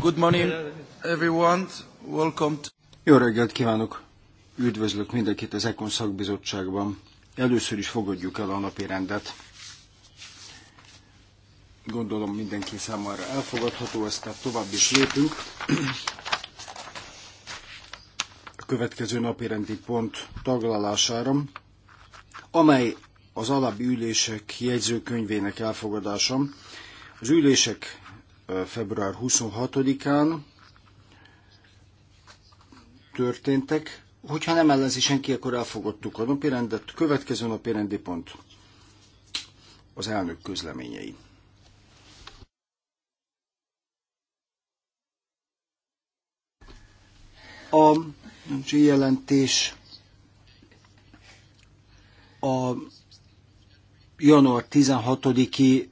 Good morning, everyone. Welcome to... Jó reggelt kívánok! Üdvözlök mindenkit az Ekon szakbizottságban. Először is fogadjuk el a napi rendet. Gondolom mindenki számára elfogadható, ezt tehát tovább is lépünk. A következő napi rendi pont taglalására, amely az alábbi ülések jegyzőkönyvének elfogadása. Az ülések február 26-án történtek. Hogyha nem ellenzi senki, akkor elfogadtuk a rendet. Következő rendi pont az elnök közleményei. A jelentés a január 16-i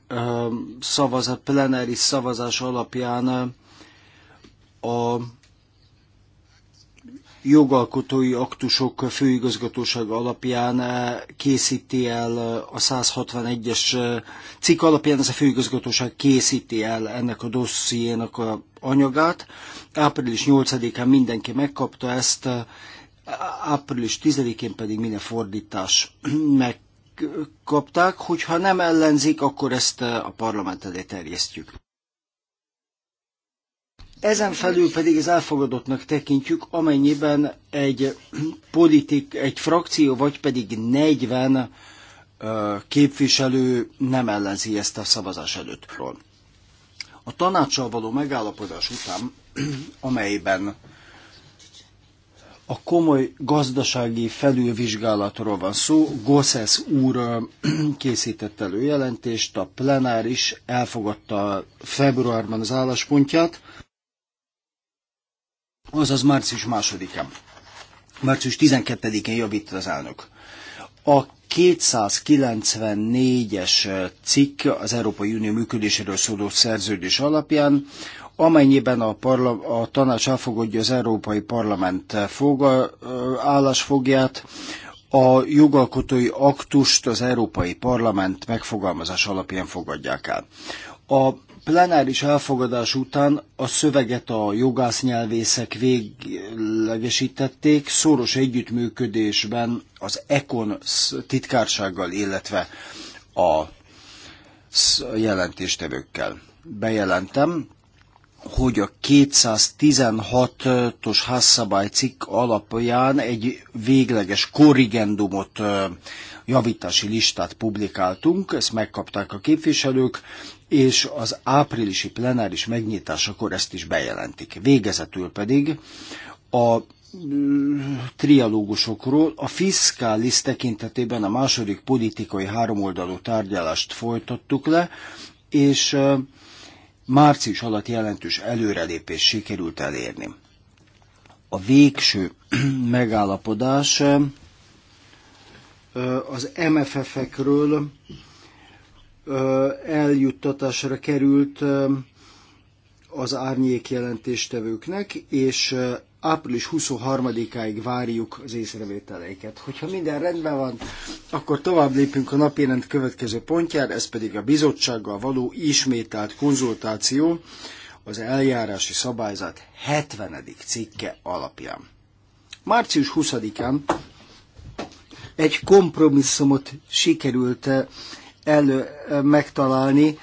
szavazat, plenáris szavazás alapján a jogalkotói aktusok főigazgatóság alapján készíti el a 161-es cikk alapján, ez a főigazgatóság készíti el ennek a dossziénak a anyagát. Április 8-án mindenki megkapta ezt, április 10-én pedig minden fordítás meg megkapták, hogyha nem ellenzik, akkor ezt eh, a parlament elé terjesztjük. Ezen felül pedig az elfogadottnak tekintjük, amennyiben egy politik, egy frakció, vagy pedig 40 eh, képviselő nem ellenzi ezt a szavazás előttről. A tanácssal való megállapodás után, amelyben a komoly gazdasági felülvizsgálatról van szó. Gossesz úr készített elő jelentést, a plenáris elfogadta februárban az álláspontját, azaz március másodikán. Március 12-én javít az elnök. A 294-es cikk az Európai Unió működéséről szóló szerződés alapján amennyiben a, parla- a tanács elfogadja az Európai Parlament foga- állásfogját, a jogalkotói aktust az Európai Parlament megfogalmazás alapján fogadják el. A plenáris elfogadás után a szöveget a jogásznyelvészek véglegesítették, szoros együttműködésben az ECON titkársággal, illetve a jelentéstevőkkel. Bejelentem, hogy a 216-os házszabály cikk alapján egy végleges korrigendumot, javítási listát publikáltunk, ezt megkapták a képviselők, és az áprilisi plenáris megnyitásakor ezt is bejelentik. Végezetül pedig a trialógusokról. A fiskális tekintetében a második politikai háromoldalú tárgyalást folytattuk le, és március alatt jelentős előrelépés sikerült elérni. A végső megállapodás az MFF-ekről eljuttatásra került az árnyék jelentéstevőknek, és április 23-áig várjuk az észrevételeiket. Hogyha minden rendben van, akkor tovább lépünk a napjelent következő pontjára, ez pedig a bizottsággal való ismételt konzultáció az eljárási szabályzat 70. cikke alapján. Március 20-án egy kompromisszumot sikerült eh, elő eh, megtalálni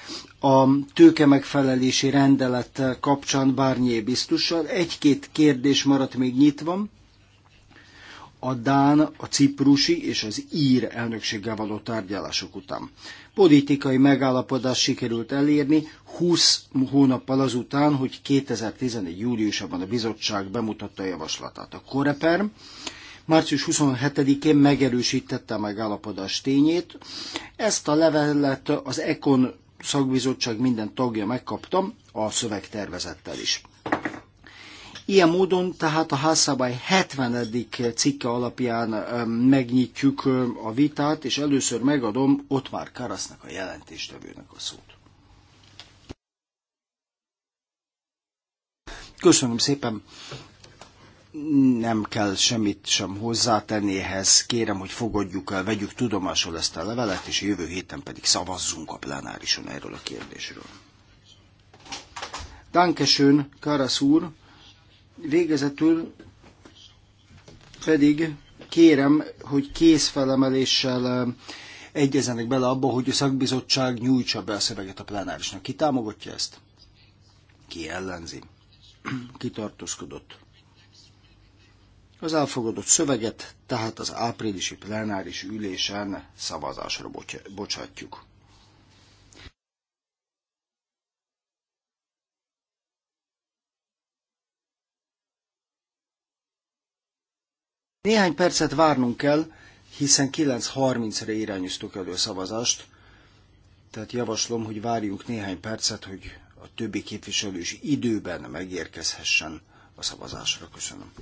a tőke megfelelési rendelet kapcsán Barnier biztussal. Egy-két kérdés maradt még nyitva. A Dán, a Ciprusi és az Ír elnökséggel való tárgyalások után. Politikai megállapodás sikerült elérni 20 hónappal azután, hogy 2011. júliusában a bizottság bemutatta a javaslatát. A Koreper március 27-én megerősítette a megállapodás tényét. Ezt a levelet az Econ szakbizottság minden tagja megkapta a szövegtervezettel is. Ilyen módon tehát a házszabály 70. cikke alapján megnyitjuk a vitát, és először megadom Ottmar Karasznak a jelentéstevőnek a szót. Köszönöm szépen, nem kell semmit sem hozzátenni ehhez. Kérem, hogy fogadjuk el, vegyük tudomásul ezt a levelet, és jövő héten pedig szavazzunk a plenárison erről a kérdésről. Dankesön, Karasz úr, végezetül pedig kérem, hogy kézfelemeléssel egyezenek bele abba, hogy a szakbizottság nyújtsa be a szöveget a plenárisnak. Ki támogatja ezt? Ki ellenzi? Ki tartózkodott? Az elfogadott szöveget tehát az áprilisi plenáris ülésen szavazásra bocsátjuk. Néhány percet várnunk kell, hiszen 930 re irányoztuk elő a szavazást, tehát javaslom, hogy várjunk néhány percet, hogy a többi képviselő is időben megérkezhessen a szavazásra. Köszönöm.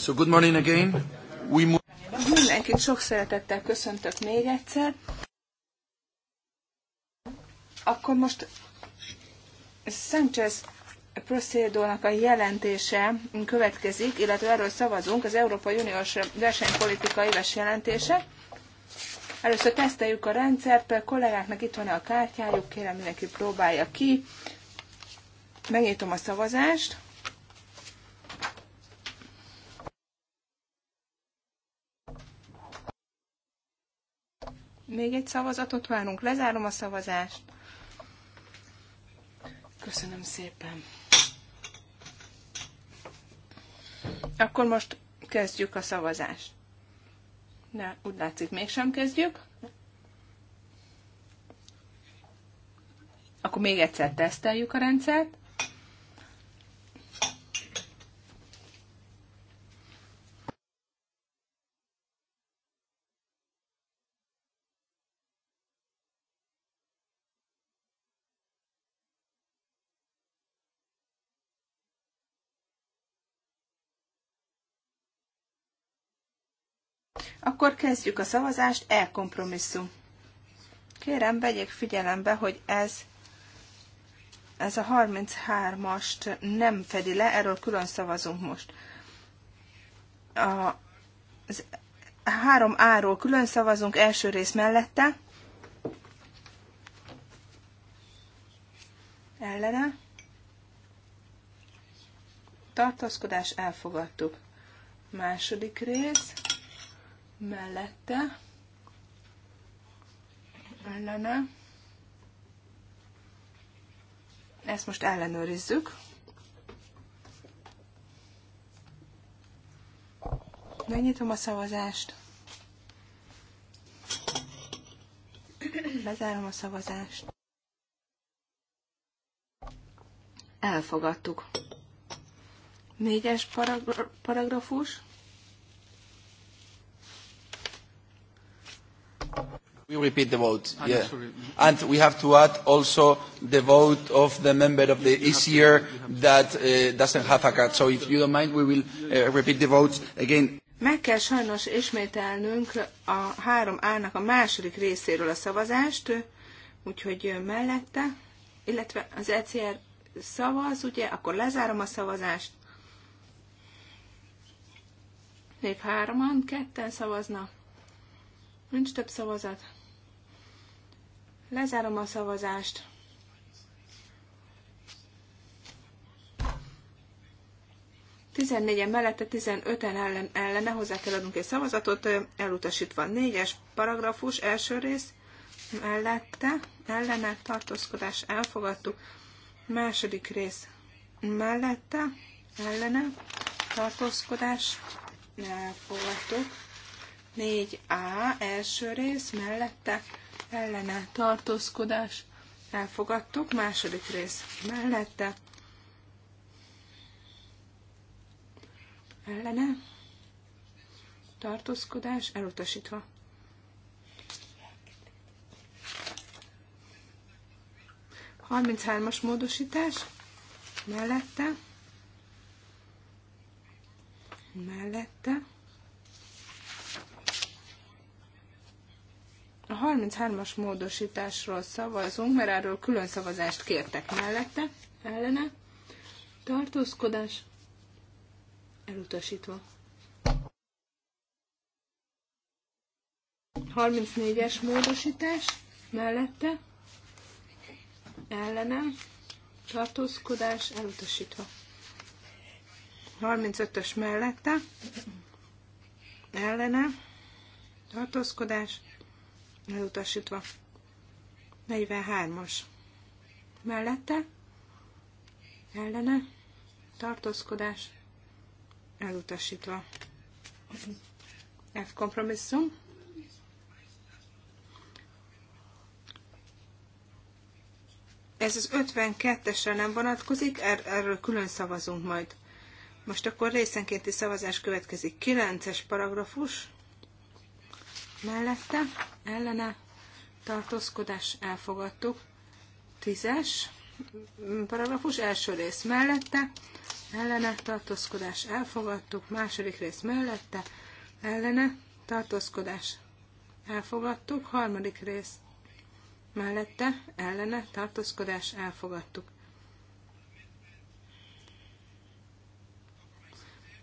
So good morning again. We move... Mindenkit sok szeretettel köszöntök még egyszer. Akkor most Sanchez Procedónak a jelentése következik, illetve erről szavazunk, az Európai Uniós versenypolitika éves jelentése. Először teszteljük a rendszert, a kollégáknak itt van a kártyájuk, kérem mindenki próbálja ki. Megnyitom a szavazást. Még egy szavazatot várunk, lezárom a szavazást. Köszönöm szépen. Akkor most kezdjük a szavazást. De úgy látszik, mégsem kezdjük. Akkor még egyszer teszteljük a rendszert. Akkor kezdjük a szavazást, elkompromisszum. Kérem, vegyék figyelembe, hogy ez, ez a 33-ast nem fedi le, erről külön szavazunk most. A, az a három áról külön szavazunk első rész mellette. Ellene. Tartózkodás elfogadtuk. Második rész mellette, ellene. Ezt most ellenőrizzük. Megnyitom a szavazást. Bezárom a szavazást. Elfogadtuk. Négyes paragrafus. We repeat the vote. And ah, yeah. Sorry. And we have to add also the vote of the member of the ECR that uh, doesn't have a card. So if you don't mind, we will uh, repeat the votes again. Meg kell sajnos ismételnünk a három ának a második részéről a szavazást, úgyhogy mellette, illetve az ECR szavaz, ugye, akkor lezárom a szavazást. Még hároman, ketten szavaznak. Nincs több szavazat. Lezárom a szavazást. Tizennégyen mellette, 15-en ellen, ellene hozzá kell adnunk egy szavazatot, elutasítva négyes paragrafus, első rész, mellette, ellene, tartózkodás, elfogadtuk, második rész, mellette, ellene, tartózkodás, elfogadtuk, 4A, első rész, mellette, ellene tartózkodás elfogadtuk, második rész mellette ellene tartózkodás elutasítva. Harminc hármas módosítás mellette mellette A 33-as módosításról szavazunk, mert erről külön szavazást kértek mellette, ellene. Tartózkodás elutasítva. 34-es módosítás mellette, ellene. tartózkodás elutasítva. 35-ös mellette, ellene, tartózkodás elutasítva. 43-as mellette, ellene, tartózkodás, elutasítva. F kompromisszum. Ez az 52-esre nem vonatkozik, er- erről külön szavazunk majd. Most akkor részenkénti szavazás következik. 9-es paragrafus mellette, ellene, tartózkodás, elfogadtuk. Tízes mm, paragrafus első rész mellette, ellene, tartózkodás, elfogadtuk. Második rész mellette, ellene, tartózkodás, elfogadtuk. Harmadik rész mellette, ellene, tartózkodás, elfogadtuk.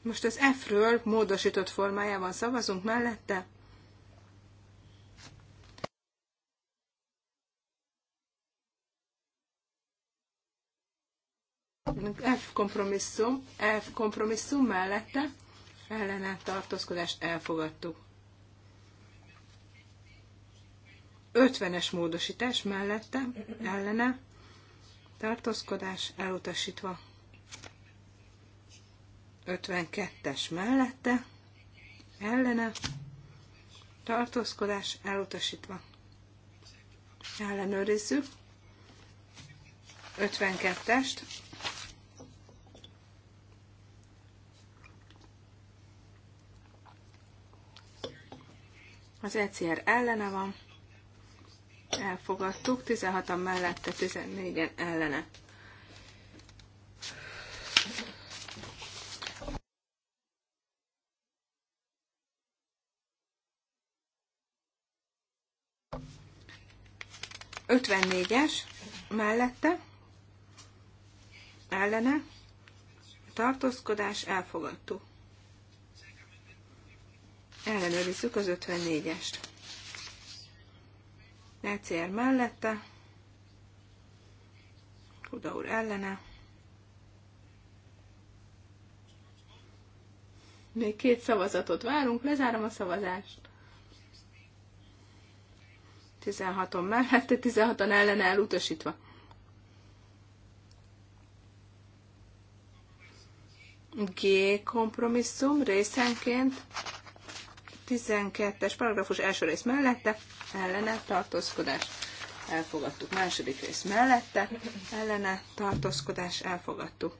Most az F-ről módosított formájában szavazunk mellette, F kompromisszum, F kompromisszum mellette ellene tartózkodást elfogadtuk. 50-es módosítás mellette ellene tartózkodás elutasítva. 52-es mellette ellene tartózkodás elutasítva. Ellenőrizzük. 52-est. Az ECR ellene van. Elfogadtuk. 16 mellette, 14-en ellene. Ötvennégyes mellette ellene tartózkodás elfogadtuk ellenőrizzük az 54-est. LCR mellette, Kuda úr ellene. Még két szavazatot várunk, lezárom a szavazást. 16-on mellette, 16-an ellene elutasítva. G kompromisszum részenként 12-es paragrafus első rész mellette, ellene tartózkodás elfogadtuk. Második rész mellette, ellene tartózkodás elfogadtuk.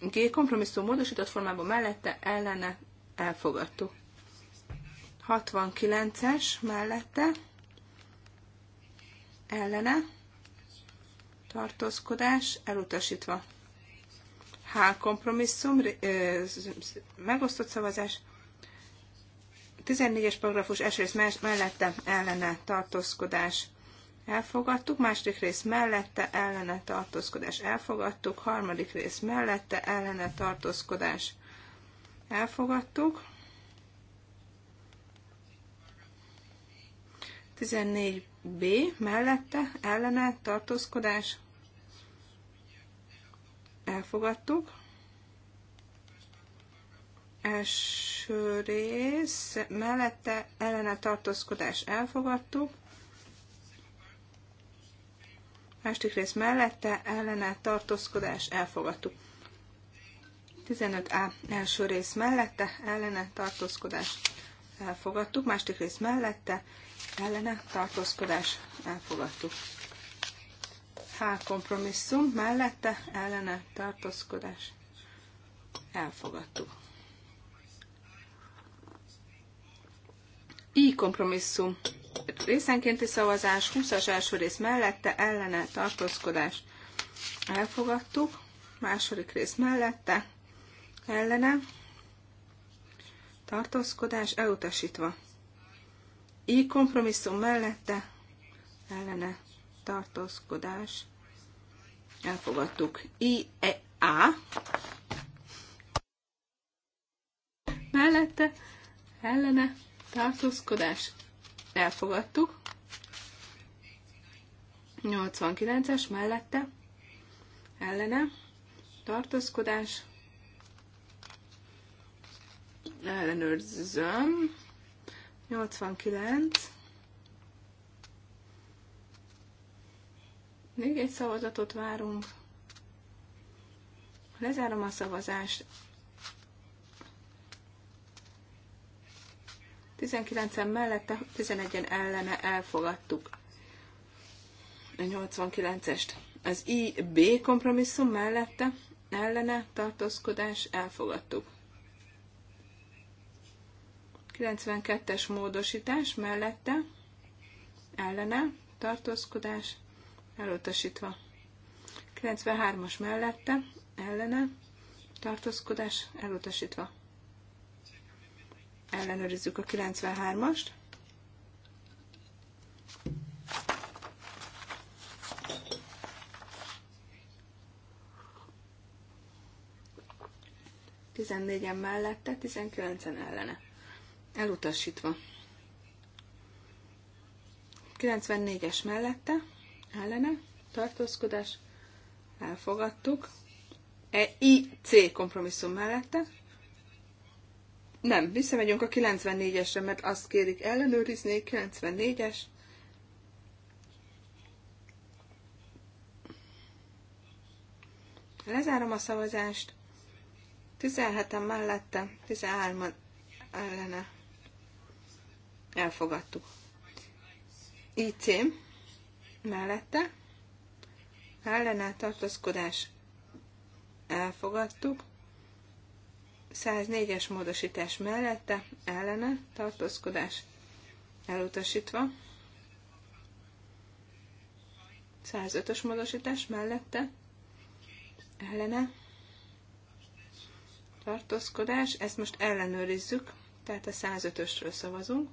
G kompromisszum módosított formában mellette, ellene elfogadtuk. 69-es mellette, ellene tartózkodás elutasítva. H kompromisszum, megosztott szavazás, 14-es paragrafus első rész mellette ellene tartózkodás elfogadtuk, második rész mellette ellene tartózkodás elfogadtuk, harmadik rész mellette ellene tartózkodás elfogadtuk. 14b mellette ellene tartózkodás elfogadtuk első rész, mellette ellene tartózkodás elfogadtuk. Másik rész mellette ellene tartózkodás elfogadtuk. 15a első rész mellette ellene tartózkodás elfogadtuk. Másik rész mellette ellene tartózkodás elfogadtuk. H kompromisszum mellette ellene tartózkodás elfogadtuk. I kompromisszum részenkénti szavazás, 20-as első rész mellette, ellene tartózkodás elfogadtuk, második rész mellette, ellene tartózkodás elutasítva. I kompromisszum mellette, ellene tartózkodás elfogadtuk. I e, A mellette, ellene tartózkodás, elfogadtuk. 89-es mellette, ellene, tartózkodás, ellenőrzöm, 89, még egy szavazatot várunk, lezárom a szavazást, 19-en mellette, 11-en ellene elfogadtuk a 89-est. Az IB kompromisszum mellette ellene tartózkodás elfogadtuk. 92-es módosítás mellette ellene tartózkodás elutasítva. 93-as mellette ellene tartózkodás elutasítva ellenőrizzük a 93-ast. Tizennégyen mellette, 19-en ellene. Elutasítva. 94-es mellette, ellene, tartózkodás, elfogadtuk. E, I, C kompromisszum mellette, nem, visszamegyünk a 94-esre, mert azt kérik ellenőrizni, 94-es. Lezárom a szavazást. 17-en mellette, 13-an ellene. Elfogadtuk. IC mellette. Ellene tartózkodás. Elfogadtuk. 104-es módosítás mellette ellene tartózkodás elutasítva. 105-ös módosítás mellette ellene tartózkodás. Ezt most ellenőrizzük, tehát a 105-ösről szavazunk.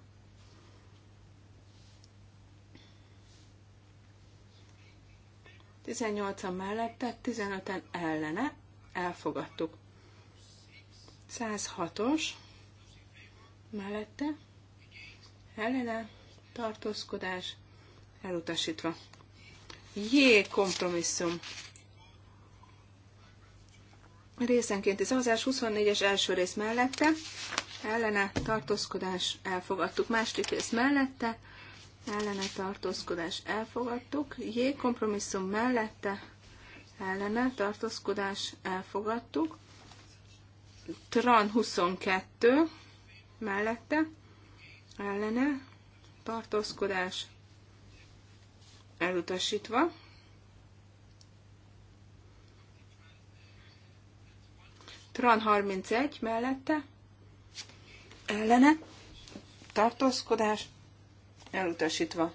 Tizennyolcan mellette, 15-en ellene elfogadtuk. 106-os mellette ellene tartózkodás elutasítva. Jé, kompromisszum. ez az 24-es első rész mellette, ellene tartózkodás elfogadtuk. Második rész mellette, ellene tartózkodás elfogadtuk. jé kompromisszum mellette, ellene tartózkodás elfogadtuk. Tran 22 mellette, ellene, tartózkodás elutasítva. Tran 31 mellette, ellene, tartózkodás elutasítva.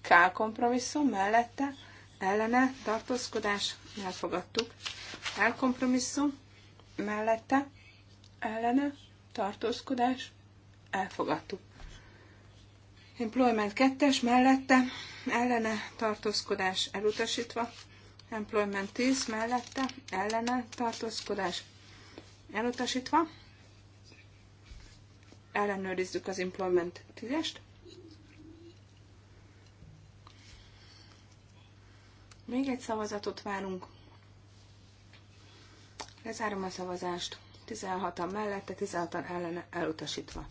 K kompromisszum mellette, ellene, tartózkodás, elfogadtuk. Elkompromisszum mellette ellene tartózkodás elfogadtuk. Employment 2 mellette ellene tartózkodás elutasítva. Employment 10 mellette ellene tartózkodás elutasítva. Ellenőrizzük az Employment 10-est. Még egy szavazatot várunk. Lezárom a szavazást. 16-an mellette, 16-an ellene elutasítva.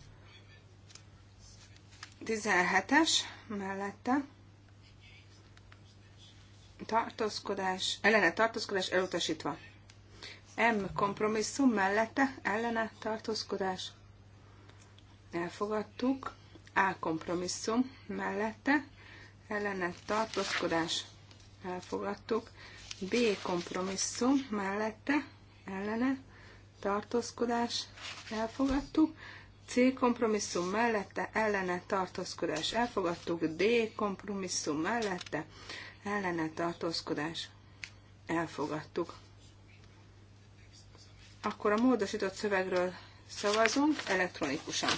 17-es mellette tartózkodás, ellene tartózkodás elutasítva. M kompromisszum mellette ellene tartózkodás elfogadtuk. A kompromisszum mellette ellene tartózkodás elfogadtuk. B kompromisszum mellette ellene tartózkodás elfogadtuk, C kompromisszum mellette ellene tartózkodás elfogadtuk, D kompromisszum mellette ellene tartózkodás elfogadtuk. Akkor a módosított szövegről szavazunk elektronikusan.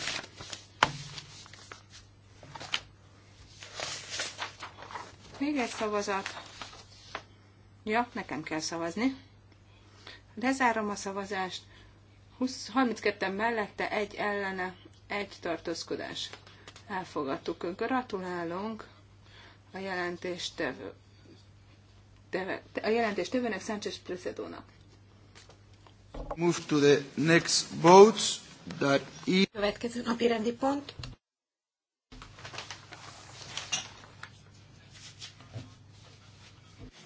Még egy szavazat. Ja, nekem kell szavazni. Lezárom a szavazást. 20, 32-en mellette, egy ellene, egy tartózkodás. Elfogadtuk. Gratulálunk a jelentéstevő. Teve, a jelentéstevőnek Sánchez Precedónak. Move to the next votes. That is... E- Következő napi rendi pont.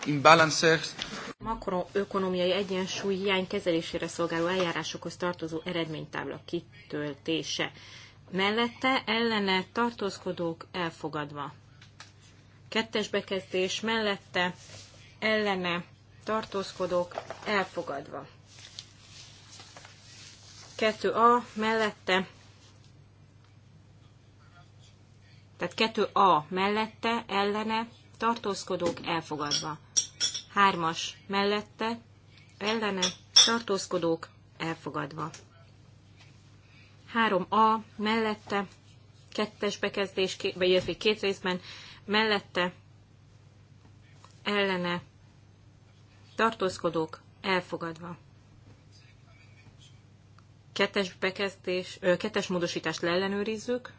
Imbalances makroökonomiai egyensúly hiány kezelésére szolgáló eljárásokhoz tartozó eredménytábla kitöltése. Mellette ellene tartózkodók elfogadva. Kettes bekezdés mellette ellene tartózkodók elfogadva. 2A mellette tehát 2A mellette ellene tartózkodók elfogadva hármas mellette, ellene, tartózkodók, elfogadva. 3A mellette, kettes bekezdés, vagy illetve két részben, mellette, ellene, tartózkodók, elfogadva. Kettes bekezdés, ö, kettes módosítást leellenőrizzük.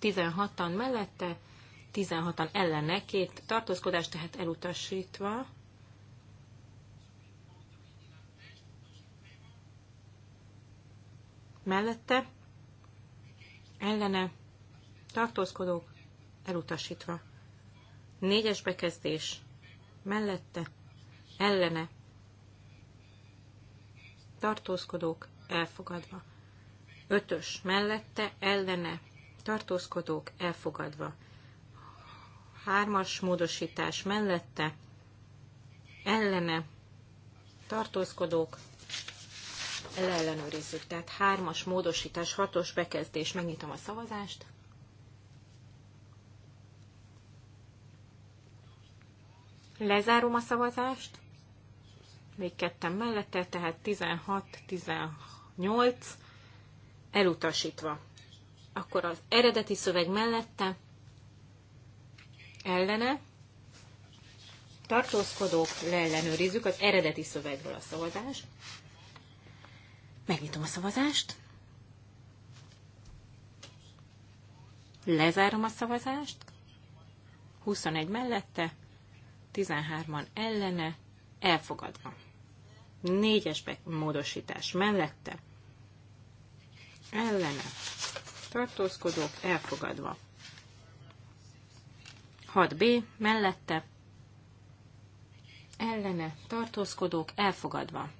16-an mellette, 16-an ellene, két tartózkodás, tehát elutasítva. Mellette, ellene, tartózkodók, elutasítva. Négyes bekezdés, mellette, ellene, tartózkodók, elfogadva. Ötös, mellette, ellene, tartózkodók elfogadva. Hármas módosítás mellette ellene tartózkodók ellenőrizzük. Tehát hármas módosítás, hatos bekezdés. Megnyitom a szavazást. Lezárom a szavazást. Még ketten mellette, tehát 16-18 elutasítva. Akkor az eredeti szöveg mellette ellene tartózkodók leellenőrizzük az eredeti szövegről a szavazást. Megnyitom a szavazást. Lezárom a szavazást. 21 mellette, 13-an ellene, elfogadva. Négyes módosítás mellette, ellene, tartózkodók elfogadva. 6b mellette ellene tartózkodók elfogadva.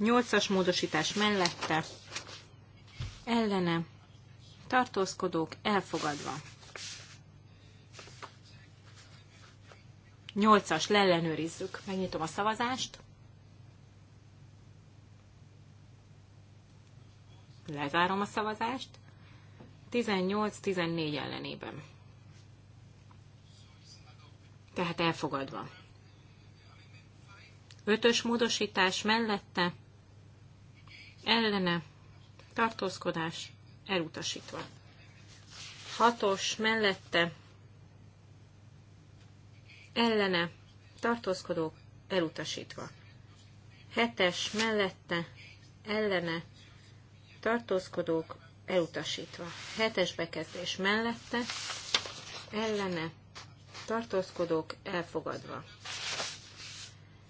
8-as módosítás mellette ellene tartózkodók elfogadva. 8-as leellenőrizzük. Megnyitom a szavazást. Lezárom a szavazást. 18-14 ellenében. Tehát elfogadva. Ötös módosítás mellette, ellene, tartózkodás, elutasítva. Hatos mellette, ellene, tartózkodók, elutasítva. Hetes mellette, ellene, tartózkodók elutasítva. Hetes bekezdés mellette, ellene, tartózkodók elfogadva.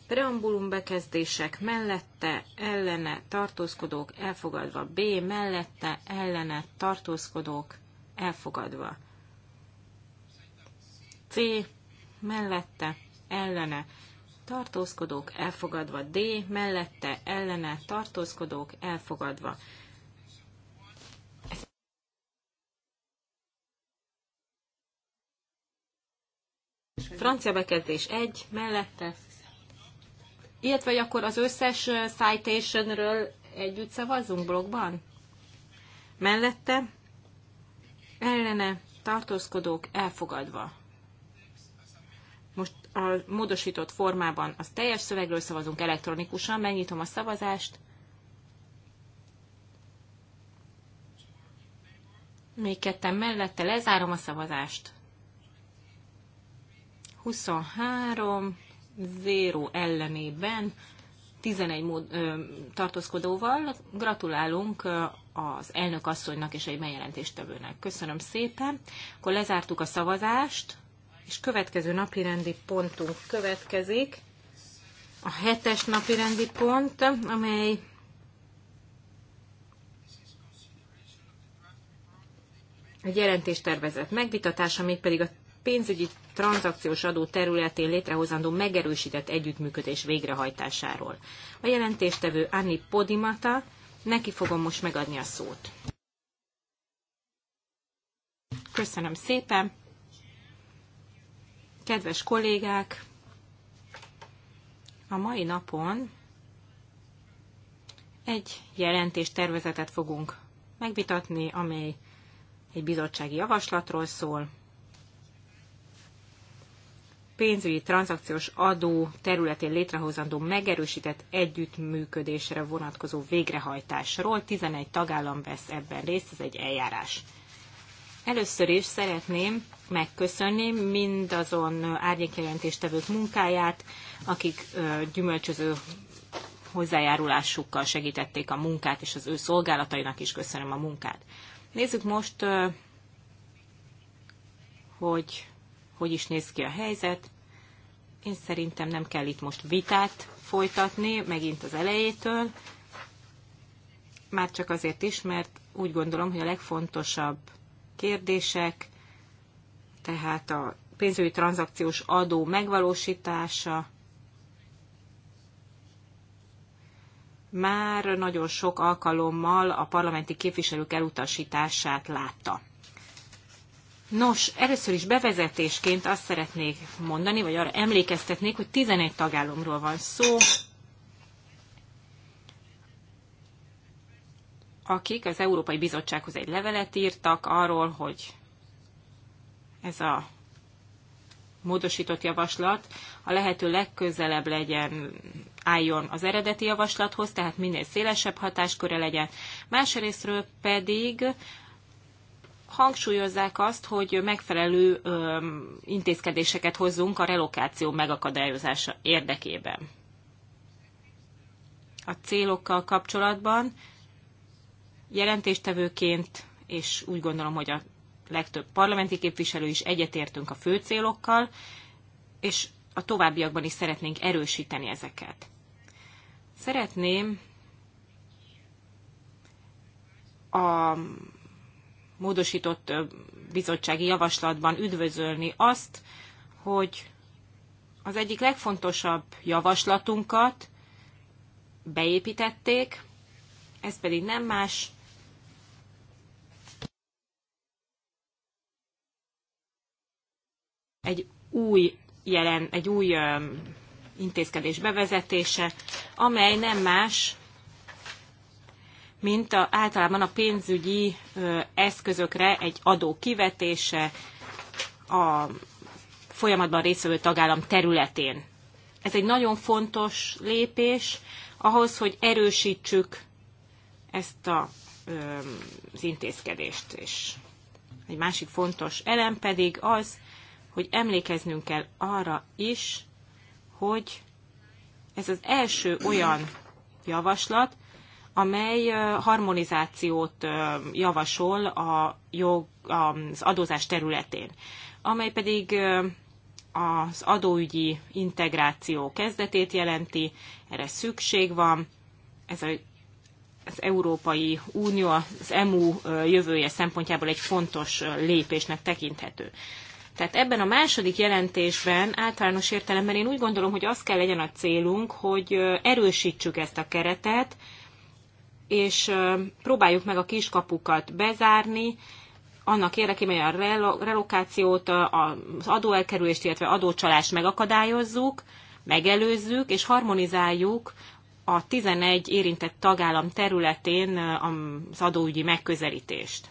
Preambulum bekezdések mellette, ellene, tartózkodók elfogadva. B mellette, ellene, tartózkodók elfogadva. C mellette, ellene, tartózkodók elfogadva. D mellette, ellene, tartózkodók elfogadva. Francia bekezdés egy mellette. Ilyet vagy akkor az összes citationről együtt szavazzunk blogban? Mellette ellene tartózkodók elfogadva. Most a módosított formában az teljes szövegről szavazunk elektronikusan, megnyitom a szavazást. Még ketten mellette lezárom a szavazást. 23, 0 ellenében 11 mód, ö, tartózkodóval. Gratulálunk az elnök asszonynak és egy bejelentéstevőnek. Köszönöm szépen. Akkor lezártuk a szavazást, és következő napirendi pontunk következik. A hetes napirendi pont, amely egy jelentéstervezet megvitatása, mégpedig a pénzügyi tranzakciós adó területén létrehozandó megerősített együttműködés végrehajtásáról. A jelentéstevő Anni Podimata, neki fogom most megadni a szót. Köszönöm szépen! Kedves kollégák! A mai napon egy jelentéstervezetet fogunk megvitatni, amely egy bizottsági javaslatról szól, pénzügyi tranzakciós adó területén létrehozandó megerősített együttműködésre vonatkozó végrehajtásról. 11 tagállam vesz ebben részt, ez egy eljárás. Először is szeretném megköszönni mindazon árnyékjelentéstevők munkáját, akik gyümölcsöző hozzájárulásukkal segítették a munkát, és az ő szolgálatainak is köszönöm a munkát. Nézzük most, hogy hogy is néz ki a helyzet. Én szerintem nem kell itt most vitát folytatni, megint az elejétől, már csak azért is, mert úgy gondolom, hogy a legfontosabb kérdések, tehát a pénzügyi tranzakciós adó megvalósítása, már nagyon sok alkalommal a parlamenti képviselők elutasítását látta. Nos, először is bevezetésként azt szeretnék mondani, vagy arra emlékeztetnék, hogy 11 tagállamról van szó, akik az Európai Bizottsághoz egy levelet írtak arról, hogy ez a módosított javaslat a lehető legközelebb legyen, álljon az eredeti javaslathoz, tehát minél szélesebb hatásköre legyen. Másrésztről pedig hangsúlyozzák azt, hogy megfelelő intézkedéseket hozzunk a relokáció megakadályozása érdekében. A célokkal kapcsolatban jelentéstevőként, és úgy gondolom, hogy a legtöbb parlamenti képviselő is egyetértünk a fő célokkal, és a továbbiakban is szeretnénk erősíteni ezeket. Szeretném a módosított bizottsági javaslatban üdvözölni azt, hogy az egyik legfontosabb javaslatunkat beépítették, ez pedig nem más, egy új jelen, egy új intézkedés bevezetése, amely nem más, mint a, általában a pénzügyi eszközökre egy adó kivetése a folyamatban részvevő tagállam területén. Ez egy nagyon fontos lépés ahhoz, hogy erősítsük ezt a, az intézkedést. És egy másik fontos elem pedig az, hogy emlékeznünk kell arra is, hogy ez az első olyan javaslat, amely harmonizációt javasol a jog, az adózás területén, amely pedig az adóügyi integráció kezdetét jelenti, erre szükség van, ez a az Európai Unió, az EMU jövője szempontjából egy fontos lépésnek tekinthető. Tehát ebben a második jelentésben általános értelemben én úgy gondolom, hogy az kell legyen a célunk, hogy erősítsük ezt a keretet, és próbáljuk meg a kiskapukat bezárni, annak érdekében, hogy a relokációt, az adóelkerülést, illetve adócsalást megakadályozzuk, megelőzzük és harmonizáljuk a 11 érintett tagállam területén az adóügyi megközelítést.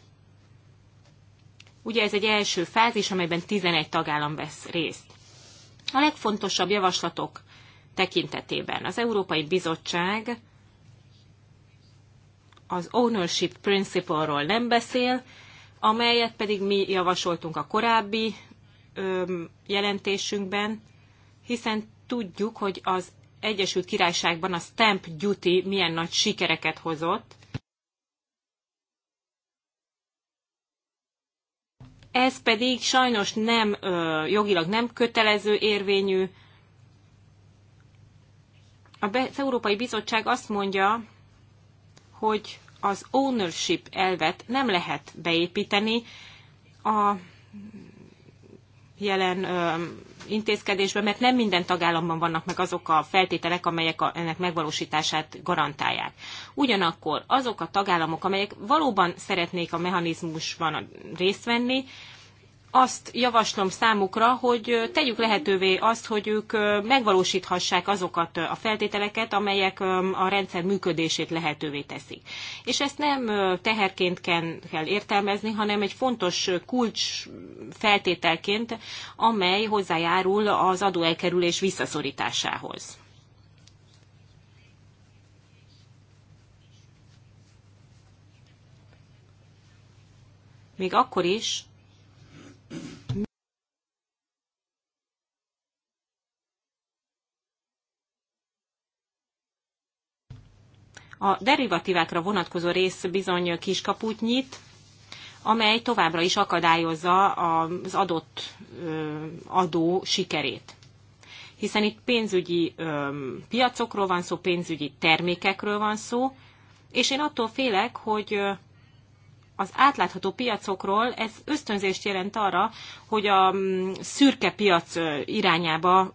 Ugye ez egy első fázis, amelyben 11 tagállam vesz részt. A legfontosabb javaslatok tekintetében az Európai Bizottság az ownership principle-ról nem beszél, amelyet pedig mi javasoltunk a korábbi ö, jelentésünkben, hiszen tudjuk, hogy az Egyesült Királyságban a stamp duty milyen nagy sikereket hozott. Ez pedig sajnos nem ö, jogilag nem kötelező érvényű. A Az Európai Bizottság azt mondja, hogy az ownership elvet nem lehet beépíteni a jelen intézkedésben, mert nem minden tagállamban vannak meg azok a feltételek, amelyek a, ennek megvalósítását garantálják. Ugyanakkor azok a tagállamok, amelyek valóban szeretnék a mechanizmusban részt venni, azt javaslom számukra, hogy tegyük lehetővé azt, hogy ők megvalósíthassák azokat a feltételeket, amelyek a rendszer működését lehetővé teszik. És ezt nem teherként kell értelmezni, hanem egy fontos kulcs feltételként, amely hozzájárul az adóelkerülés visszaszorításához. Még akkor is, a derivatívákra vonatkozó rész bizony kiskaput nyit, amely továbbra is akadályozza az adott adó sikerét. Hiszen itt pénzügyi piacokról van szó, pénzügyi termékekről van szó, és én attól félek, hogy az átlátható piacokról, ez ösztönzést jelent arra, hogy a mm, szürke piac irányába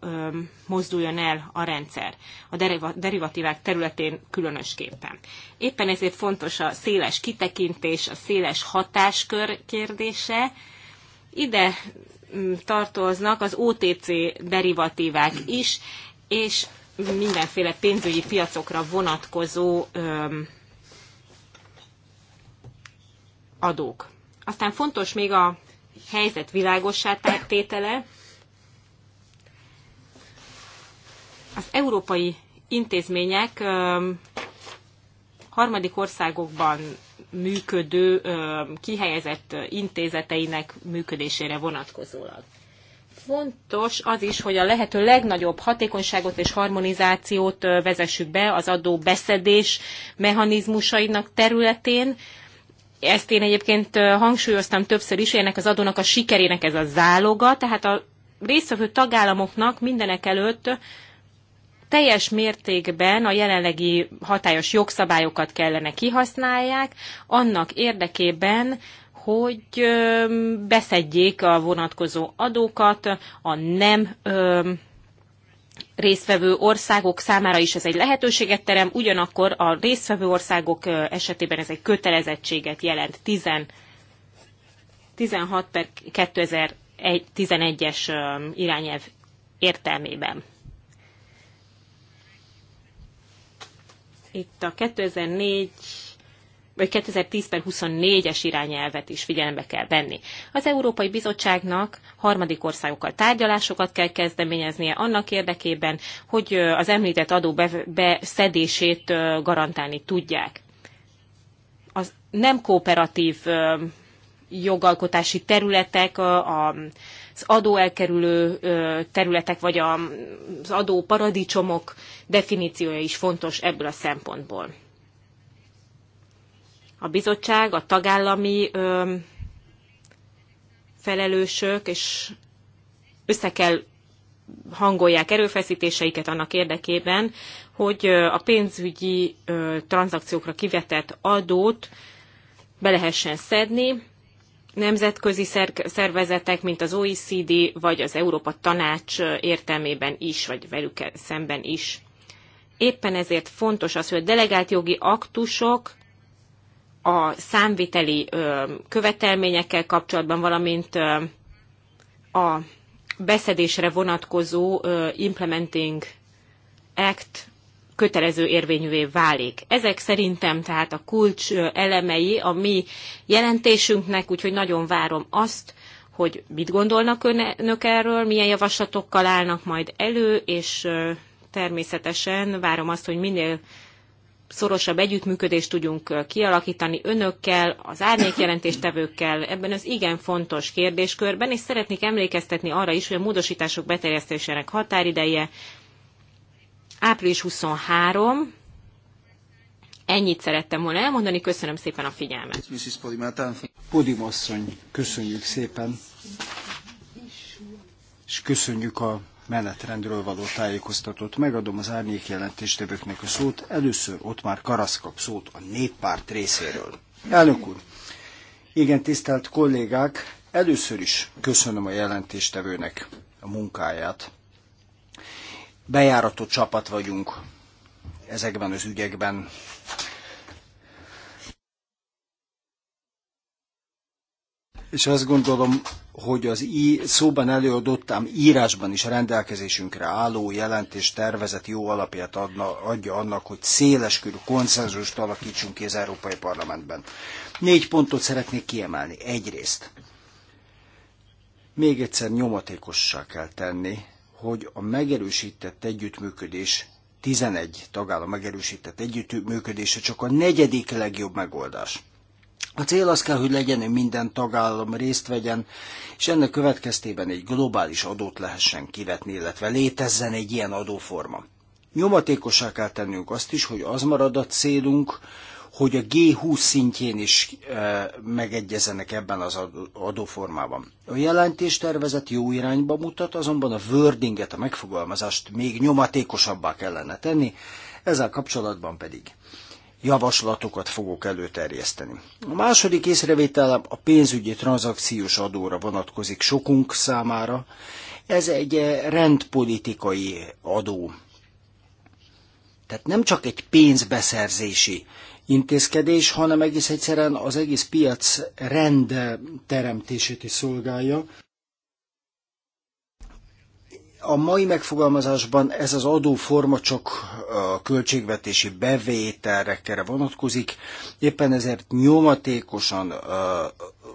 mozduljon el a rendszer, a derivatívák területén különösképpen. Éppen ezért fontos a széles kitekintés, a széles hatáskör kérdése. Ide mm, tartoznak az OTC derivatívák is, és mindenféle pénzügyi piacokra vonatkozó adók. Aztán fontos még a helyzet világossá tétele. Az európai intézmények harmadik országokban működő, kihelyezett intézeteinek működésére vonatkozólag. Fontos az is, hogy a lehető legnagyobb hatékonyságot és harmonizációt vezessük be az adó beszedés mechanizmusainak területén, ezt én egyébként hangsúlyoztam többször is, ennek az adónak a sikerének ez a záloga, tehát a résztvevő tagállamoknak mindenek előtt teljes mértékben a jelenlegi hatályos jogszabályokat kellene kihasználják, annak érdekében, hogy beszedjék a vonatkozó adókat a nem résztvevő országok számára is ez egy lehetőséget terem, ugyanakkor a résztvevő országok esetében ez egy kötelezettséget jelent. 10, 16 per 2011-es irányelv értelmében. Itt a 2004 vagy 2010 per 24-es irányelvet is figyelembe kell venni. Az Európai Bizottságnak harmadik országokkal tárgyalásokat kell kezdeményeznie annak érdekében, hogy az említett adó beszedését garantálni tudják. Az nem kooperatív jogalkotási területek, az adóelkerülő területek, vagy az adóparadicsomok definíciója is fontos ebből a szempontból a bizottság, a tagállami felelősök, és össze kell hangolják erőfeszítéseiket annak érdekében, hogy a pénzügyi tranzakciókra kivetett adót be lehessen szedni. Nemzetközi szervezetek, mint az OECD vagy az Európa Tanács értelmében is, vagy velük szemben is. Éppen ezért fontos az, hogy a delegált jogi aktusok a számviteli követelményekkel kapcsolatban, valamint a beszedésre vonatkozó Implementing Act kötelező érvényűvé válik. Ezek szerintem tehát a kulcs elemei a mi jelentésünknek, úgyhogy nagyon várom azt, hogy mit gondolnak önök erről, milyen javaslatokkal állnak majd elő, és természetesen várom azt, hogy minél szorosabb együttműködést tudjunk kialakítani önökkel, az árnyékjelentéstevőkkel ebben az igen fontos kérdéskörben, és szeretnék emlékeztetni arra is, hogy a módosítások beterjesztésének határideje április 23, Ennyit szerettem volna elmondani, köszönöm szépen a figyelmet. Podim köszönjük szépen, és köszönjük a menetrendről való tájékoztatót. Megadom az árnyék jelentéstevőknek a szót. Először ott már Karasz kap szót a néppárt részéről. Elnök úr, igen, tisztelt kollégák, először is köszönöm a jelentéstevőnek a munkáját. Bejáratott csapat vagyunk ezekben az ügyekben, és azt gondolom, hogy az í szóban előadott, ám írásban is rendelkezésünkre álló jelentés tervezet jó alapját adna, adja annak, hogy széleskörű konszenzust alakítsunk ki az Európai Parlamentben. Négy pontot szeretnék kiemelni. Egyrészt, még egyszer nyomatékossá kell tenni, hogy a megerősített együttműködés 11 tagállam megerősített együttműködése csak a negyedik legjobb megoldás a cél az kell, hogy legyen, hogy minden tagállam részt vegyen, és ennek következtében egy globális adót lehessen kivetni, illetve létezzen egy ilyen adóforma. Nyomatékossá kell tennünk azt is, hogy az marad a célunk, hogy a G20 szintjén is e, megegyezenek ebben az adóformában. A jelentés tervezet jó irányba mutat, azonban a wordinget, a megfogalmazást még nyomatékosabbá kellene tenni, ezzel kapcsolatban pedig javaslatokat fogok előterjeszteni. A második észrevételem a pénzügyi tranzakciós adóra vonatkozik sokunk számára. Ez egy eh, rendpolitikai adó. Tehát nem csak egy pénzbeszerzési intézkedés, hanem egész egyszerűen az egész piac rend teremtését is szolgálja. A mai megfogalmazásban ez az adóforma csak a költségvetési bevételekre vonatkozik, éppen ezért nyomatékosan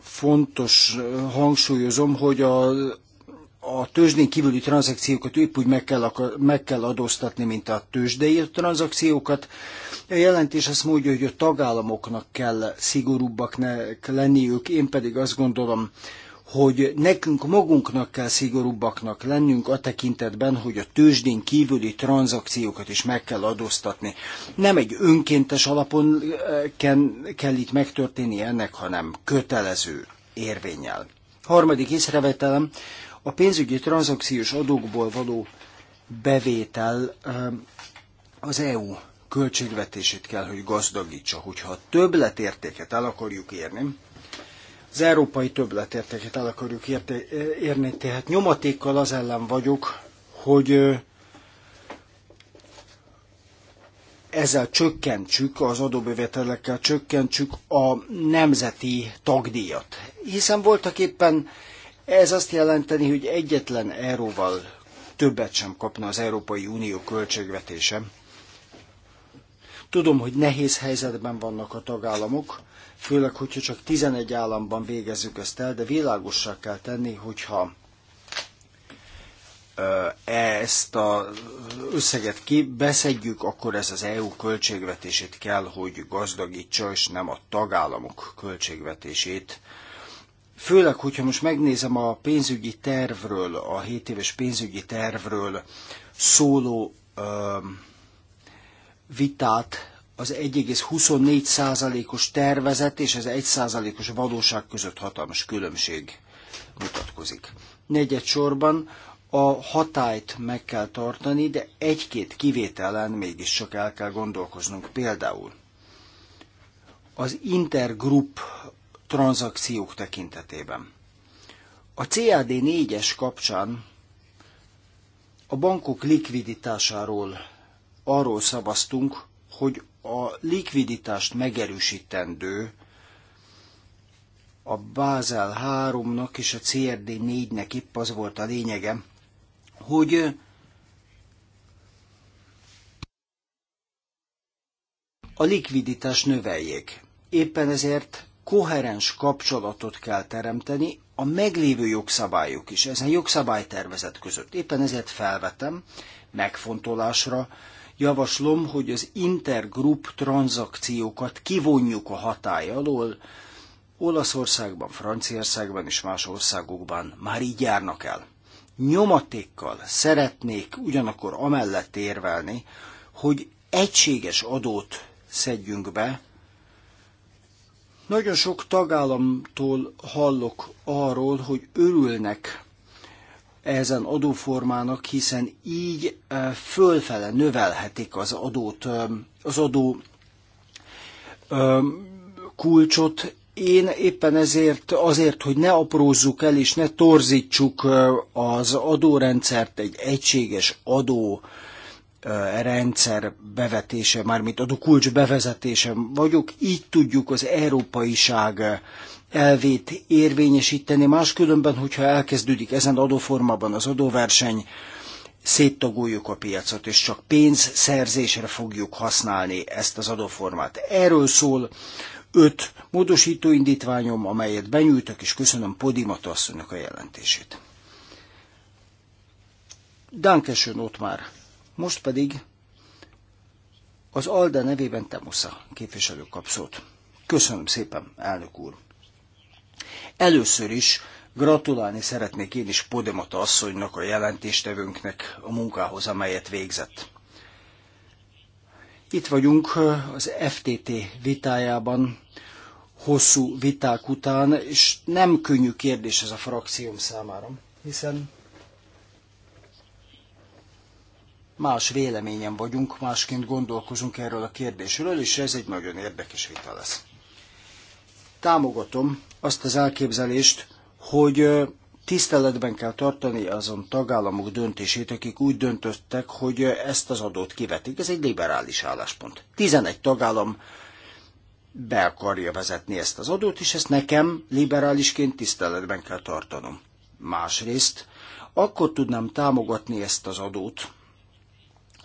fontos, hangsúlyozom, hogy a a tőzsdén kívüli tranzakciókat épp úgy meg kell, meg kell adóztatni, mint a tőzsdei tranzakciókat. A jelentés azt mondja, hogy a tagállamoknak kell szigorúbbaknak lenniük, én pedig azt gondolom, hogy nekünk magunknak kell szigorúbbaknak lennünk a tekintetben, hogy a tőzsdén kívüli tranzakciókat is meg kell adóztatni. Nem egy önkéntes alapon eh, kell itt megtörténni ennek, hanem kötelező érvényel. Harmadik észrevetelem, a pénzügyi tranzakciós adókból való bevétel eh, az EU költségvetését kell, hogy gazdagítsa. Hogyha többletértéket el akarjuk érni, az európai többletértéket el akarjuk érni. Tehát nyomatékkal az ellen vagyok, hogy ezzel csökkentsük, az adóbevételekkel csökkentsük a nemzeti tagdíjat. Hiszen voltak éppen ez azt jelenteni, hogy egyetlen euróval többet sem kapna az Európai Unió költségvetése. Tudom, hogy nehéz helyzetben vannak a tagállamok, főleg, hogyha csak 11 államban végezzük ezt el, de világosság kell tenni, hogyha e ezt az összeget kibeszedjük, akkor ez az EU költségvetését kell, hogy gazdagítsa, és nem a tagállamok költségvetését. Főleg, hogyha most megnézem a pénzügyi tervről, a 7 éves pénzügyi tervről szóló ö, vitát, az 1,24 százalékos tervezet és az 1 százalékos valóság között hatalmas különbség mutatkozik. Negyed sorban a hatályt meg kell tartani, de egy-két kivételen mégiscsak el kell gondolkoznunk. Például az intergroup tranzakciók tekintetében. A CAD 4-es kapcsán a bankok likviditásáról arról szavaztunk, hogy a likviditást megerősítendő a Bázel 3-nak és a CRD 4-nek épp az volt a lényege, hogy a likviditást növeljék. Éppen ezért koherens kapcsolatot kell teremteni a meglévő jogszabályok is, ezen jogszabálytervezet között. Éppen ezért felvetem megfontolásra, javaslom, hogy az intergroup tranzakciókat kivonjuk a hatály alól, Olaszországban, Franciaországban és más országokban már így járnak el. Nyomatékkal szeretnék ugyanakkor amellett érvelni, hogy egységes adót szedjünk be. Nagyon sok tagállamtól hallok arról, hogy örülnek ezen adóformának, hiszen így fölfele növelhetik az adót, az adó kulcsot. Én éppen ezért, azért, hogy ne aprózzuk el és ne torzítsuk az adórendszert, egy egységes adó rendszer bevetése, mármint adókulcs bevezetése vagyok, így tudjuk az európaiság elvét érvényesíteni, máskülönben, hogyha elkezdődik ezen adóformában az adóverseny, széttagoljuk a piacot, és csak pénzszerzésre fogjuk használni ezt az adóformát. Erről szól öt módosító indítványom, amelyet benyújtok, és köszönöm Podimata asszonynak a jelentését. Dankesön ott már. Most pedig az Alda nevében Temusza képviselő kapszót. Köszönöm szépen, elnök úr. Először is gratulálni szeretnék én is Podemata asszonynak, a jelentéstevőnknek a munkához, amelyet végzett. Itt vagyunk az FTT vitájában, hosszú viták után, és nem könnyű kérdés ez a frakcióm számára, hiszen más véleményen vagyunk, másként gondolkozunk erről a kérdésről, és ez egy nagyon érdekes vita lesz. Támogatom azt az elképzelést, hogy tiszteletben kell tartani azon tagállamok döntését, akik úgy döntöttek, hogy ezt az adót kivetik. Ez egy liberális álláspont. 11 tagállam be akarja vezetni ezt az adót, és ezt nekem liberálisként tiszteletben kell tartanom. Másrészt, akkor tudnám támogatni ezt az adót,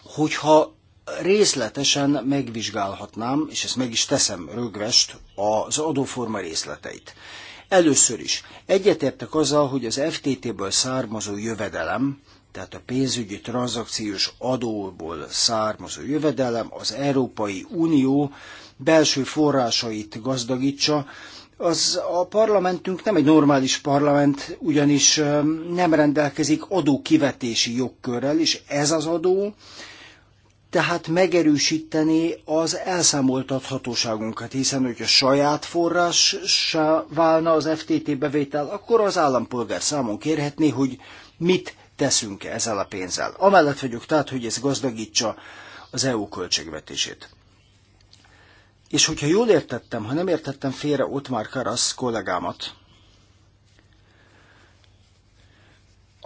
hogyha részletesen megvizsgálhatnám, és ezt meg is teszem rögvest, az adóforma részleteit. Először is egyetértek azzal, hogy az FTT-ből származó jövedelem, tehát a pénzügyi tranzakciós adóból származó jövedelem az Európai Unió belső forrásait gazdagítsa. Az a parlamentünk nem egy normális parlament, ugyanis nem rendelkezik adókivetési jogkörrel, és ez az adó tehát megerősíteni az elszámoltathatóságunkat, hiszen hogy a saját forrássá válna az FTT bevétel, akkor az állampolgár számon kérhetné, hogy mit teszünk ezzel a pénzzel. Amellett vagyok tehát, hogy ez gazdagítsa az EU költségvetését. És hogyha jól értettem, ha nem értettem félre ott már Karasz kollégámat,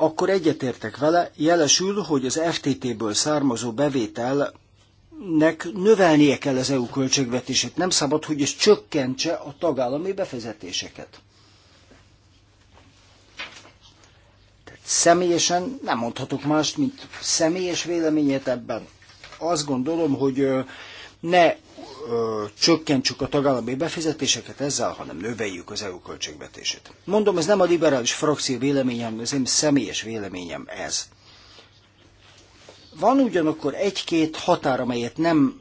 akkor egyetértek vele, jelesül, hogy az FTT-ből származó bevételnek növelnie kell az EU költségvetését. Nem szabad, hogy ez csökkentse a tagállami befizetéseket. Tehát személyesen nem mondhatok mást, mint személyes véleményet ebben. Azt gondolom, hogy ne csökkentsük a tagállami befizetéseket ezzel, hanem növeljük az EU költségvetését. Mondom, ez nem a liberális frakció véleményem, ez én személyes véleményem ez. Van ugyanakkor egy-két határ, amelyet nem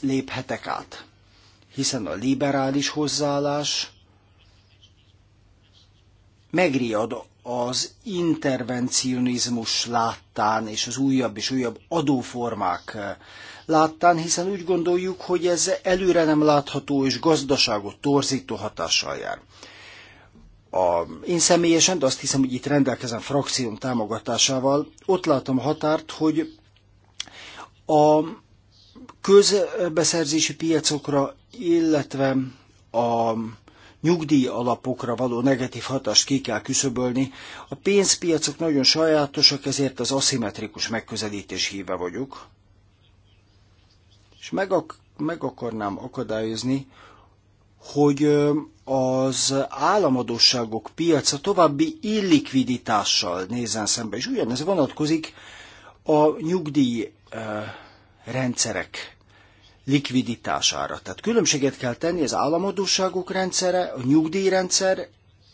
léphetek át, hiszen a liberális hozzáállás megriad az intervencionizmus láttán és az újabb és újabb adóformák láttán, hiszen úgy gondoljuk, hogy ez előre nem látható és gazdaságot torzító hatással jár. A, én személyesen, de azt hiszem, hogy itt rendelkezem frakcióm támogatásával, ott látom a határt, hogy a közbeszerzési piacokra, illetve a nyugdíj alapokra való negatív hatást ki kell küszöbölni. A pénzpiacok nagyon sajátosak, ezért az aszimmetrikus megközelítés híve vagyok és meg, ak- meg akarnám akadályozni, hogy az államadóságok piaca további illikviditással nézzen szembe, és ugyanez vonatkozik a nyugdíj rendszerek likviditására. Tehát különbséget kell tenni az államadóságok rendszere, a nyugdíjrendszer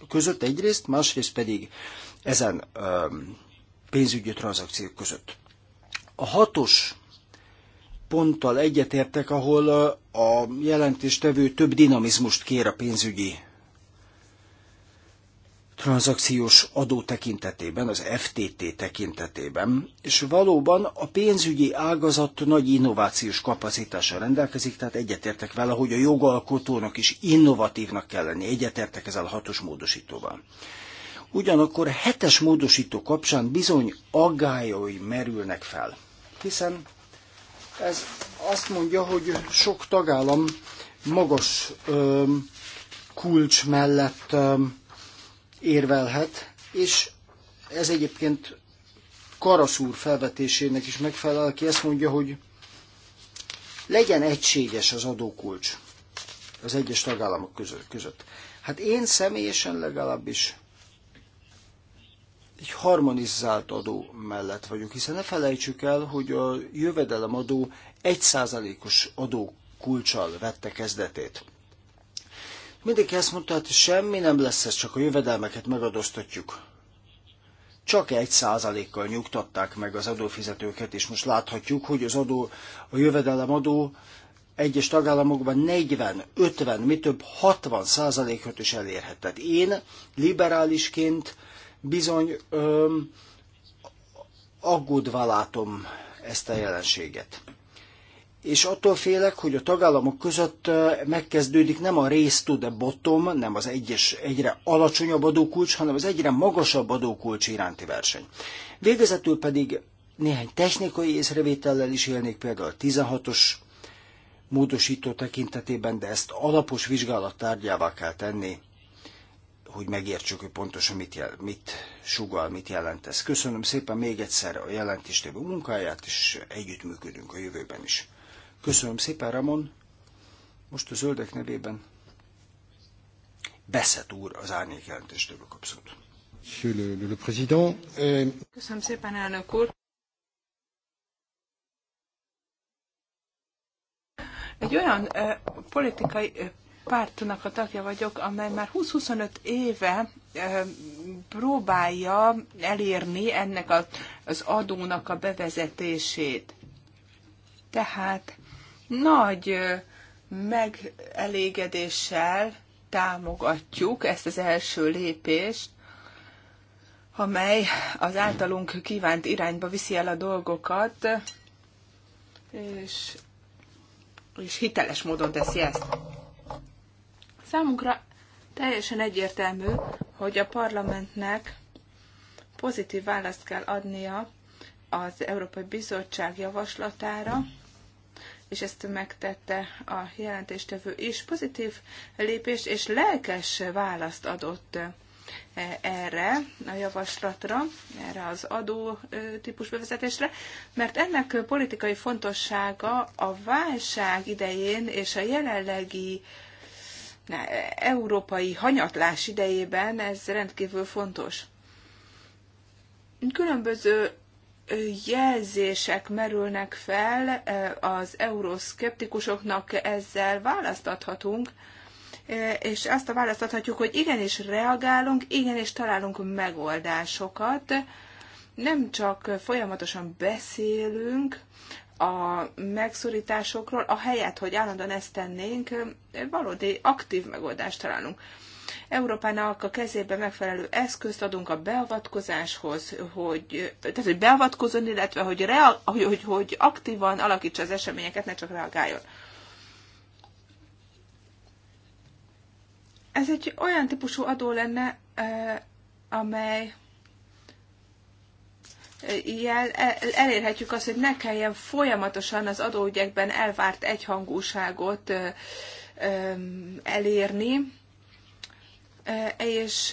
között egyrészt, másrészt pedig ezen pénzügyi tranzakciók között. A hatos ponttal egyetértek, ahol a jelentéstevő több dinamizmust kér a pénzügyi tranzakciós adó tekintetében, az FTT tekintetében, és valóban a pénzügyi ágazat nagy innovációs kapacitással rendelkezik, tehát egyetértek vele, hogy a jogalkotónak is innovatívnak kell lenni, egyetértek ezzel a hatos módosítóval. Ugyanakkor hetes módosító kapcsán bizony aggályai merülnek fel, hiszen ez azt mondja, hogy sok tagállam magas ö, kulcs mellett ö, érvelhet, és ez egyébként Karaszúr felvetésének is megfelel, aki ezt mondja, hogy legyen egységes az adókulcs az egyes tagállamok között. Hát én személyesen legalábbis egy harmonizált adó mellett vagyok, hiszen ne felejtsük el, hogy a jövedelemadó 1%-os adó kulcsal vette kezdetét. Mindenki ezt mondta, hogy hát semmi nem lesz, ez csak a jövedelmeket megadóztatjuk. Csak egy százalékkal nyugtatták meg az adófizetőket, és most láthatjuk, hogy az adó, a jövedelemadó egyes tagállamokban 40, 50, mi több 60 százalékot is elérhet. Tehát én liberálisként Bizony öm, aggódva látom ezt a jelenséget. És attól félek, hogy a tagállamok között megkezdődik nem a race to the bottom, nem az egyes, egyre alacsonyabb adókulcs, hanem az egyre magasabb adókulcs iránti verseny. Végezetül pedig néhány technikai észrevétellel is élnék, például a 16-os módosító tekintetében, de ezt alapos vizsgálat tárgyává kell tenni, hogy megértsük, hogy pontosan mit, jel, mit sugal, mit jelent ez. Köszönöm szépen még egyszer a jelentéstevő munkáját, és együttműködünk a jövőben is. Köszönöm szépen, Ramon. Most a zöldek nevében Beszet úr az árnyék jelentéstevő kapszót. Euh, Köszönöm szépen, elnök úr. Egy olyan eh, politikai eh, pártnak a tagja vagyok, amely már 20-25 éve próbálja elérni ennek az adónak a bevezetését. Tehát nagy megelégedéssel támogatjuk ezt az első lépést, amely az általunk kívánt irányba viszi el a dolgokat, és, és hiteles módon teszi ezt. Számunkra teljesen egyértelmű, hogy a parlamentnek pozitív választ kell adnia az Európai Bizottság javaslatára, és ezt megtette a jelentéstevő is. Pozitív lépést és lelkes választ adott e, erre a javaslatra, erre az adó típus bevezetésre, mert ennek politikai fontossága a válság idején és a jelenlegi európai hanyatlás idejében ez rendkívül fontos. Különböző jelzések merülnek fel az euroszkeptikusoknak, ezzel választathatunk, és azt a választathatjuk, hogy igenis reagálunk, igenis találunk megoldásokat, nem csak folyamatosan beszélünk a megszorításokról, a helyet, hogy állandóan ezt tennénk, valódi aktív megoldást találunk. Európának a kezébe megfelelő eszközt adunk a beavatkozáshoz, hogy, tehát, hogy beavatkozon, illetve hogy, rea, hogy, hogy, hogy aktívan alakítsa az eseményeket, ne csak reagáljon. Ez egy olyan típusú adó lenne, eh, amely ilyen elérhetjük azt, hogy ne kelljen folyamatosan az adóügyekben elvárt egyhangúságot elérni, és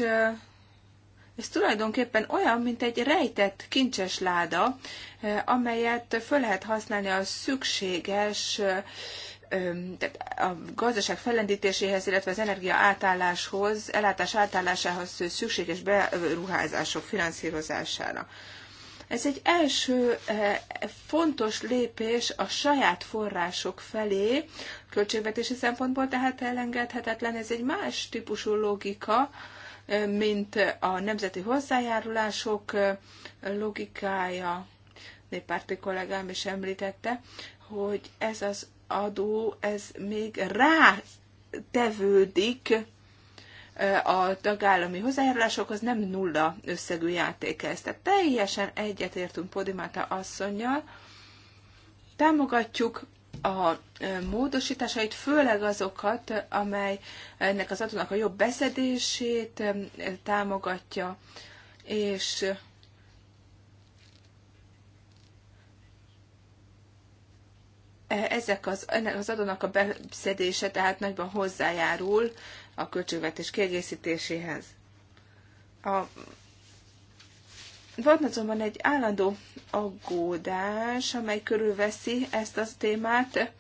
ez tulajdonképpen olyan, mint egy rejtett kincses láda, amelyet föl lehet használni a szükséges tehát a gazdaság fellendítéséhez, illetve az energia átálláshoz, ellátás átállásához szükséges beruházások finanszírozására. Ez egy első eh, fontos lépés a saját források felé, költségvetési szempontból tehát elengedhetetlen. Ez egy más típusú logika, eh, mint a nemzeti hozzájárulások eh, logikája. Néppárti kollégám is említette, hogy ez az adó, ez még rá tevődik a tagállami hozzájárulásokhoz nem nulla összegű játék ez. Tehát teljesen egyetértünk Podimáta asszonynal, támogatjuk a módosításait, főleg azokat, amely ennek az adónak a jobb beszedését támogatja, és ezek az, ennek az adónak a beszedése tehát nagyban hozzájárul a költségvetés kiegészítéséhez. A... Van azonban egy állandó aggódás, amely körülveszi ezt a témát.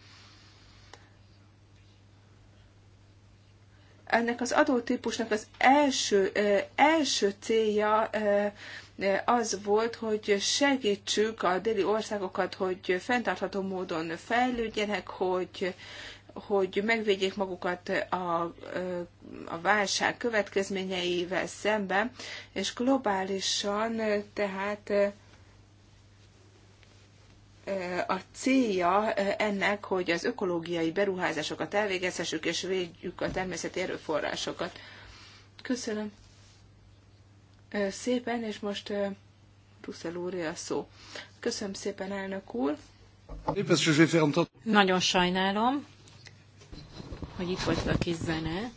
Ennek az adótípusnak az első, első célja az volt, hogy segítsük a déli országokat, hogy fenntartható módon fejlődjenek, hogy hogy megvédjék magukat a, a válság következményeivel szemben, és globálisan tehát a célja ennek, hogy az ökológiai beruházásokat elvégezhessük, és védjük a természeti erőforrásokat. Köszönöm szépen, és most Brüsszel úr a szó. Köszönöm szépen, elnök úr! Nagyon sajnálom, hogy itt volt a kis zene.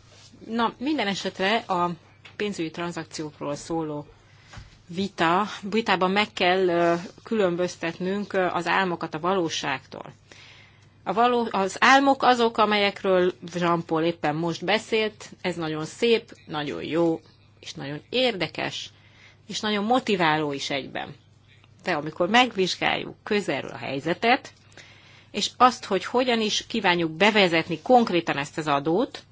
Na, minden esetre a pénzügyi tranzakciókról szóló vita, vitában meg kell különböztetnünk az álmokat a valóságtól. A való, az álmok azok, amelyekről Jean-Paul éppen most beszélt, ez nagyon szép, nagyon jó, és nagyon érdekes, és nagyon motiváló is egyben. De amikor megvizsgáljuk közelről a helyzetet, és azt, hogy hogyan is kívánjuk bevezetni konkrétan ezt az adót,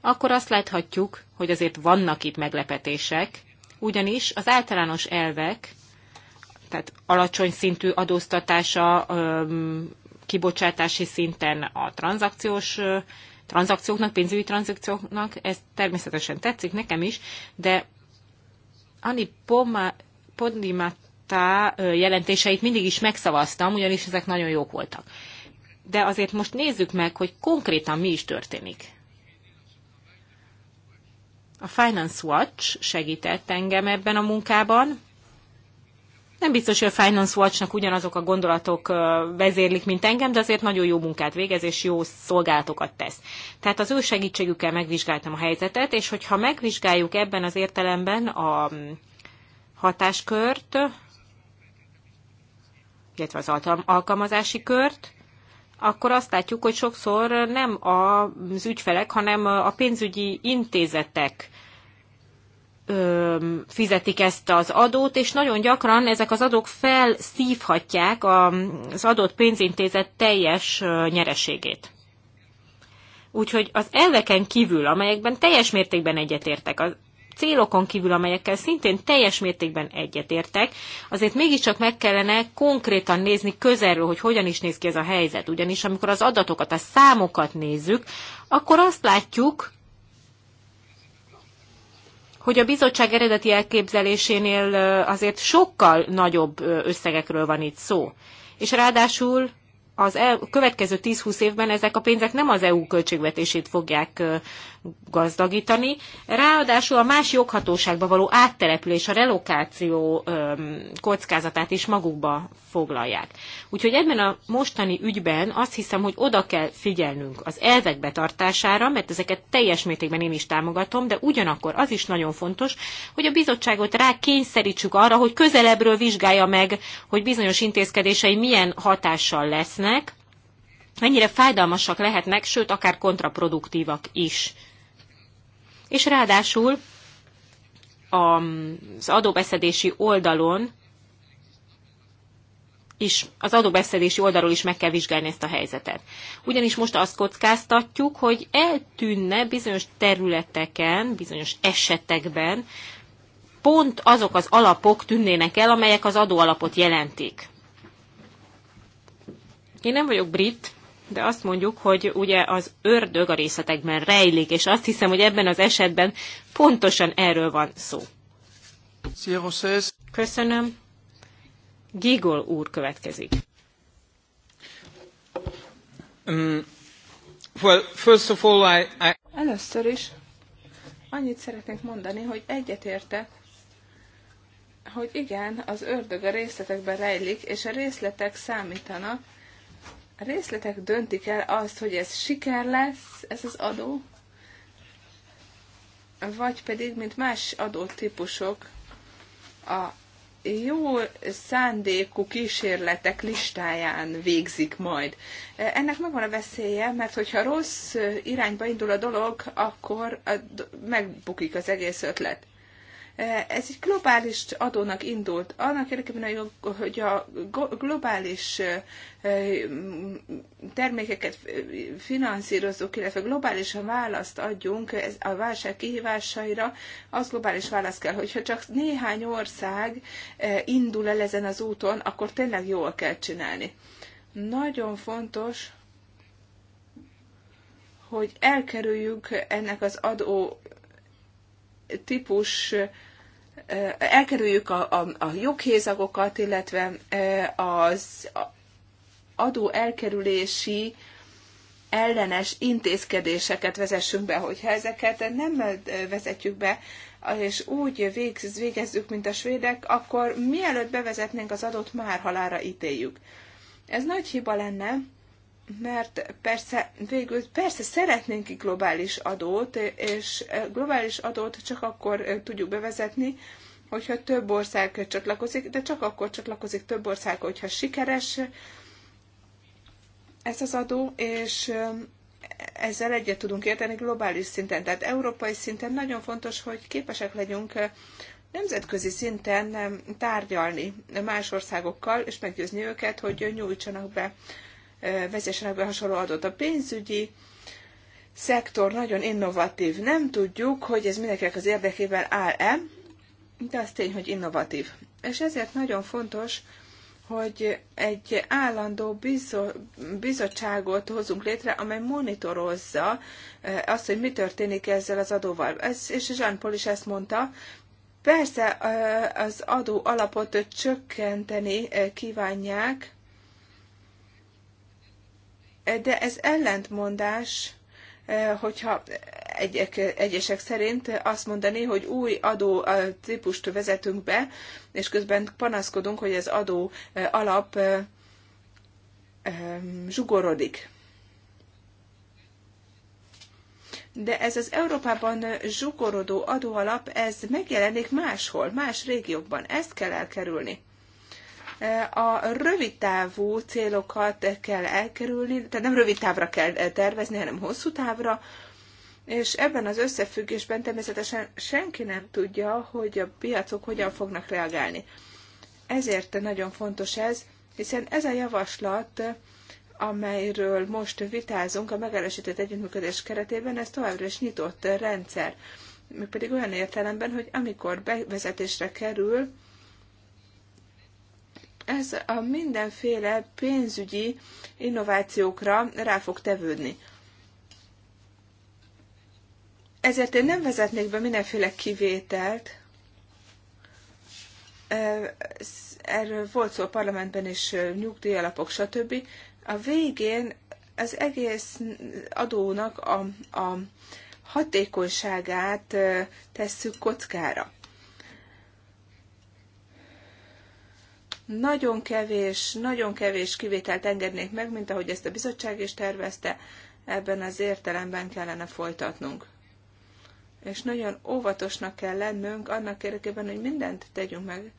akkor azt láthatjuk, hogy azért vannak itt meglepetések, ugyanis az általános elvek, tehát alacsony szintű adóztatása, kibocsátási szinten a tranzakciós tranzakcióknak, pénzügyi tranzakcióknak, ez természetesen tetszik nekem is, de Ani Poma, Podimat Costa jelentéseit mindig is megszavaztam, ugyanis ezek nagyon jók voltak. De azért most nézzük meg, hogy konkrétan mi is történik. A Finance Watch segített engem ebben a munkában. Nem biztos, hogy a Finance Watchnak ugyanazok a gondolatok vezérlik, mint engem, de azért nagyon jó munkát végez, és jó szolgálatokat tesz. Tehát az ő segítségükkel megvizsgáltam a helyzetet, és hogyha megvizsgáljuk ebben az értelemben a mm, hatáskört, illetve az alkalmazási kört, akkor azt látjuk, hogy sokszor nem az ügyfelek, hanem a pénzügyi intézetek fizetik ezt az adót, és nagyon gyakran ezek az adók felszívhatják az adott pénzintézet teljes nyereségét. Úgyhogy az elveken kívül, amelyekben teljes mértékben egyetértek, célokon kívül, amelyekkel szintén teljes mértékben egyetértek, azért mégiscsak meg kellene konkrétan nézni közelről, hogy hogyan is néz ki ez a helyzet. Ugyanis amikor az adatokat, a számokat nézzük, akkor azt látjuk, hogy a bizottság eredeti elképzelésénél azért sokkal nagyobb összegekről van itt szó. És ráadásul az el, következő 10-20 évben ezek a pénzek nem az EU költségvetését fogják gazdagítani. Ráadásul a más joghatóságba való áttelepülés, a relokáció kockázatát is magukba foglalják. Úgyhogy ebben a mostani ügyben azt hiszem, hogy oda kell figyelnünk az elvek betartására, mert ezeket teljes mértékben én is támogatom, de ugyanakkor az is nagyon fontos, hogy a bizottságot rá kényszerítsük arra, hogy közelebbről vizsgálja meg, hogy bizonyos intézkedései milyen hatással lesznek, mennyire fájdalmasak lehetnek, sőt, akár kontraproduktívak is és ráadásul az adóbeszedési oldalon is, az adóbeszedési oldalról is meg kell vizsgálni ezt a helyzetet. Ugyanis most azt kockáztatjuk, hogy eltűnne bizonyos területeken, bizonyos esetekben pont azok az alapok tűnnének el, amelyek az adóalapot jelentik. Én nem vagyok brit, de azt mondjuk, hogy ugye az ördög a részletekben rejlik, és azt hiszem, hogy ebben az esetben pontosan erről van szó. Köszönöm. Gigol úr következik. Um, well, first of all, I, I... Először is annyit szeretnék mondani, hogy egyetértek hogy igen, az ördög a részletekben rejlik, és a részletek számítanak, a részletek döntik el azt, hogy ez siker lesz, ez az adó, vagy pedig, mint más adótípusok, a jó szándékú kísérletek listáján végzik majd. E, ennek megvan a veszélye, mert hogyha rossz irányba indul a dolog, akkor megbukik az egész ötlet. Eh, ez egy globális adónak indult. Annak érdekében, hogy a globális eh, mm, termékeket finanszírozzuk, illetve globálisan választ adjunk a válság kihívásaira, az globális válasz kell. Hogyha csak néhány ország eh, indul el ezen az úton, akkor tényleg jól kell csinálni. Nagyon fontos, hogy elkerüljük ennek az adó típus elkerüljük a, a, a joghézagokat, illetve az adó elkerülési ellenes intézkedéseket vezessünk be, hogyha ezeket nem vezetjük be, és úgy végz, végezzük, mint a svédek, akkor mielőtt bevezetnénk az adót, már halára ítéljük. Ez nagy hiba lenne, mert persze, végül persze szeretnénk egy globális adót, és globális adót csak akkor eh, tudjuk bevezetni, hogyha több ország csatlakozik, de csak akkor csatlakozik több ország, hogyha sikeres ez az adó, és eh, ezzel egyet tudunk érteni globális szinten. Tehát európai szinten nagyon fontos, hogy képesek legyünk eh, nemzetközi szinten tárgyalni más országokkal, és meggyőzni őket, hogy nyújtsanak be vezessenek hasonló adott A pénzügyi szektor nagyon innovatív. Nem tudjuk, hogy ez mindenkinek az érdekében áll-e, de az tény, hogy innovatív. És ezért nagyon fontos, hogy egy állandó bizottságot hozunk létre, amely monitorozza eh, azt, hogy mi történik ezzel az adóval. Ez, és Jean Paul is ezt mondta, Persze eh, az adó alapot csökkenteni eh, kívánják, de ez ellentmondás, eh, hogyha egyek, egyesek szerint azt mondani, hogy új adó eh, típust vezetünk be, és közben panaszkodunk, hogy az adó eh, alap zsugorodik. De ez az Európában zsugorodó adóalap, ez megjelenik máshol, más régiókban. Ezt kell elkerülni. A rövidtávú célokat kell elkerülni, tehát nem rövid távra kell tervezni, hanem hosszú távra, és ebben az összefüggésben természetesen senki nem tudja, hogy a piacok hogyan fognak reagálni. Ezért nagyon fontos ez, hiszen ez a javaslat, amelyről most vitázunk a megerősített együttműködés keretében, ez továbbra is nyitott rendszer. Még pedig olyan értelemben, hogy amikor bevezetésre kerül, ez a mindenféle pénzügyi innovációkra rá fog tevődni. Ezért én nem vezetnék be mindenféle kivételt. Erről volt szó a parlamentben is, nyugdíjalapok, stb. A végén az egész adónak a, a hatékonyságát tesszük kockára. Nagyon kevés, nagyon kevés kivételt engednék meg, mint ahogy ezt a bizottság is tervezte, ebben az értelemben kellene folytatnunk. És nagyon óvatosnak kell lennünk annak érdekében, hogy mindent tegyünk meg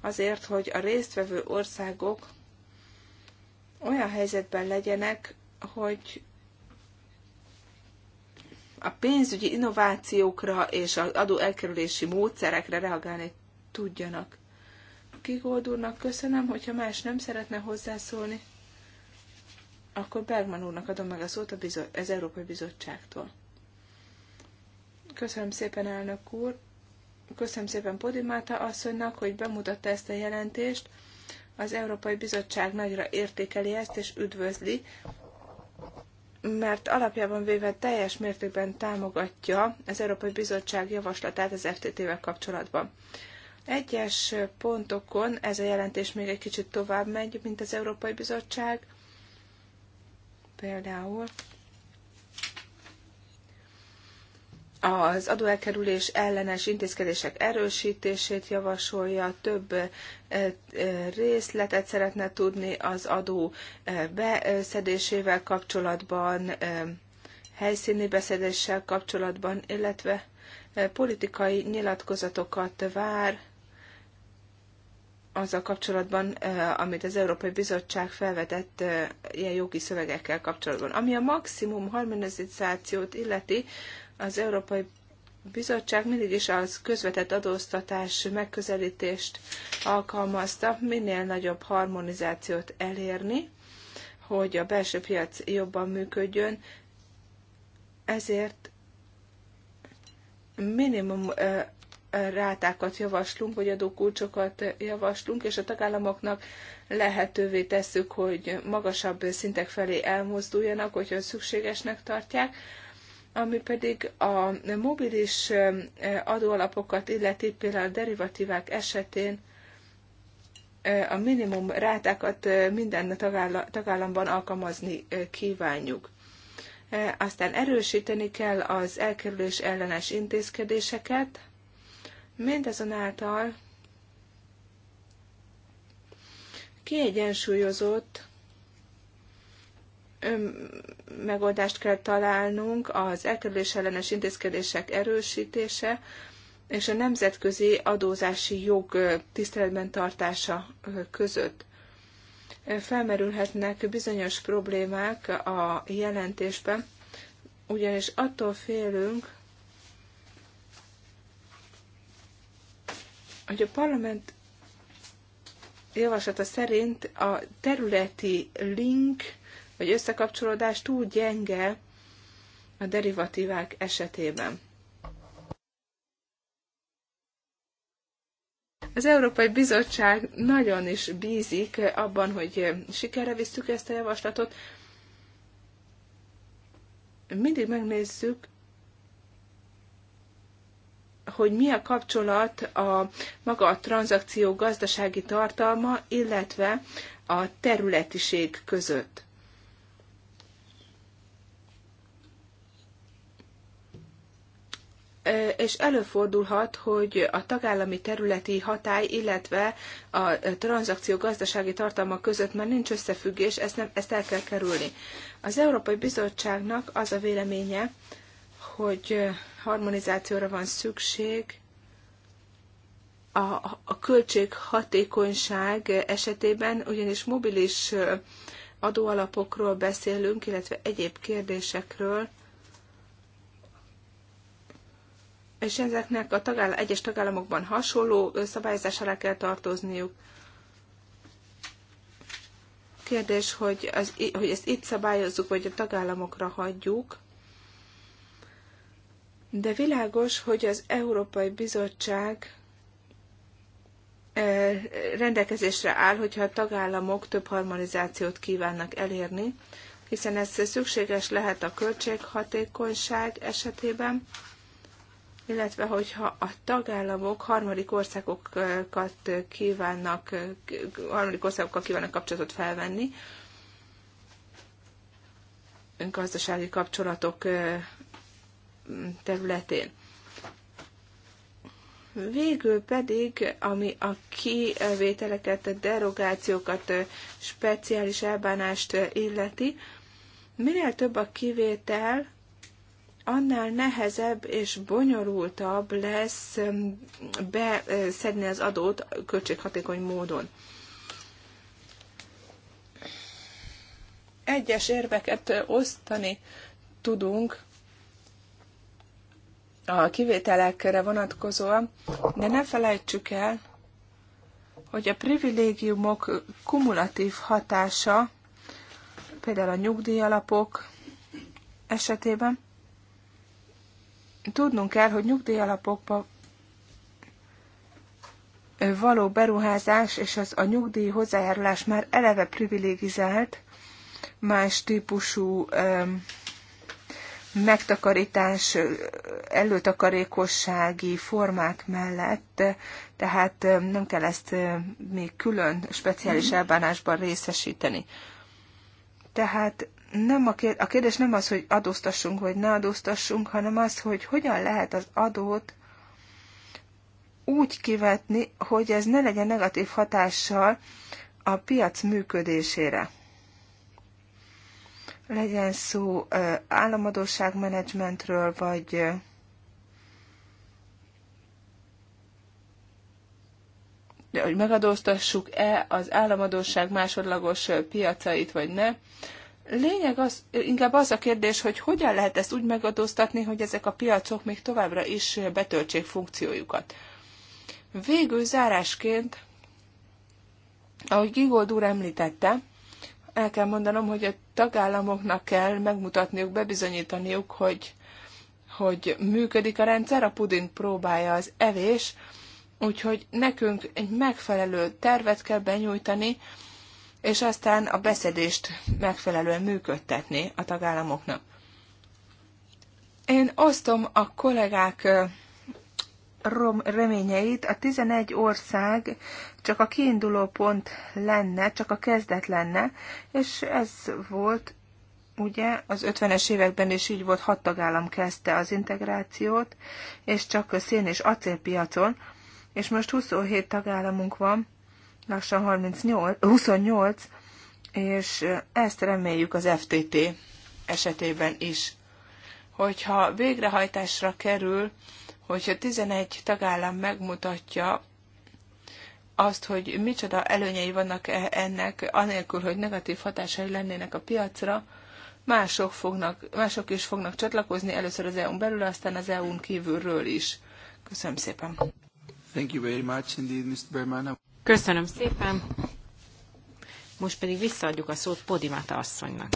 azért, hogy a résztvevő országok olyan helyzetben legyenek, hogy a pénzügyi innovációkra és az adó elkerülési módszerekre reagálni tudjanak. Kigold úrnak köszönöm, hogyha más nem szeretne hozzászólni, akkor Bergman úrnak adom meg a szót a bizo- az Európai Bizottságtól. Köszönöm szépen, elnök úr. Köszönöm szépen Podimáta asszonynak, hogy bemutatta ezt a jelentést. Az Európai Bizottság nagyra értékeli ezt és üdvözli, mert alapjában véve teljes mértékben támogatja az Európai Bizottság javaslatát az FTT-vel kapcsolatban. Egyes pontokon ez a jelentés még egy kicsit tovább megy, mint az Európai Bizottság. Például az adóelkerülés ellenes intézkedések erősítését javasolja, több eh, eh, részletet szeretne tudni az adó eh, beszedésével kapcsolatban, helyszíni beszedéssel kapcsolatban, illetve politikai nyilatkozatokat vár azzal kapcsolatban, amit az Európai Bizottság felvetett ilyen jogi szövegekkel kapcsolatban. Ami a maximum harmonizációt illeti, az Európai Bizottság mindig is az közvetett adóztatás megközelítést alkalmazta, minél nagyobb harmonizációt elérni, hogy a belső piac jobban működjön, ezért minimum rátákat javaslunk, vagy adókulcsokat javaslunk, és a tagállamoknak lehetővé tesszük, hogy magasabb szintek felé elmozduljanak, hogyha szükségesnek tartják ami pedig a mobilis adóalapokat illeti, például a derivatívák esetén a minimum rátákat minden tagállamban alkalmazni kívánjuk. Aztán erősíteni kell az elkerülés ellenes intézkedéseket, Mindezonáltal kiegyensúlyozott megoldást kell találnunk, az elkerülés ellenes intézkedések erősítése és a nemzetközi adózási jog tiszteletben tartása között. Felmerülhetnek bizonyos problémák a jelentésben, ugyanis attól félünk, hogy a parlament javaslata szerint a területi link vagy összekapcsolódás túl gyenge a derivatívák esetében. Az Európai Bizottság nagyon is bízik abban, hogy sikerre visszük ezt a javaslatot. Mindig megnézzük, hogy mi a kapcsolat a maga a tranzakció gazdasági tartalma, illetve a területiség között. és előfordulhat, hogy a tagállami területi hatály, illetve a tranzakció gazdasági tartalma között már nincs összefüggés, ezt, nem, ezt el kell kerülni. Az Európai Bizottságnak az a véleménye, hogy harmonizációra van szükség a, a költség hatékonyság esetében, ugyanis mobilis adóalapokról beszélünk, illetve egyéb kérdésekről, és ezeknek a tagáll- egyes tagállamokban hasonló szabályozás alá kell tartozniuk. Kérdés, hogy, az, hogy ezt itt szabályozzuk, vagy a tagállamokra hagyjuk. De világos, hogy az Európai Bizottság eh, rendelkezésre áll, hogyha a tagállamok több harmonizációt kívánnak elérni, hiszen ez szükséges lehet a költséghatékonyság esetében, illetve hogyha a tagállamok harmadik országokat kívánnak, harmadik országokkal kívánnak kapcsolatot felvenni, gazdasági kapcsolatok eh, területén. Végül pedig, ami a kivételeket, a derogációkat, speciális elbánást illeti, minél több a kivétel, annál nehezebb és bonyolultabb lesz beszedni az adót költséghatékony módon. Egyes érveket osztani tudunk a kivételekre vonatkozóan, de ne felejtsük el, hogy a privilégiumok kumulatív hatása, például a nyugdíjalapok esetében, tudnunk kell, hogy nyugdíjalapokba való beruházás és az a nyugdíj hozzájárulás már eleve privilégizált, más típusú megtakarítás, előtakarékossági formák mellett, tehát nem kell ezt még külön speciális mhm. elbánásban részesíteni. Tehát nem a, kérdés, a kérdés nem az, hogy adóztassunk vagy ne adóztassunk, hanem az, hogy hogyan lehet az adót úgy kivetni, hogy ez ne legyen negatív hatással a piac működésére legyen szó államadóságmenedzsmentről, vagy hogy megadóztassuk-e az államadóság másodlagos piacait, vagy ne. Lényeg az, inkább az a kérdés, hogy hogyan lehet ezt úgy megadóztatni, hogy ezek a piacok még továbbra is betöltsék funkciójukat. Végül zárásként, ahogy Gigold úr említette, el kell mondanom, hogy a tagállamoknak kell megmutatniuk, bebizonyítaniuk, hogy, hogy működik a rendszer, a puding próbája az evés, úgyhogy nekünk egy megfelelő tervet kell benyújtani, és aztán a beszedést megfelelően működtetni a tagállamoknak. Én osztom a kollégák rom, reményeit, a 11 ország csak a kiinduló pont lenne, csak a kezdet lenne, és ez volt, ugye, az 50-es években is így volt, hat tagállam kezdte az integrációt, és csak a szén és acélpiacon, és most 27 tagállamunk van, lassan 38, 28, és ezt reméljük az FTT esetében is. Hogyha végrehajtásra kerül hogyha 11 tagállam megmutatja azt, hogy micsoda előnyei vannak ennek, anélkül, hogy negatív hatásai lennének a piacra, mások, fognak, mások is fognak csatlakozni, először az EU-n belül, aztán az EU-n kívülről is. Köszönöm szépen. Thank you very much indeed, Mr. Berman. Köszönöm szépen. Most pedig visszaadjuk a szót Podimata asszonynak.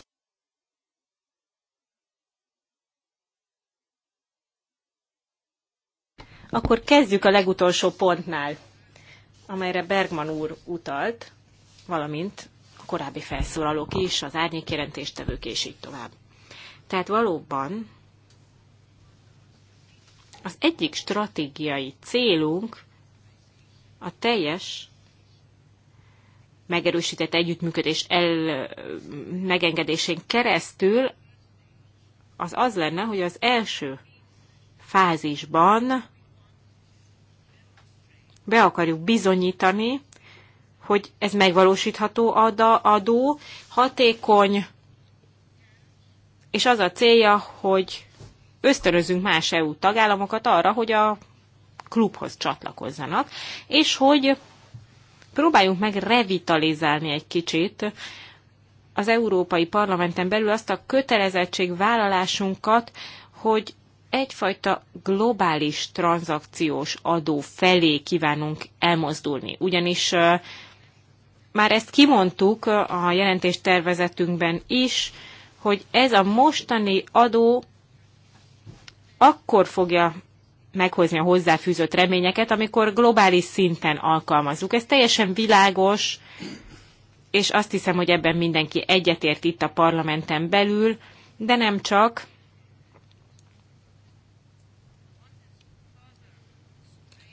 Akkor kezdjük a legutolsó pontnál, amelyre Bergman úr utalt, valamint a korábbi felszólalók is, az árnyékjelentéstevők és így tovább. Tehát valóban az egyik stratégiai célunk a teljes megerősített együttműködés el, megengedésén keresztül az az lenne, hogy az első fázisban be akarjuk bizonyítani, hogy ez megvalósítható adó, hatékony, és az a célja, hogy ösztönözünk más EU tagállamokat arra, hogy a klubhoz csatlakozzanak, és hogy próbáljunk meg revitalizálni egy kicsit az Európai Parlamenten belül azt a kötelezettségvállalásunkat, hogy egyfajta globális tranzakciós adó felé kívánunk elmozdulni. Ugyanis már ezt kimondtuk a jelentéstervezetünkben is, hogy ez a mostani adó akkor fogja meghozni a hozzáfűzött reményeket, amikor globális szinten alkalmazzuk. Ez teljesen világos, és azt hiszem, hogy ebben mindenki egyetért itt a parlamenten belül, de nem csak,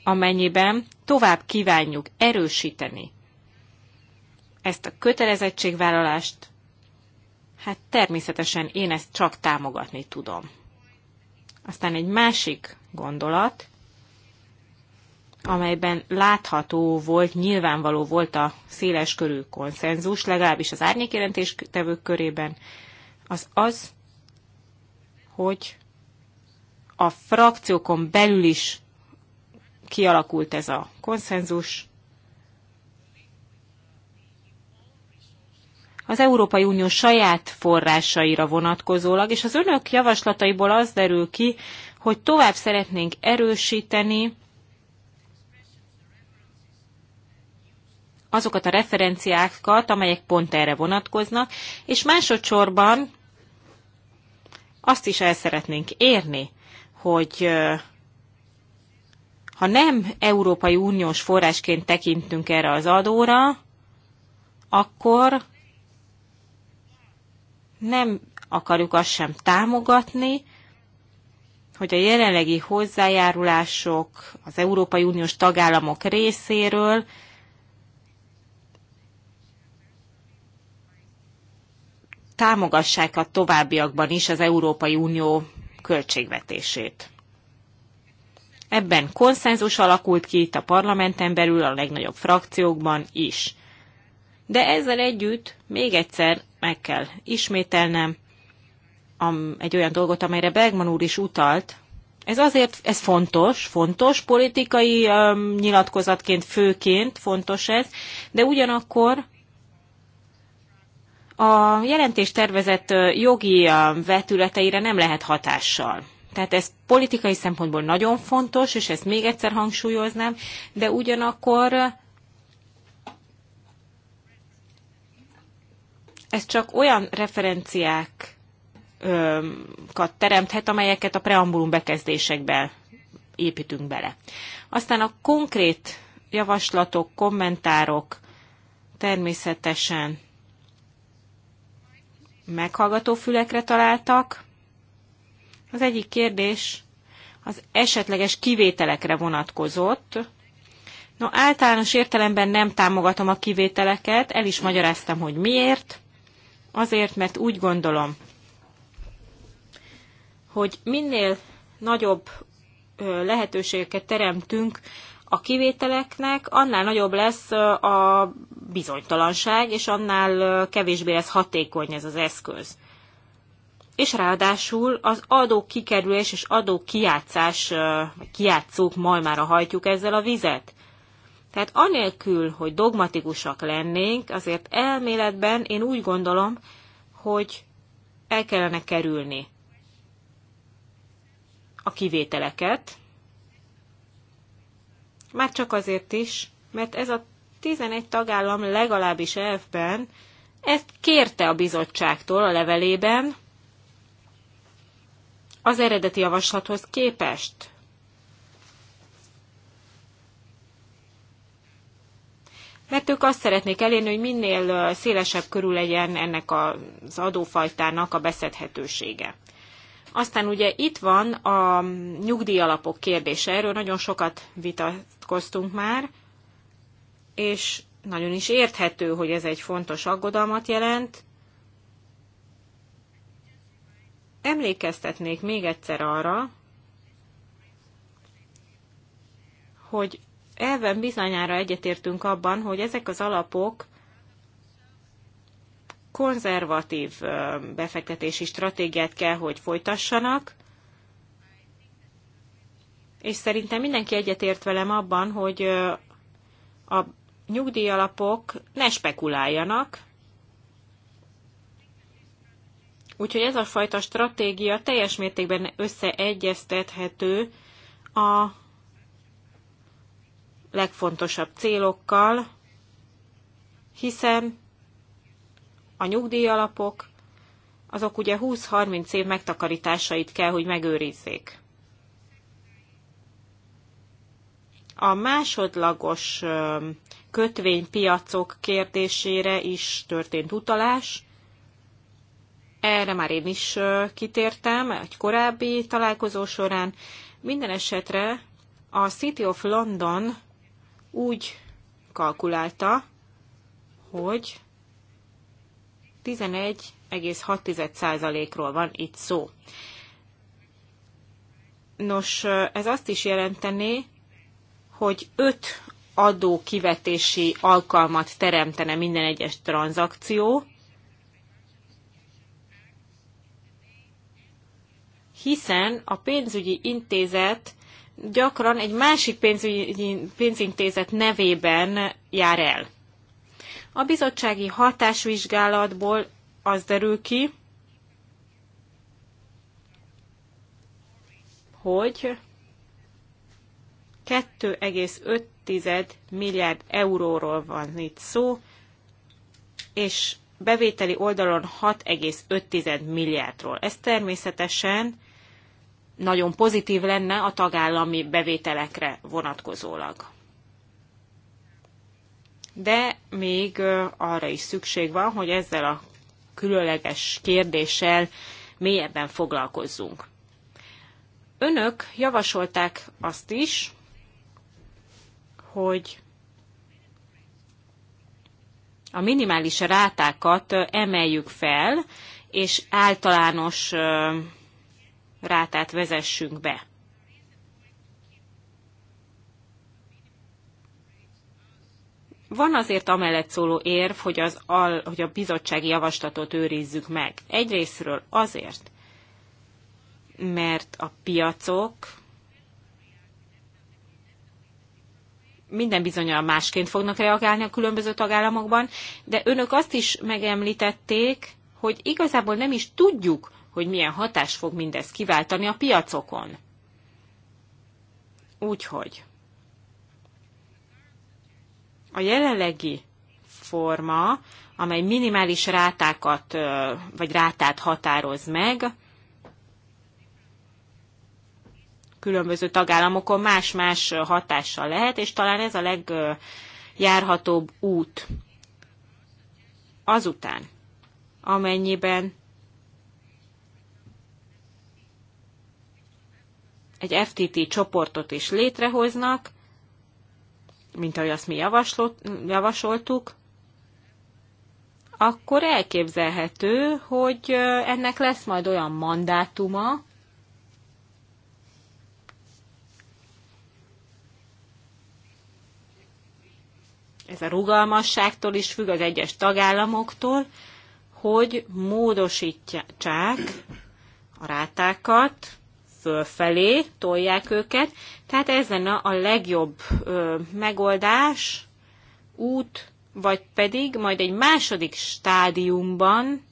amennyiben tovább kívánjuk erősíteni ezt a kötelezettségvállalást, hát természetesen én ezt csak támogatni tudom. Aztán egy másik gondolat, amelyben látható volt, nyilvánvaló volt a széles körű konszenzus, legalábbis az árnyékjelentéstevők körében, az az, hogy a frakciókon belül is kialakult ez a konszenzus. Az Európai Unió saját forrásaira vonatkozólag, és az önök javaslataiból az derül ki, hogy tovább szeretnénk erősíteni azokat a referenciákat, amelyek pont erre vonatkoznak, és másodszorban azt is el szeretnénk érni, hogy ha nem Európai Uniós forrásként tekintünk erre az adóra, akkor nem akarjuk azt sem támogatni, hogy a jelenlegi hozzájárulások az Európai Uniós tagállamok részéről támogassák a továbbiakban is az Európai Unió költségvetését. Ebben konszenzus alakult ki itt a parlamenten belül, a legnagyobb frakciókban is. De ezzel együtt még egyszer meg kell ismételnem egy olyan dolgot, amelyre Bergman úr is utalt. Ez azért, ez fontos, fontos, politikai um, nyilatkozatként főként fontos ez, de ugyanakkor a jelentés tervezett jogi vetületeire nem lehet hatással. Tehát ez politikai szempontból nagyon fontos, és ezt még egyszer hangsúlyoznám, de ugyanakkor ez csak olyan referenciákat teremthet, amelyeket a preambulum bekezdésekben építünk bele. Aztán a konkrét javaslatok, kommentárok természetesen meghallgató fülekre találtak. Az egyik kérdés az esetleges kivételekre vonatkozott. No, általános értelemben nem támogatom a kivételeket, el is magyaráztam, hogy miért. Azért, mert úgy gondolom, hogy minél nagyobb lehetőségeket teremtünk a kivételeknek, annál nagyobb lesz a bizonytalanság, és annál kevésbé lesz hatékony ez az eszköz és ráadásul az adó kikerülés és adó kijátszás, vagy már a hajtjuk ezzel a vizet. Tehát anélkül, hogy dogmatikusak lennénk, azért elméletben én úgy gondolom, hogy el kellene kerülni a kivételeket, már csak azért is, mert ez a 11 tagállam legalábbis elfben ezt kérte a bizottságtól a levelében, az eredeti javaslathoz képest. Mert ők azt szeretnék elérni, hogy minél szélesebb körül legyen ennek az adófajtának a beszedhetősége. Aztán ugye itt van a nyugdíjalapok kérdése, erről nagyon sokat vitatkoztunk már, és nagyon is érthető, hogy ez egy fontos aggodalmat jelent, Emlékeztetnék még egyszer arra, hogy elven bizonyára egyetértünk abban, hogy ezek az alapok konzervatív befektetési stratégiát kell, hogy folytassanak, és szerintem mindenki egyetért velem abban, hogy a nyugdíjalapok ne spekuláljanak, Úgyhogy ez a fajta stratégia teljes mértékben összeegyeztethető a legfontosabb célokkal, hiszen a nyugdíjalapok, azok ugye 20-30 év megtakarításait kell, hogy megőrizzék. A másodlagos kötvénypiacok kérdésére is történt utalás. Erre már én is kitértem egy korábbi találkozó során. Minden esetre a City of London úgy kalkulálta, hogy 11,6%-ról van itt szó. Nos, ez azt is jelenteni, hogy 5 adókivetési alkalmat teremtene minden egyes tranzakció, hiszen a pénzügyi intézet gyakran egy másik pénzügyi, pénzintézet nevében jár el. A bizottsági hatásvizsgálatból az derül ki, hogy 2,5 milliárd euróról van itt szó, és bevételi oldalon 6,5 milliárdról. Ez természetesen nagyon pozitív lenne a tagállami bevételekre vonatkozólag. De még arra is szükség van, hogy ezzel a különleges kérdéssel mélyebben foglalkozzunk. Önök javasolták azt is, hogy a minimális rátákat emeljük fel, és általános rátát vezessünk be. Van azért amellett szóló érv, hogy, az al, hogy a bizottsági javaslatot őrizzük meg. Egyrésztről azért, mert a piacok minden bizonyal másként fognak reagálni a különböző tagállamokban, de önök azt is megemlítették, hogy igazából nem is tudjuk, hogy milyen hatás fog mindez kiváltani a piacokon. Úgyhogy a jelenlegi forma, amely minimális rátákat, vagy rátát határoz meg, különböző tagállamokon más-más hatással lehet, és talán ez a legjárhatóbb út. Azután, amennyiben egy FTT csoportot is létrehoznak, mint ahogy azt mi javasoltuk, akkor elképzelhető, hogy ennek lesz majd olyan mandátuma, ez a rugalmasságtól is függ az egyes tagállamoktól, hogy módosítsák a rátákat, fölfelé felé tolják őket, tehát ez lenne a legjobb ö, megoldás, út, vagy pedig majd egy második stádiumban,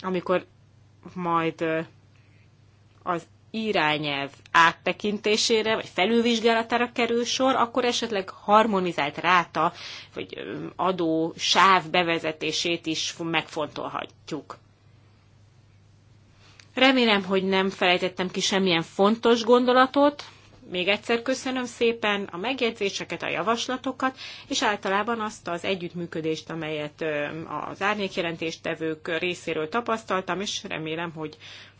amikor majd ö, az irányelv áttekintésére, vagy felülvizsgálatára kerül sor, akkor esetleg harmonizált ráta, vagy adó sáv bevezetését is megfontolhatjuk. Remélem, hogy nem felejtettem ki semmilyen fontos gondolatot. Még egyszer köszönöm szépen a megjegyzéseket, a javaslatokat, és általában azt az együttműködést, amelyet az árnyékjelentéstevők részéről tapasztaltam, és remélem, hogy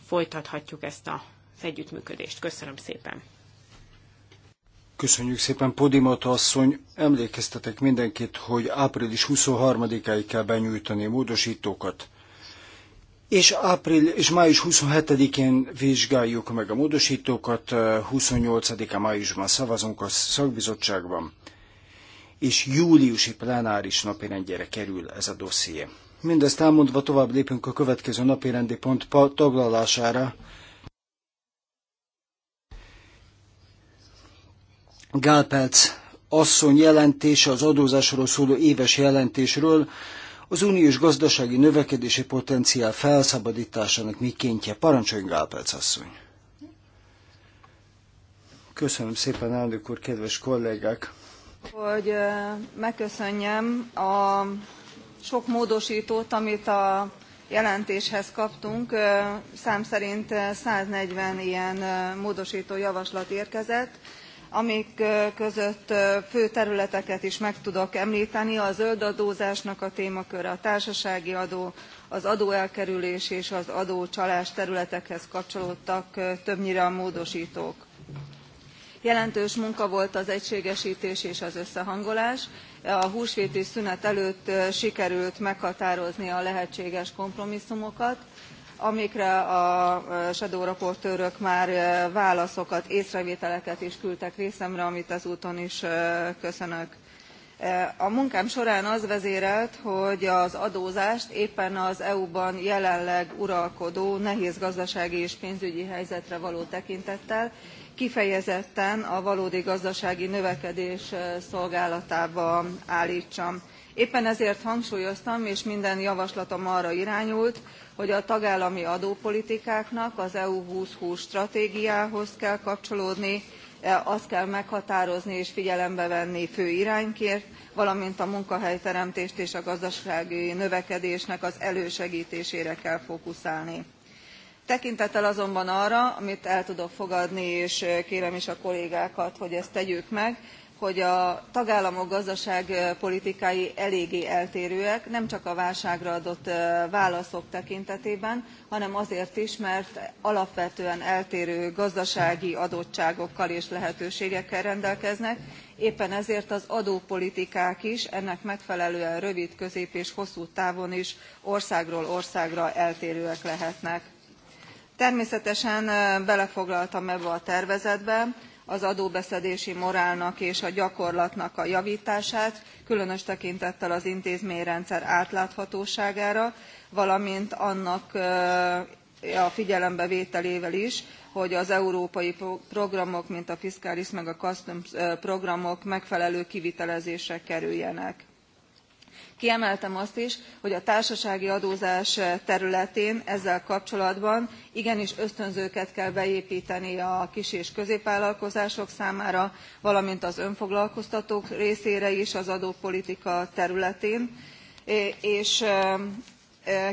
folytathatjuk ezt az együttműködést. Köszönöm szépen! Köszönjük szépen, Podimata asszony. Emlékeztetek mindenkit, hogy április 23-áig kell benyújtani módosítókat és április és május 27-én vizsgáljuk meg a módosítókat, 28 eh, a májusban szavazunk a szakbizottságban, és júliusi plenáris napirendjére kerül ez a dosszié. Mindezt elmondva tovább lépünk a következő napirendi pont taglalására. Gálpelc asszony jelentése az adózásról szóló éves jelentésről, az uniós gazdasági növekedési potenciál felszabadításának mikéntje. Parancsoljon Gálperc asszony! Köszönöm szépen, elnök úr, kedves kollégák! Hogy megköszönjem a sok módosítót, amit a jelentéshez kaptunk. Szám szerint 140 ilyen módosító javaslat érkezett amik között fő területeket is meg tudok emlteni a zöld adózás a témaköre a társasági adó az adóelkerülés és az adócsalás területekhez kapcsolódtak többnyire a módostók. jelentős munka volt az egységestés és az összehangolás a húsvéti szünet előtt sikerült meghatározni a lehetséges kompromisszumokat amikre a shadow raportőrök már válaszokat észrevételeket is küldtek részemre amit ezúton is köszönök. a munkám során az vezérelt hogy az adózást éppen az eu ban jelenleg uralkodó nehéz gazdasági és pénzügyi helyzetre való tekintettel kifejezetten a valódi gazdasági növekedés szolgálatába álltsam. éppen ezért hangsúlyoztam és minden javaslatom arra irányult hogy a tagállami adópolitikáknak az eu two thousand and twenty stratégiához kell kapcsolódni e, azt kell meghatározni és figyelembe venni fő irányként valamint a munkahelyteremtést és a gazdasági növekedésnek az elősegtésére kell fókuszálni. tekintettel azonban arra amit el tudok fogadni és kérem is a kollégákat hogy ezt tegyük meg hogy a tagállamok gazdaságpolitikái eléggé eltérőek nemcsak a válságra adott válaszok tekintetében hanem azért is mert alapvetően eltérő gazdasági adottságokkal és lehetőségekkel rendelkeznek éppen ezért az adópolitikák is ennek megfelelően rövid közép és hosszú távon is országról országra eltérőek lehetnek. természetesen belefoglaltam ebbe a tervezetbe az adóbeszedési morálnak és a gyakorlatnak a javtását különös tekintettel az intézményrendszer átláthatóságára valamint annak a figyelembevételével is hogy az európai programok mint a fiscalis meg a customs programok megfelelő kivitelezésre kerüljenek kiemeltem azt is hogy a társasági adózás területén ezzel kapcsolatban igenis ösztönzőket kell beépteni a kis és középvállalkozások számára valamint az önfoglalkoztatók részére is az adópolitika területén és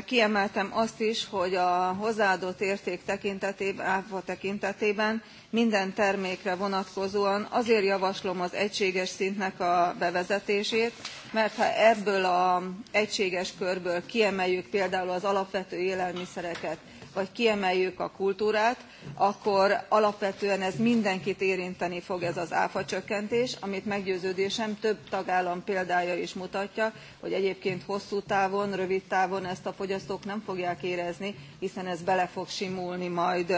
kiemeltem azt is hogy a hozzáadott érték tekintetében áfa tekintetében minden termékre vonatkozóan azért javaslom az egységes szintnek a bevezetését mert ha ebből az egységes körből kiemeljük például az alapvető élelmiszereket vagy kiemeljük a kultúrát akkor alapvetően ez mindenkit érinteni fog ez az áfacsökkentés amit meggyőződésem több tagállam példája is mutatja hogy egyébként hosszú távon rövid távon ezt a fogyasztók nem fogják érezni hiszen ez bele fog simulni majd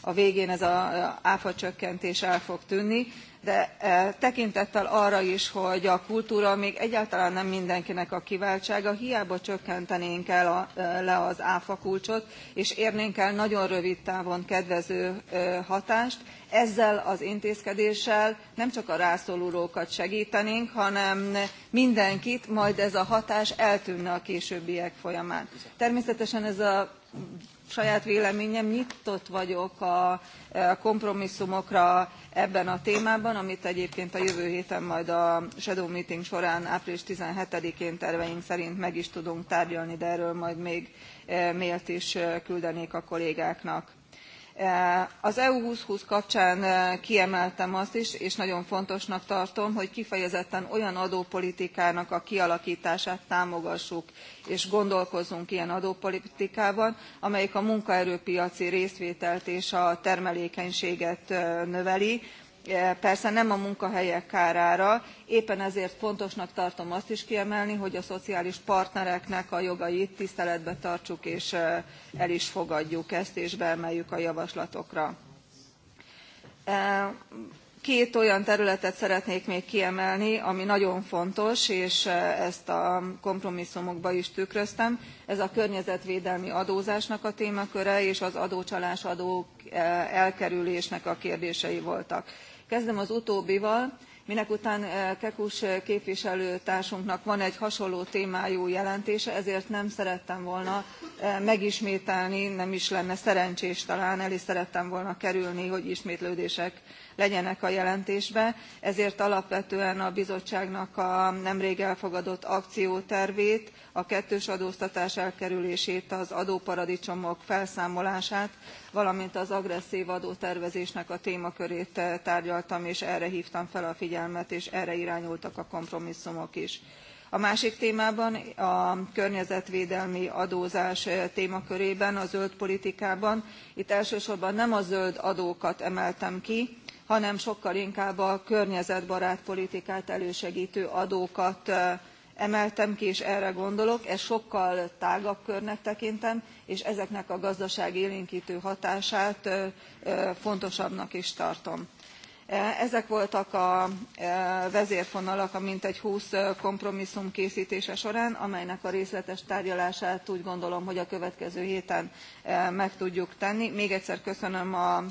a végén ez az áfacsökkentés el fog tűnni de e, tekintettel arra is hogy a kultúra még egyáltalán nem mindenkinek a kiváltsága hiába csökkentenénk e, le az áfakulcsot és érnénk el nagyon rövid távon kedvező e, hatást ezzel az intézkedéssel nemcsak a rászorulókat segtenénk hanem mindenkit majd ez a hatás eltűnne a későbbiek folyamán. természetesen ez a saját véleményem nyitott vagyok a kompromisszumokra ebben a témában amit egyébként a jövő héten majd a shadow meeting során április seventeen én terveink szerint meg is tudunk tárgyalni de erről majd még eh, mailt is eh, küldenék a kollégáknak. Az EU twenty kapcsán e, kiemeltem azt is, és nagyon fontosnak tartom, hogy kifejezetten olyan adópolitikának a kialakítását támogassuk, és gondolkozzunk ilyen adópolitikában, amelyik a munkaerőpiaci részvételt és a termelékenységet e, növeli, E, persze nem a munkahelyek kárára éppen ezért fontosnak tartom azt is kiemelni hogy a szociális partnereknek a jogait tiszteletben tartsuk és e, el is fogadjuk ezt és beemeljük a javaslatokra. E, két olyan területet szeretnék még kiemelni ami nagyon fontos és ezt a kompromisszumokban is tükröztem ez a környezetvédelmi adózásnak a témaköre és az adócsalás adók elkerülésnek a kérdései voltak kezdem az utóbbival minekután eh, kekus eh, képviselőtársunknak van egy hasonló témájú jelentése ezért nem szerettem volna eh, megismételni nem is lenne szerencsés talán el is szerettem volna kerülni hogy ismétlődések legyenek a jelentésben ezért alapvetően a bizottságnak a nemrég elfogadott akciótervét a kettős adóztatás elkerülését az adóparadicsomok felszámolását valamint az agresszv adótervezésnek a témakörét eh, tárgyaltam és erre hvtam fel a figyelmet és erre irányultak a kompromisszumok is a másik témában a környezetvédelmi adózás eh, témakörében a zöld politikában itt elsősorban nem a zöld adókat emeltem ki hanem sokkal inkább a környezetbarát politikát elősegtő adókat emeltem ki és erre gondolok ezt sokkal tágabb körnek tekintem és ezeknek a gazdaságélénktő hatását fontosabbnak is tartom. ezek voltak a vezérfonalak a mintegy húsz kompromisszum késztése során amelynek a részletes tárgyalását úgy gondolom hogy a következő héten meg tudjuk tenni. még egyszer köszönöm a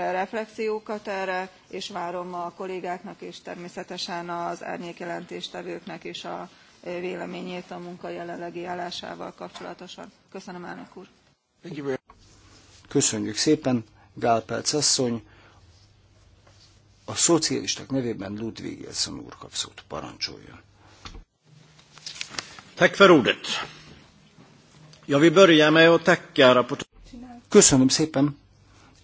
reflexiókat erre és várom a kollégáknak és természetesen az árnyékjelentéstevőknek is a véleményét a munka jelenlegi állásával kapcsolatosan. köszönöm elnök úr! Köszönjük szépen, Gál Pelc asszony. A szocialisták nevében Ludwig Jelszon úr kap szót, parancsoljon. Köszönöm szépen.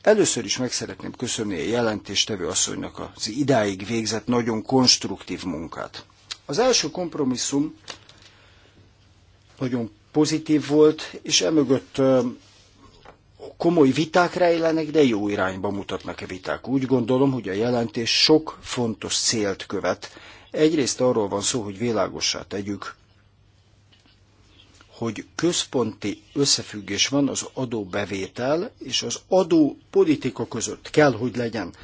Először is meg szeretném köszönni a jelentéstevő asszonynak az idáig végzett nagyon konstruktív munkát. Az első kompromisszum nagyon pozitív volt, és emögött komoly viták rejlenek, de jó irányba mutatnak a e viták. Úgy gondolom, hogy a jelentés sok fontos célt követ. Egyrészt arról van szó, hogy világossá tegyük, hogy központi összefüggés van az adóbevétel és az adó politika között kell, hogy legyen.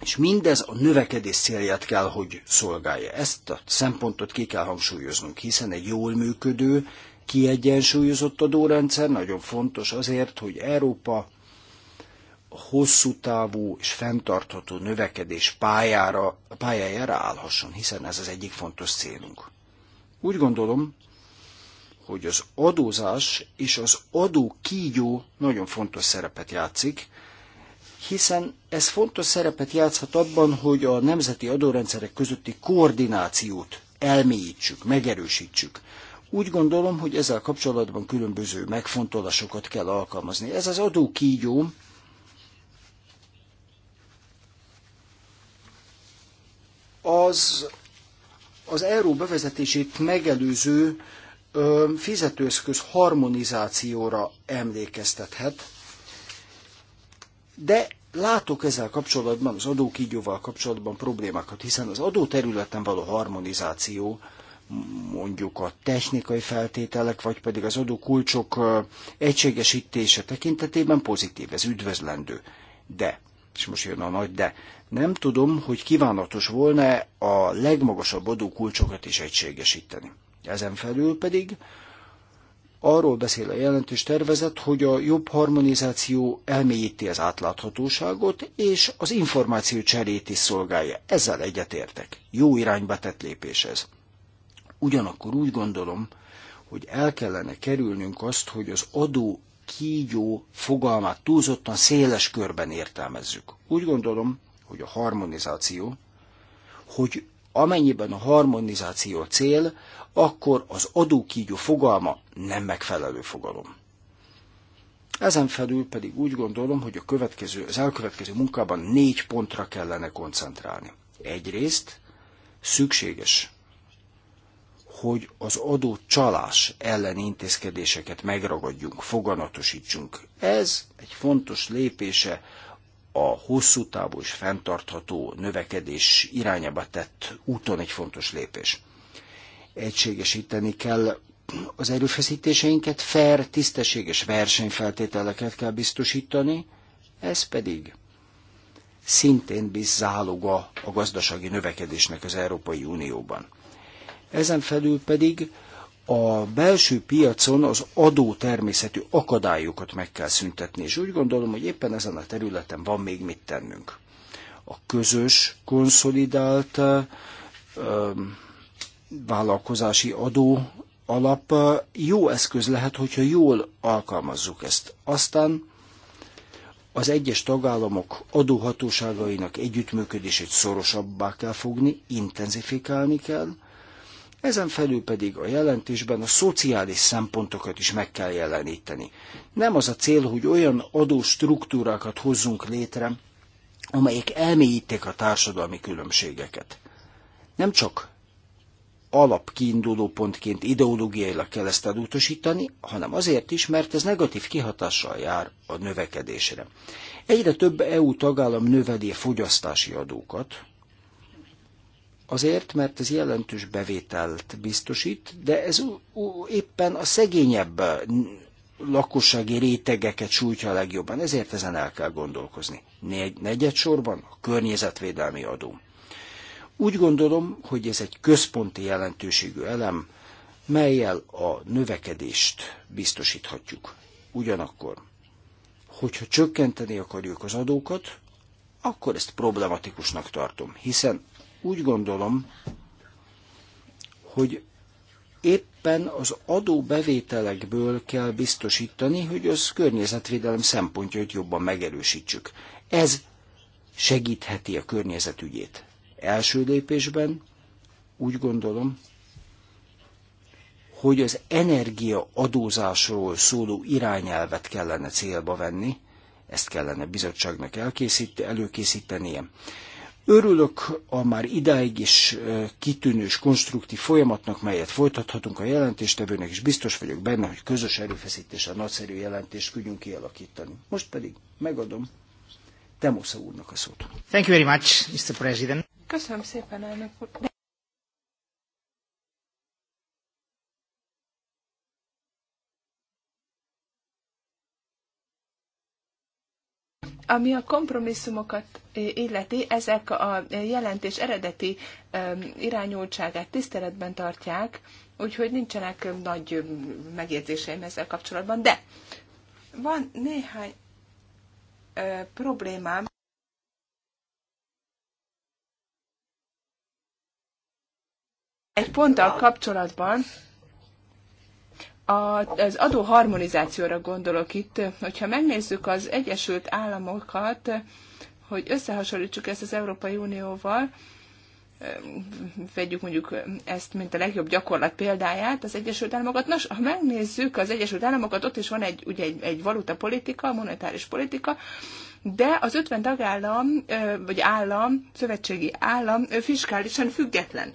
És mindez a növekedés célját kell, hogy szolgálja. Ezt a szempontot ki kell hangsúlyoznunk, hiszen egy jól működő, kiegyensúlyozott adórendszer nagyon fontos azért, hogy Európa hosszú távú és fenntartható növekedés pályára, pályájára állhasson, hiszen ez az egyik fontos célunk. Úgy gondolom, hogy az adózás és az adó kígyó nagyon fontos szerepet játszik, hiszen ez fontos szerepet játszhat abban, hogy a nemzeti adórendszerek közötti koordinációt elmélyítsük, megerősítsük. Úgy gondolom, hogy ezzel kapcsolatban különböző megfontolásokat kell alkalmazni. Ez az adó kígyó, az az euró bevezetését megelőző fizetőeszköz harmonizációra emlékeztethet, de látok ezzel kapcsolatban, az adókígyóval kapcsolatban problémákat, hiszen az adóterületen való harmonizáció, mondjuk a technikai feltételek, vagy pedig az adókulcsok egységesítése tekintetében pozitív, ez üdvözlendő. De, és most jön a nagy de, nem tudom, hogy kívánatos volna a legmagasabb adókulcsokat is egységesíteni. Ezen felül pedig arról beszél a jelentős tervezet, hogy a jobb harmonizáció elmélyíti az átláthatóságot, és az információ cserét is szolgálja. Ezzel egyetértek. Jó irányba tett lépés ez. Ugyanakkor úgy gondolom, hogy el kellene kerülnünk azt, hogy az adó kígyó fogalmát túlzottan széles körben értelmezzük. Úgy gondolom, hogy a harmonizáció, hogy Amennyiben a harmonizáció cél, akkor az adókígyó fogalma nem megfelelő fogalom. Ezen felül pedig úgy gondolom, hogy a következő, az elkövetkező munkában négy pontra kellene koncentrálni. Egyrészt szükséges, hogy az adó csalás ellen intézkedéseket megragadjunk, foganatosítsunk. Ez egy fontos lépése a hosszú távú és fenntartható növekedés irányába tett úton egy fontos lépés. Egységesíteni kell az erőfeszítéseinket, fair, tisztességes versenyfeltételeket kell biztosítani, ez pedig szintén bizzáloga a gazdasági növekedésnek az Európai Unióban. Ezen felül pedig a belső piacon az adó természetű akadályokat meg kell szüntetni, és úgy gondolom, hogy éppen ezen a területen van még mit tennünk. A közös, konszolidált vállalkozási adó alap jó eszköz lehet, hogyha jól alkalmazzuk ezt. Aztán az egyes tagállamok adóhatóságainak együttműködését szorosabbá kell fogni, intenzifikálni kell, ezen felül pedig a jelentésben a szociális szempontokat is meg kell jeleníteni. Nem az a cél, hogy olyan adóstruktúrákat hozzunk létre, amelyek elmélyítik a társadalmi különbségeket. Nem csak alapkiinduló pontként ideológiailag kell ezt elutasítani, hanem azért is, mert ez negatív kihatással jár a növekedésre. Egyre több EU tagállam növeli a fogyasztási adókat, Azért, mert ez jelentős bevételt biztosít, de ez éppen a szegényebb lakossági rétegeket sújtja a legjobban, ezért ezen el kell gondolkozni. Négy, negyed sorban a környezetvédelmi adó. Úgy gondolom, hogy ez egy központi jelentőségű elem, melyel a növekedést biztosíthatjuk. Ugyanakkor, hogyha csökkenteni akarjuk az adókat, akkor ezt problematikusnak tartom, hiszen úgy gondolom, hogy éppen az adóbevételekből kell biztosítani, hogy az környezetvédelem szempontjait jobban megerősítsük. Ez segítheti a környezetügyét. Első lépésben úgy gondolom, hogy az energia adózásról szóló irányelvet kellene célba venni, ezt kellene bizottságnak elkészít, előkészítenie. Örülök a már idáig is kitűnő és konstruktív folyamatnak, melyet folytathatunk a jelentéstevőnek, és biztos vagyok benne, hogy közös erőfeszítéssel nagyszerű jelentést tudjunk kialakítani. Most pedig megadom Temosza úrnak a szót. Thank you very much, Mr. President. Köszönöm szépen, elnök úr. Ami a kompromisszumokat eh, illeti, ezek a eh, jelentés eredeti irányultságát tiszteletben tartják, úgyhogy nincsenek nagy megjegyzéseim ezzel kapcsolatban, de van néhány eh, problémám. Egy ponttal kapcsolatban, az adóharmonizációra gondolok itt. Hogyha megnézzük az Egyesült Államokat, hogy összehasonlítsuk ezt az Európai Unióval, vegyük mondjuk ezt, mint a legjobb gyakorlat példáját, az Egyesült Államokat. Nos, ha megnézzük az Egyesült Államokat, ott is van egy, ugye egy, egy valuta politika, monetáris politika, de az 50 tagállam, vagy állam, szövetségi állam fiskálisan független.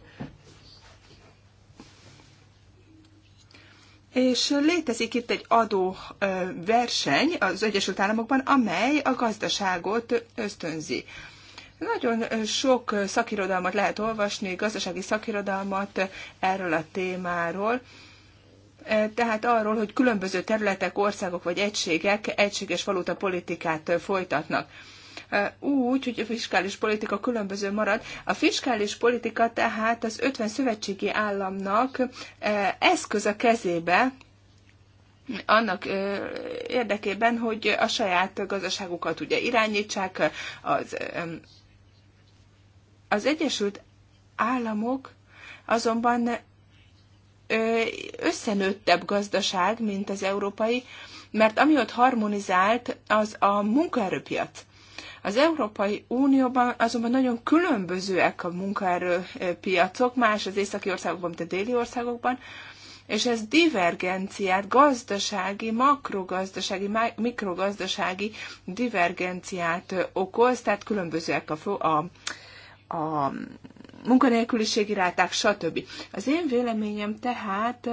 És létezik itt egy adó verseny az Egyesült Államokban, amely a gazdaságot ösztönzi. Nagyon sok szakirodalmat lehet olvasni, gazdasági szakirodalmat erről a témáról, tehát arról, hogy különböző területek, országok vagy egységek egységes valuta politikát folytatnak úgy, hogy a fiskális politika különböző marad. A fiskális politika tehát az 50 szövetségi államnak eszköz a kezébe, annak érdekében, hogy a saját gazdaságukat ugye irányítsák, az, az Egyesült Államok azonban összenőttebb gazdaság, mint az európai, mert ami ott harmonizált, az a munkaerőpiac. Az Európai Unióban azonban nagyon különbözőek a munkaerőpiacok, más az északi országokban, mint a déli országokban, és ez divergenciát, gazdasági, makrogazdasági, mikrogazdasági divergenciát okoz, tehát különbözőek a, a, a munkanélküliségi ráták, stb. Az én véleményem tehát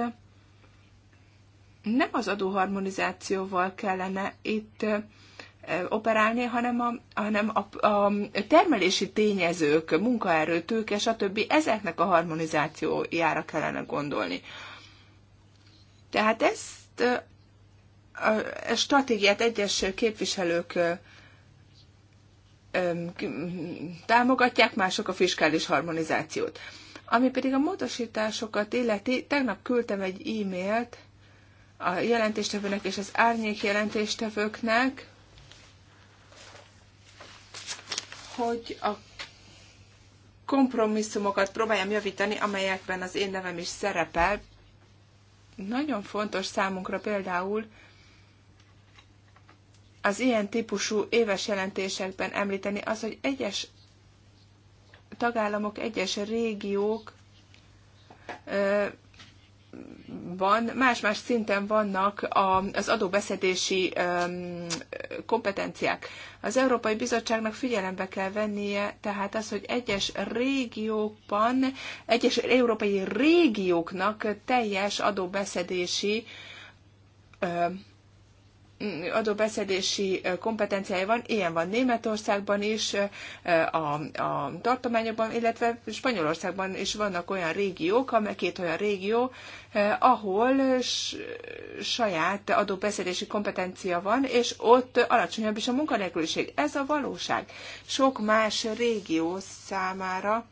nem az adóharmonizációval kellene itt operálni, hanem a, hanem a, a termelési tényezők, munkaerő, tőke, stb. ezeknek a harmonizációjára kellene gondolni. Tehát ezt a stratégiát egyes képviselők támogatják, mások a fiskális harmonizációt. Ami pedig a módosításokat illeti, tegnap küldtem egy e-mailt a jelentéstevőnek és az árnyék jelentéstevőknek, hogy a kompromisszumokat próbáljam javítani, amelyekben az én nevem is szerepel. Nagyon fontos számunkra például az ilyen típusú éves jelentésekben említeni az, hogy egyes tagállamok, egyes régiók van, más-más szinten vannak az adóbeszedési kompetenciák. Az Európai Bizottságnak figyelembe kell vennie tehát az, hogy egyes régiókban, egyes európai régióknak teljes adóbeszedési adóbeszedési kompetenciája van, ilyen van Németországban is, a, a tartományokban, illetve Spanyolországban is vannak olyan régiók, amely két olyan régió, ahol saját adóbeszedési kompetencia van, és ott alacsonyabb is a munkanélküliség. Ez a valóság. Sok más régió számára,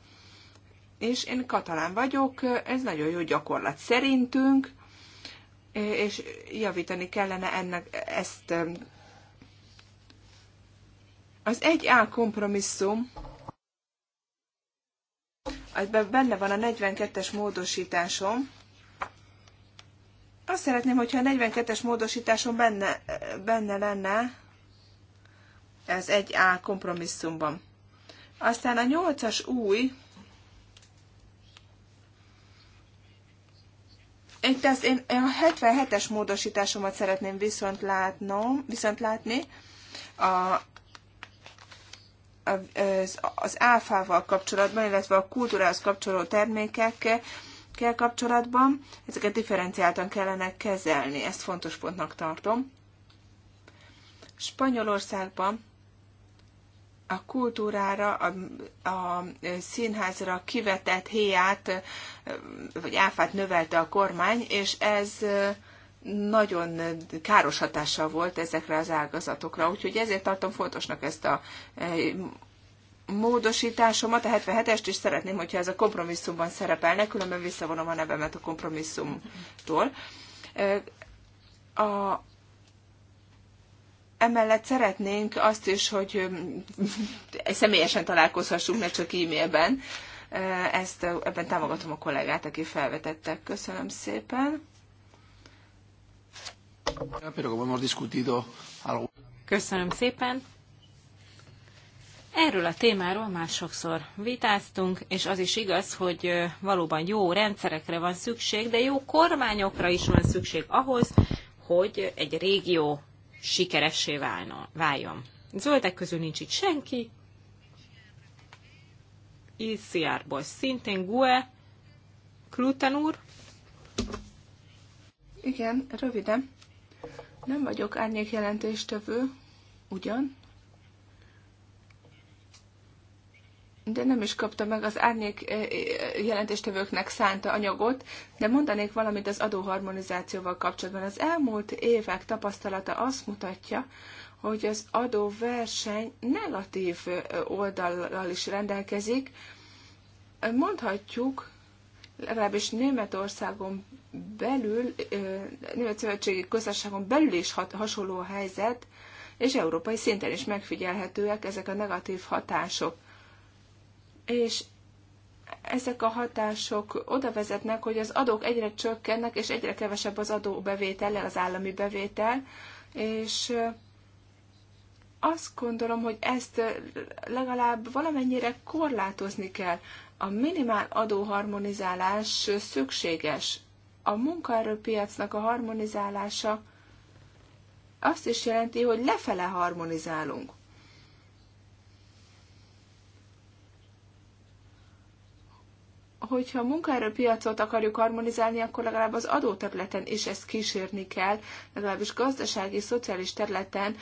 és én katalán vagyok, ez nagyon jó gyakorlat szerintünk, és javítani kellene ennek ezt. Az egy a kompromisszum, ebben benne van a 42-es módosításom, azt szeretném, hogyha a 42-es módosításom benne, benne lenne ez egy a kompromisszumban. Aztán a 8-as új, Itt az én, én a 77-es módosításomat szeretném viszont látnom, viszont látni a, az, az áfával kapcsolatban, illetve a kultúrához kapcsoló termékekkel kapcsolatban. Ezeket differenciáltan kellene kezelni, ezt fontos pontnak tartom. Spanyolországban a kultúrára, a, a színházra kivetett héját, vagy áfát növelte a kormány, és ez nagyon káros hatással volt ezekre az ágazatokra. Úgyhogy ezért tartom fontosnak ezt a e, módosításomat, a 77-est is szeretném, hogyha ez a kompromisszumban szerepelne, különben visszavonom a nevemet a kompromisszumtól. E, a Emellett szeretnénk azt is, hogy személyesen találkozhassunk, ne csak e-mailben. Ezt ebben támogatom a kollégát, aki felvetette. Köszönöm szépen. Köszönöm szépen. Erről a témáról már sokszor vitáztunk, és az is igaz, hogy valóban jó rendszerekre van szükség, de jó kormányokra is van szükség ahhoz, hogy egy régió sikeressé válna, váljon. Zöldek közül nincs itt senki. ICR-ból szintén GUE, Kluten úr. Igen, röviden. Nem vagyok árnyék jelentéstövő, ugyan, de nem is kapta meg az árnyék eh, eh, jelentéstevőknek szánta anyagot, de mondanék valamit az adóharmonizációval kapcsolatban. Az elmúlt évek tapasztalata azt mutatja, hogy az adóverseny negatív eh, oldallal is rendelkezik. Mondhatjuk, legalábbis Németországon belül, Német Szövetségi Közösségon belül is hasonló a helyzet, és európai szinten is megfigyelhetőek ezek a negatív hatások és ezek a hatások oda vezetnek, hogy az adók egyre csökkennek, és egyre kevesebb az adóbevétel, az állami bevétel, és azt gondolom, hogy ezt legalább valamennyire korlátozni kell. A minimál adóharmonizálás szükséges. A munkaerőpiacnak a harmonizálása azt is jelenti, hogy lefele harmonizálunk. hogyha a munkaerőpiacot akarjuk harmonizálni, akkor legalább az adóterületen is ezt kísérni kell, legalábbis gazdasági, szociális területen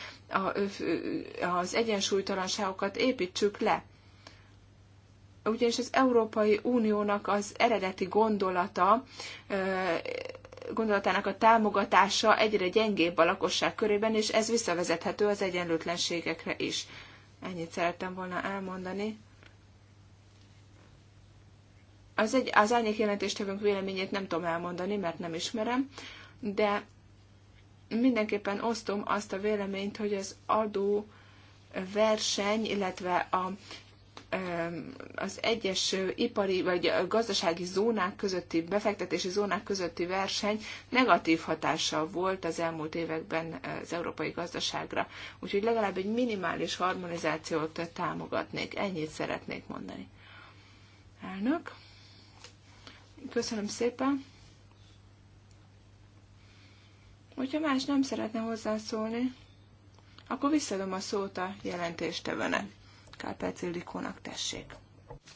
az egyensúlytalanságokat építsük le. Ugyanis az Európai Uniónak az eredeti gondolata, gondolatának a támogatása egyre gyengébb a lakosság körében, és ez visszavezethető az egyenlőtlenségekre is. Ennyit szerettem volna elmondani. Az, egy, az árnyék jelentéstevőnk véleményét nem tudom elmondani, mert nem ismerem, de mindenképpen osztom azt a véleményt, hogy az adó verseny, illetve a, az egyes ipari vagy gazdasági zónák közötti, befektetési zónák közötti verseny negatív hatással volt az elmúlt években eh, az európai gazdaságra. Úgyhogy legalább egy minimális harmonizációt támogatnék. Ennyit szeretnék mondani. Elnök. Köszönöm szépen. Hogyha más nem szeretne hozzászólni, akkor visszadom a szót a jelentéstevőnek. Kárpác Ildikónak tessék.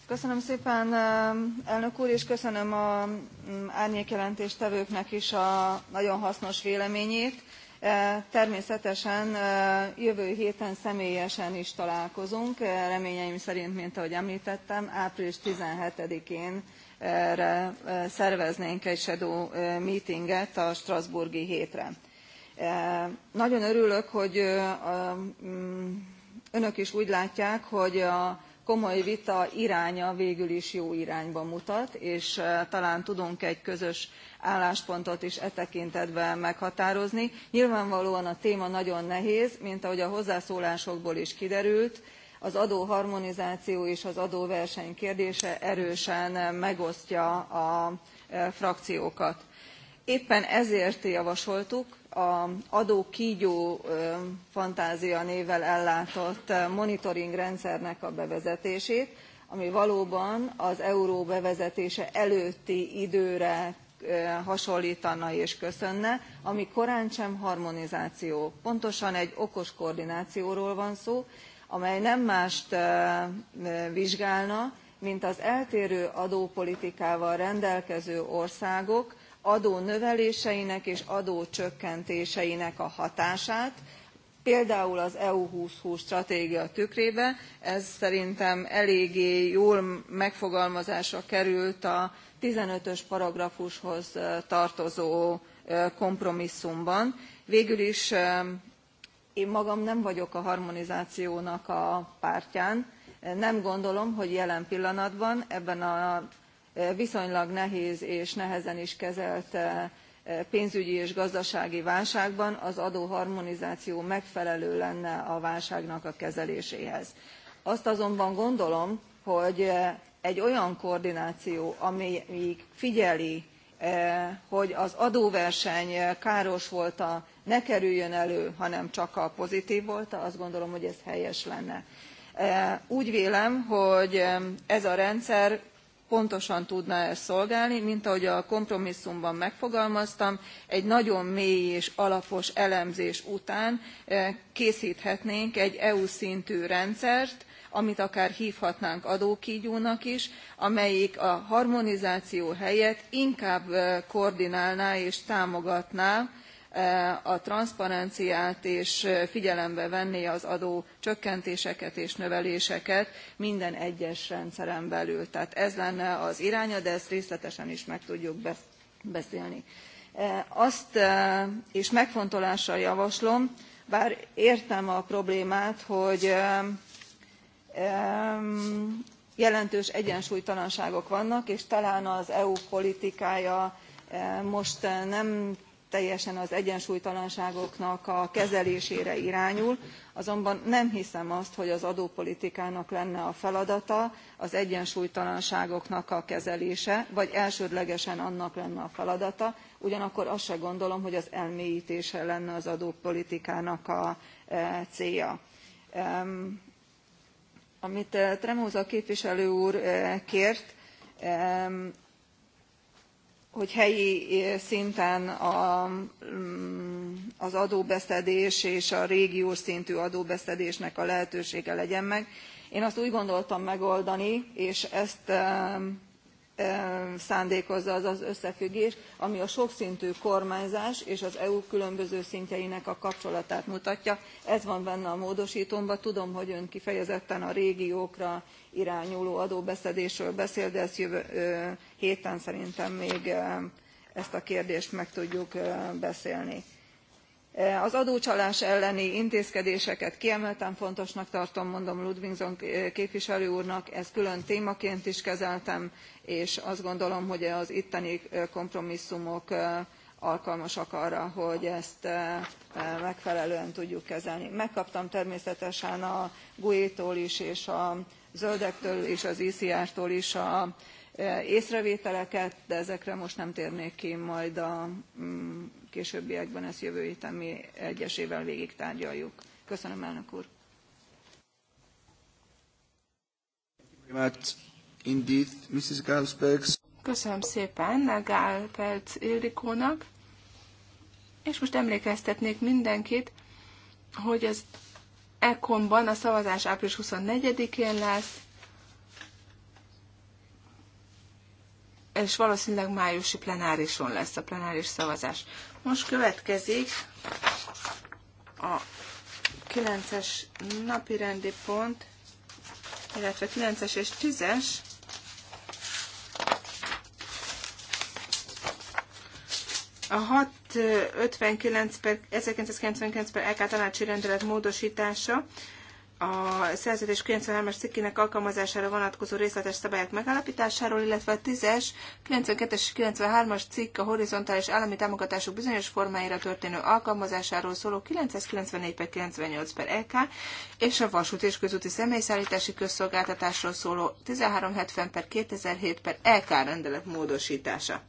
Köszönöm szépen, eh, elnök úr, és köszönöm a mm, árnyékjelentéstevőknek is a nagyon hasznos véleményét. Eh, természetesen eh, jövő héten személyesen is találkozunk, reményeim szerint, mint ahogy említettem, április 17-én erre szerveznénk egy shadow meetinget a strasbourgi hétre. nagyon örülök hogy mm, önök is úgy látják hogy a komoly vita iránya végül is jó irányba mutat és talán tudunk egy közös álláspontot is e tekintetben meghatározni. nyilvánvalóan a téma nagyon nehéz mint ahogy a hozzászólásokból is kiderült az adóharmonizáció és az adóverseny kérdése erősen megosztja a e, frakciókat. éppen ezért javasoltuk az adókgyó e, fantázia névvel ellátott e, monitoring rendszernek a bevezetését ami valóban az euró bevezetése előtti időre hasonltana és köszönne ami korántsem harmonizáció pontosan egy okos koordinációról van szó amely nem mást vizsgálna mint az eltérő adópolitikával rendelkező országok adónöveléseinek és adócsökkentéseinek a hatását például az eu two thousand and twenty stratégia tükrében ez szerintem eléggé jól megfogalmazásra került a fifteen ös paragrafushoz tartozó kompromisszumban. végül is én magam nem vagyok a harmonizációnak a pártján nem gondolom hogy jelen pillanatban ebben a e, viszonylag nehéz és nehezen is kezelt e, pénzügyi és gazdasági válságban az adóharmonizáció megfelelő lenne a válságnak a kezeléséhez. azt azonban gondolom hogy e, egy olyan koordináció amelyik figyeli hogy az adóverseny káros volt a ne kerüljön elő hanem csak a pozitv oldal azt gondolom hogy ez helyes lenne. E, úgy vélem hogy e, ez a rendszer pontosan tudna ezt szolgálni mint ahogy a kompromisszumban megfogalmaztam egy nagyon mély és alapos elemzés után e, készthetnénk egy eu szintű rendszert amit akár hvhatnánk adókgyúnak is amelyik a harmonizáció helyett inkább koordinálná és támogatná a transzparenciát és figyelembe venné az adócsökkentéseket és növeléseket minden egyes rendszeren belül. tehát ez lenne az iránya de ezt részletesen is meg tudjuk beszélni. azt is megfontolással javaslom bár értem a problémát hogy jelentős egyensúlytalanságok vannak és talán az eu politikája most nem teljesen az egyensúlytalanságoknak a kezelésére irányul azonban nem hiszem azt hogy az adópolitikának lenne a feladata az egyensúlytalanságoknak a kezelése vagy elsődlegesen annak lenne a feladata ugyanakkor azt se gondolom hogy az elmélytése lenne az adópolitikának a e, célja. amit e, tremosa képviselő úr e, kért hogy helyi eh, szinten mm, az adóbeszedés és a régiós szintű adóbeszedésnek a lehetősége legyen meg. én azt úgy gondoltam megoldani és ezt szándékozza az az összefüggés ami a sokszintű kormányzás és az eu különböző szintjeinek a kapcsolatát mutatja ez van benne a módostómban tudom hogy ön kifejezetten a régiókra irányuló adóbeszedésről beszélt de ezt jövő héten szerintem még ezt a kérdést meg tudjuk beszélni az adócsalás elleni intézkedéseket kiemelten fontosnak tartom mondom ludvigson képviselő úrnak ezt külön témaként is kezeltem és azt gondolom hogy az itteni kompromisszumok alkalmasak arra hogy ezt megfelelően tudjuk kezelni. megkaptam természetesen a gue tól is és a zöldektől és az ecr tól is a észrevételeket de ezekre most nem térnék ki majd a mm, későbbiekben ezt jövő héten mi egyesével végigtárgyaljuk. köszönöm elnök úr! Köszönöm szépen Gál Perc Ildikónak, és most emlékeztetnék mindenkit, hogy az ECOM-ban a szavazás április 24-én lesz, és valószínűleg májusi plenárison lesz a plenáris szavazás. Most következik a 9-es napi rendi pont, illetve 9-es és 10-es, A 659 per 1999 per LK tanácsi rendelet módosítása a szerződés 93-as cikkének alkalmazására vonatkozó részletes szabályok megállapításáról, illetve a 10-es, 92-es 93-as cikk a horizontális állami támogatások bizonyos formáira történő alkalmazásáról szóló 994 per 98 per EK, és a vasúti és közúti személyszállítási közszolgáltatásról szóló 1370 per 2007 per EK rendelet módosítása.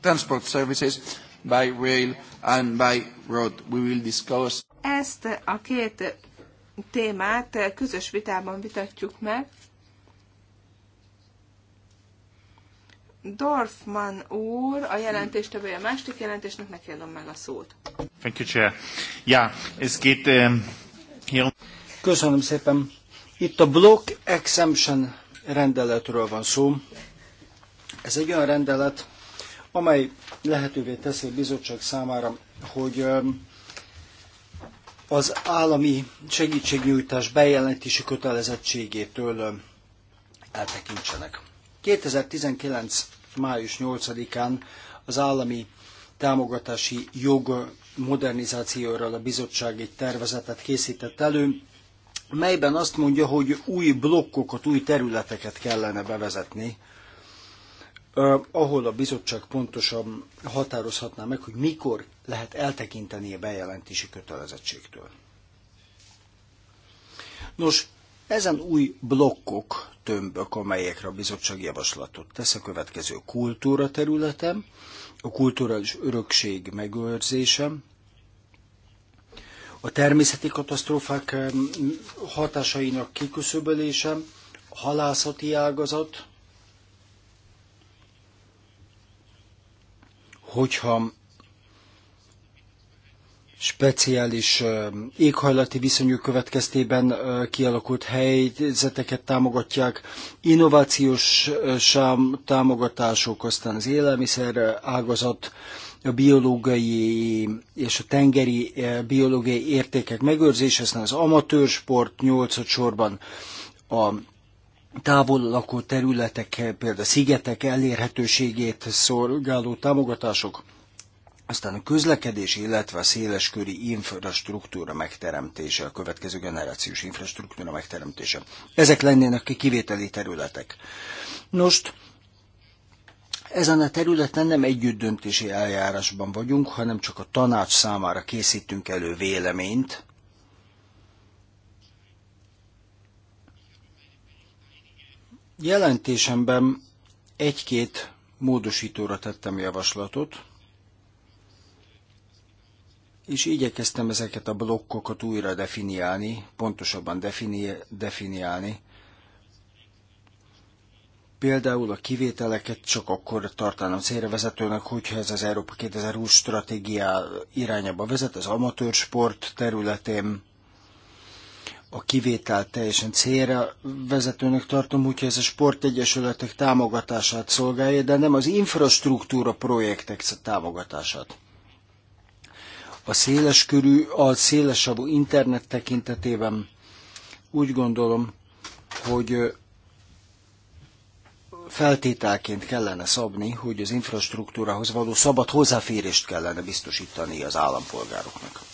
Transport services by rail and by road. We will discuss ezt a két témát közös vitában vitatjuk meg. Dorfman úr, a jelentést a másik jelentésnek, neki adom meg a szót. Thank you, Chair. Ja, es geht, hier... Köszönöm szépen. Itt a Block Exemption rendeletről van szó. Ez egy olyan rendelet, amely lehetővé teszi a bizottság számára, hogy um, az állami segítségnyújtás bejelentési kötelezettségétől eltekintsenek. 2019. május 8-án az állami támogatási jog modernizációról a bizottság egy tervezetet készített elő, melyben azt mondja, hogy új blokkokat, új területeket kellene bevezetni ahol a bizottság pontosan határozhatná meg, hogy mikor lehet eltekinteni a bejelentési kötelezettségtől. Nos, ezen új blokkok, tömbök, amelyekre a bizottság javaslatot tesz a következő kultúra területem, a kulturális örökség megőrzése, a természeti katasztrófák hatásainak kiküszöbölése, a halászati ágazat, hogyha speciális éghajlati viszonyok következtében kialakult helyzeteket támogatják, innovációs támogatások, aztán az élelmiszer ágazat, a biológiai és a tengeri biológiai értékek megőrzése, aztán az amatőrsport nyolcad sorban a távol lakó területek, például szigetek elérhetőségét szolgáló támogatások, aztán a közlekedés, illetve a széleskörű infrastruktúra megteremtése, a következő generációs infrastruktúra megteremtése. Ezek lennének a kivételi területek. Most ezen a területen nem együtt döntési eljárásban vagyunk, hanem csak a tanács számára készítünk elő véleményt, Jelentésemben egy-két módosítóra tettem javaslatot, és igyekeztem ezeket a blokkokat újra definiálni, pontosabban defini- definiálni. Például a kivételeket csak akkor tartanám vezetőnek, hogyha ez az Európa 2020 stratégiá irányába vezet, az amatőr sport területén, a kivételt teljesen célra vezetőnek tartom, hogyha ez a sportegyesületek támogatását szolgálja, de nem az infrastruktúra projektek támogatását. A széles körű, a szélesabb internet tekintetében úgy gondolom, hogy feltételként kellene szabni, hogy az infrastruktúrához való szabad hozzáférést kellene biztosítani az állampolgároknak.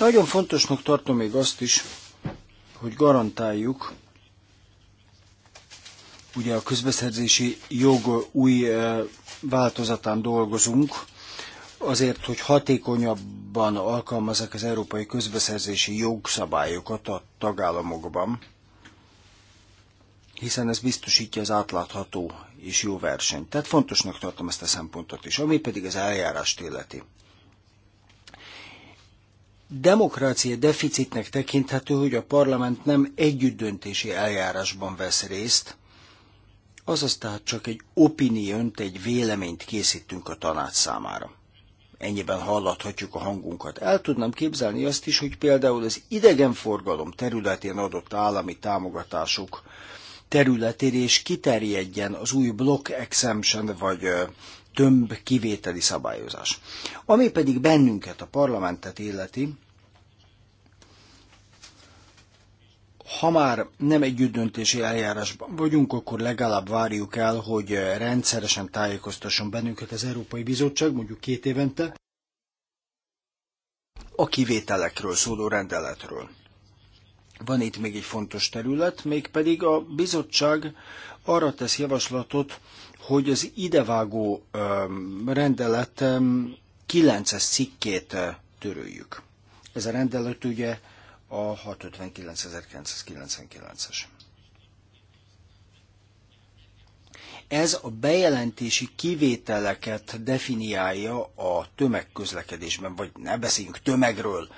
Nagyon fontosnak tartom még azt is, hogy garantáljuk, ugye a közbeszerzési jog új eh, változatán dolgozunk, azért, hogy hatékonyabban alkalmazzák az európai közbeszerzési jogszabályokat a tagállamokban, hiszen ez biztosítja az átlátható és jó versenyt. Tehát fontosnak tartom ezt a szempontot is, ami pedig az eljárást illeti demokrácia deficitnek tekinthető, hogy a parlament nem együttdöntési eljárásban vesz részt, azaz tehát csak egy opiniont, egy véleményt készítünk a tanács számára. Ennyiben hallathatjuk a hangunkat. El tudnám képzelni azt is, hogy például az idegenforgalom területén adott állami támogatások területére és kiterjedjen az új block exemption vagy tömb kivételi szabályozás. Ami pedig bennünket, a parlamentet illeti, ha már nem együttdöntési eljárásban vagyunk, akkor legalább várjuk el, hogy rendszeresen tájékoztasson bennünket az Európai Bizottság, mondjuk két évente, a kivételekről szóló rendeletről. Van itt még egy fontos terület, mégpedig a bizottság arra tesz javaslatot, hogy az idevágó rendelet 9-es cikkét töröljük. Ez a rendelet ugye a 659.999-es. Ez a bejelentési kivételeket definiálja a tömegközlekedésben, vagy ne beszéljünk tömegről,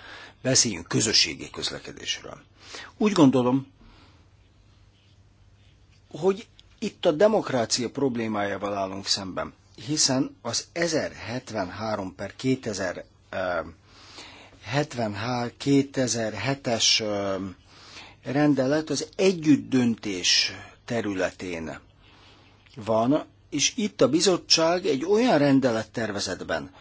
beszéljünk közösségi közlekedésről. Úgy gondolom, hogy itt a demokrácia problémájával állunk szemben, hiszen az 1073 per 2000 2007-es rendelet az együttdöntés területén van, és itt a bizottság egy olyan rendelettervezetben,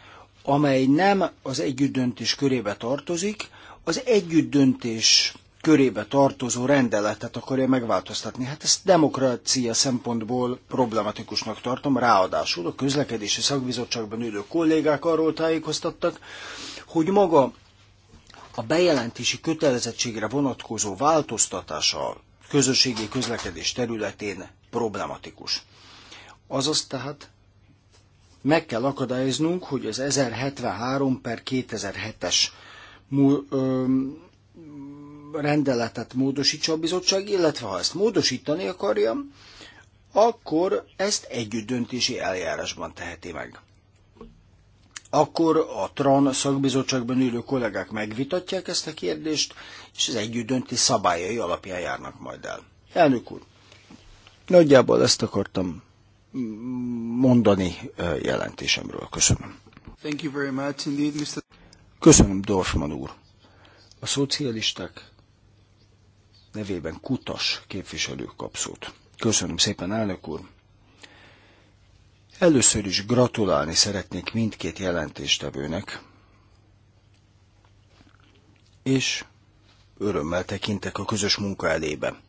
amely nem az együttdöntés körébe tartozik, az együttdöntés körébe tartozó rendeletet akarja megváltoztatni. Hát ezt demokrácia szempontból problematikusnak tartom, ráadásul a közlekedési szakbizottságban ülő kollégák arról tájékoztattak, hogy maga a bejelentési kötelezettségre vonatkozó változtatása a közösségi közlekedés területén problematikus. Azaz tehát meg kell akadályoznunk, hogy az 1073 per 2007-es rendeletet módosítsa a bizottság, illetve ha ezt módosítani akarja, akkor ezt döntési eljárásban teheti meg. Akkor a TRAN szakbizottságban ülő kollégák megvitatják ezt a kérdést, és az együttdöntés szabályai alapján járnak majd el. Elnök úr, nagyjából ezt akartam mondani jelentésemről. Köszönöm. Thank you very much indeed, Mr. Köszönöm, Dorfman úr. A szocialisták nevében Kutas képviselő kapszót. Köszönöm szépen, elnök úr! Először is gratulálni szeretnék mindkét jelentéstevőnek, és örömmel tekintek a közös munka elébe.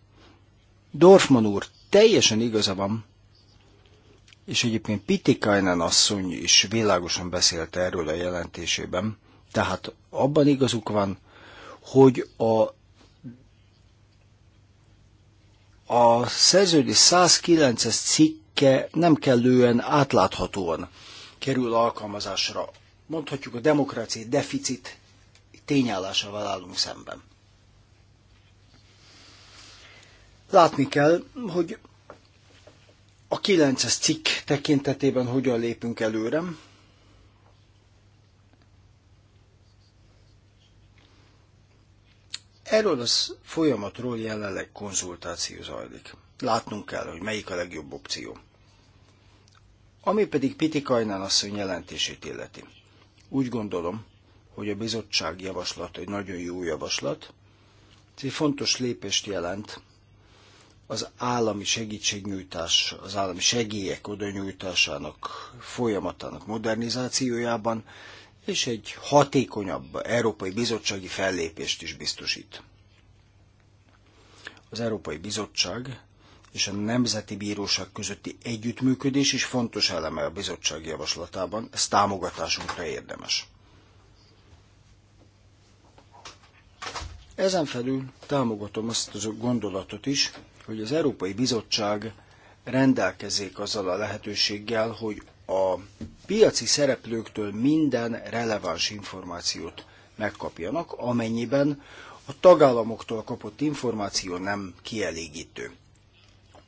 Dorfman úr, teljesen igaza van, és egyébként Pitikainen asszony is világosan beszélt erről a jelentésében, tehát abban igazuk van, hogy a a szerződés 109-es cikke nem kellően átláthatóan kerül alkalmazásra. Mondhatjuk, a demokrácia deficit tényállásával állunk szemben. Látni kell, hogy a 9-es cikk tekintetében hogyan lépünk előre, Erről a folyamatról jelenleg konzultáció zajlik. Látnunk kell, hogy melyik a legjobb opció. Ami pedig Piti Kajnán asszony jelentését illeti. Úgy gondolom, hogy a bizottság javaslat egy nagyon jó javaslat, ez egy fontos lépést jelent az állami segítségnyújtás, az állami segélyek odanyújtásának folyamatának modernizációjában, és egy hatékonyabb Európai Bizottsági fellépést is biztosít. Az Európai Bizottság és a Nemzeti Bíróság közötti együttműködés is fontos eleme a bizottság javaslatában, ez támogatásunkra érdemes. Ezen felül támogatom azt az gondolatot is, hogy az Európai Bizottság rendelkezik azzal a lehetőséggel, hogy a piaci szereplőktől minden releváns információt megkapjanak, amennyiben a tagállamoktól kapott információ nem kielégítő.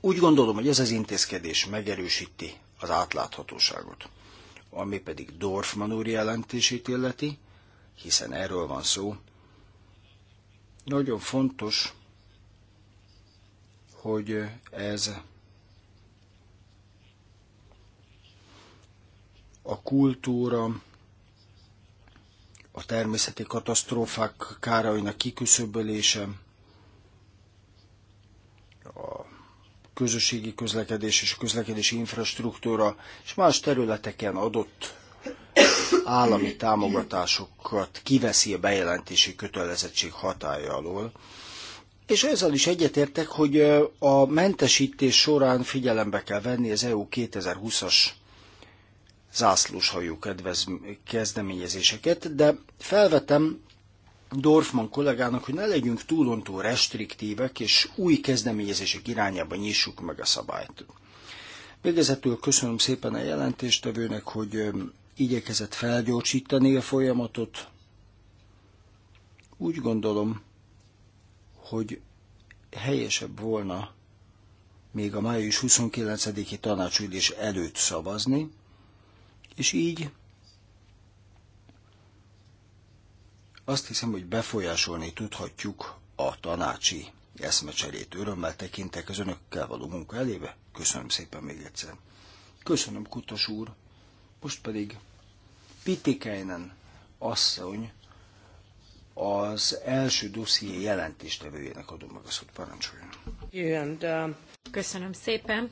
Úgy gondolom, hogy ez az intézkedés megerősíti az átláthatóságot, ami pedig Dorfman úr jelentését illeti, hiszen erről van szó. Nagyon fontos, hogy ez a kultúra, a természeti katasztrófák kárainak kiküszöbölése, a közösségi közlekedés és a közlekedési infrastruktúra és más területeken adott állami támogatásokat kiveszi a bejelentési kötelezettség hatája alól. És ezzel is egyetértek, hogy a mentesítés során figyelembe kell venni az EU 2020-as zászlóshajó kedvez, kezdeményezéseket, de felvetem Dorfman kollégának, hogy ne legyünk túlontúl restriktívek, és új kezdeményezések irányába nyissuk meg a szabályt. Végezetül köszönöm szépen a jelentéstevőnek, hogy igyekezett felgyorsítani a folyamatot. Úgy gondolom, hogy helyesebb volna még a május 29-i tanácsülés előtt szavazni, és így azt hiszem, hogy befolyásolni tudhatjuk a tanácsi eszmecserét. Örömmel tekintek az önökkel való munka elébe. Köszönöm szépen még egyszer. Köszönöm, Kutas úr. Most pedig Pitikeinen asszony az első dosszié jelentéstevőjének adom meg a szót. Parancsoljon. Uh, Köszönöm szépen.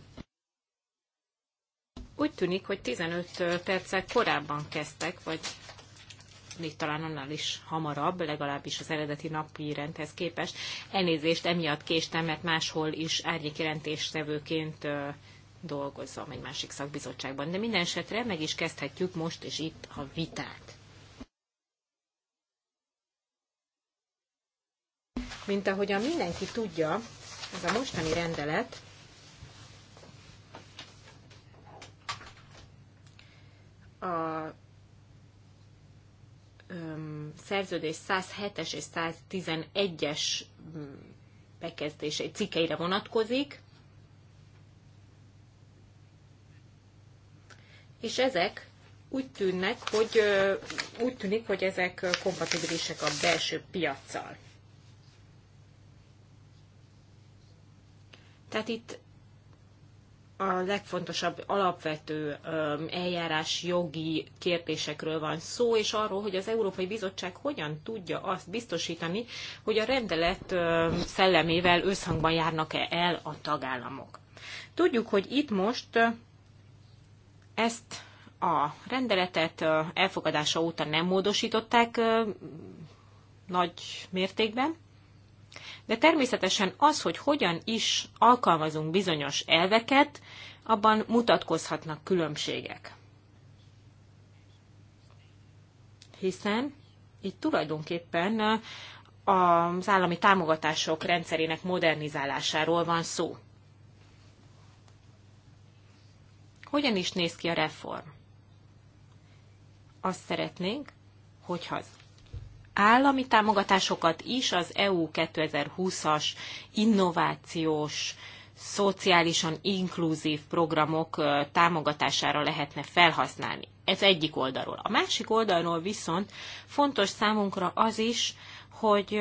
Úgy tűnik, hogy 15 perccel korábban kezdtek, vagy még talán annál is hamarabb, legalábbis az eredeti napi rendhez képest. Elnézést, emiatt késtem, mert máshol is árnyékjelentéstevőként dolgozom egy másik szakbizottságban. De minden esetre meg is kezdhetjük most és itt a vitát. Mint ahogyan mindenki tudja, ez a mostani rendelet a szerződés 107-es és 111-es bekezdése cikkeire vonatkozik, és ezek úgy tűnnek, hogy úgy tűnik, hogy ezek kompatibilisek a belső piaccal. Tehát itt a legfontosabb alapvető eljárás jogi kérdésekről van szó, és arról, hogy az Európai Bizottság hogyan tudja azt biztosítani, hogy a rendelet szellemével összhangban járnak-e el a tagállamok. Tudjuk, hogy itt most ezt a rendeletet elfogadása óta nem módosították nagy mértékben, de természetesen az, hogy hogyan is alkalmazunk bizonyos elveket, abban mutatkozhatnak különbségek. Hiszen itt tulajdonképpen az állami támogatások rendszerének modernizálásáról van szó. Hogyan is néz ki a reform? Azt szeretnénk, hogyha az állami támogatásokat is az EU 2020-as innovációs, szociálisan inkluzív programok támogatására lehetne felhasználni. Ez egyik oldalról. A másik oldalról viszont fontos számunkra az is, hogy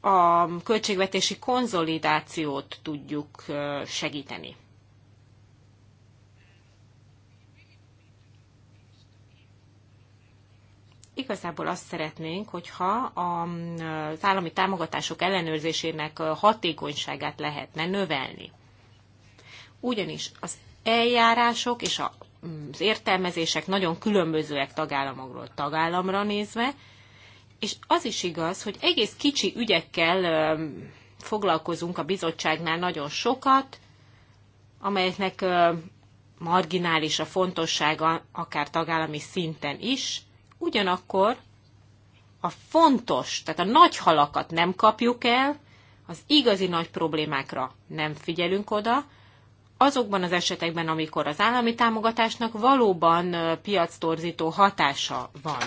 a költségvetési konzolidációt tudjuk segíteni. igazából azt szeretnénk, hogyha az állami támogatások ellenőrzésének hatékonyságát lehetne növelni. Ugyanis az eljárások és az értelmezések nagyon különbözőek tagállamokról tagállamra nézve, és az is igaz, hogy egész kicsi ügyekkel foglalkozunk a bizottságnál nagyon sokat, amelyeknek marginális a fontossága akár tagállami szinten is, ugyanakkor a fontos, tehát a nagy halakat nem kapjuk el, az igazi nagy problémákra nem figyelünk oda, azokban az esetekben, amikor az állami támogatásnak valóban piactorzító hatása van.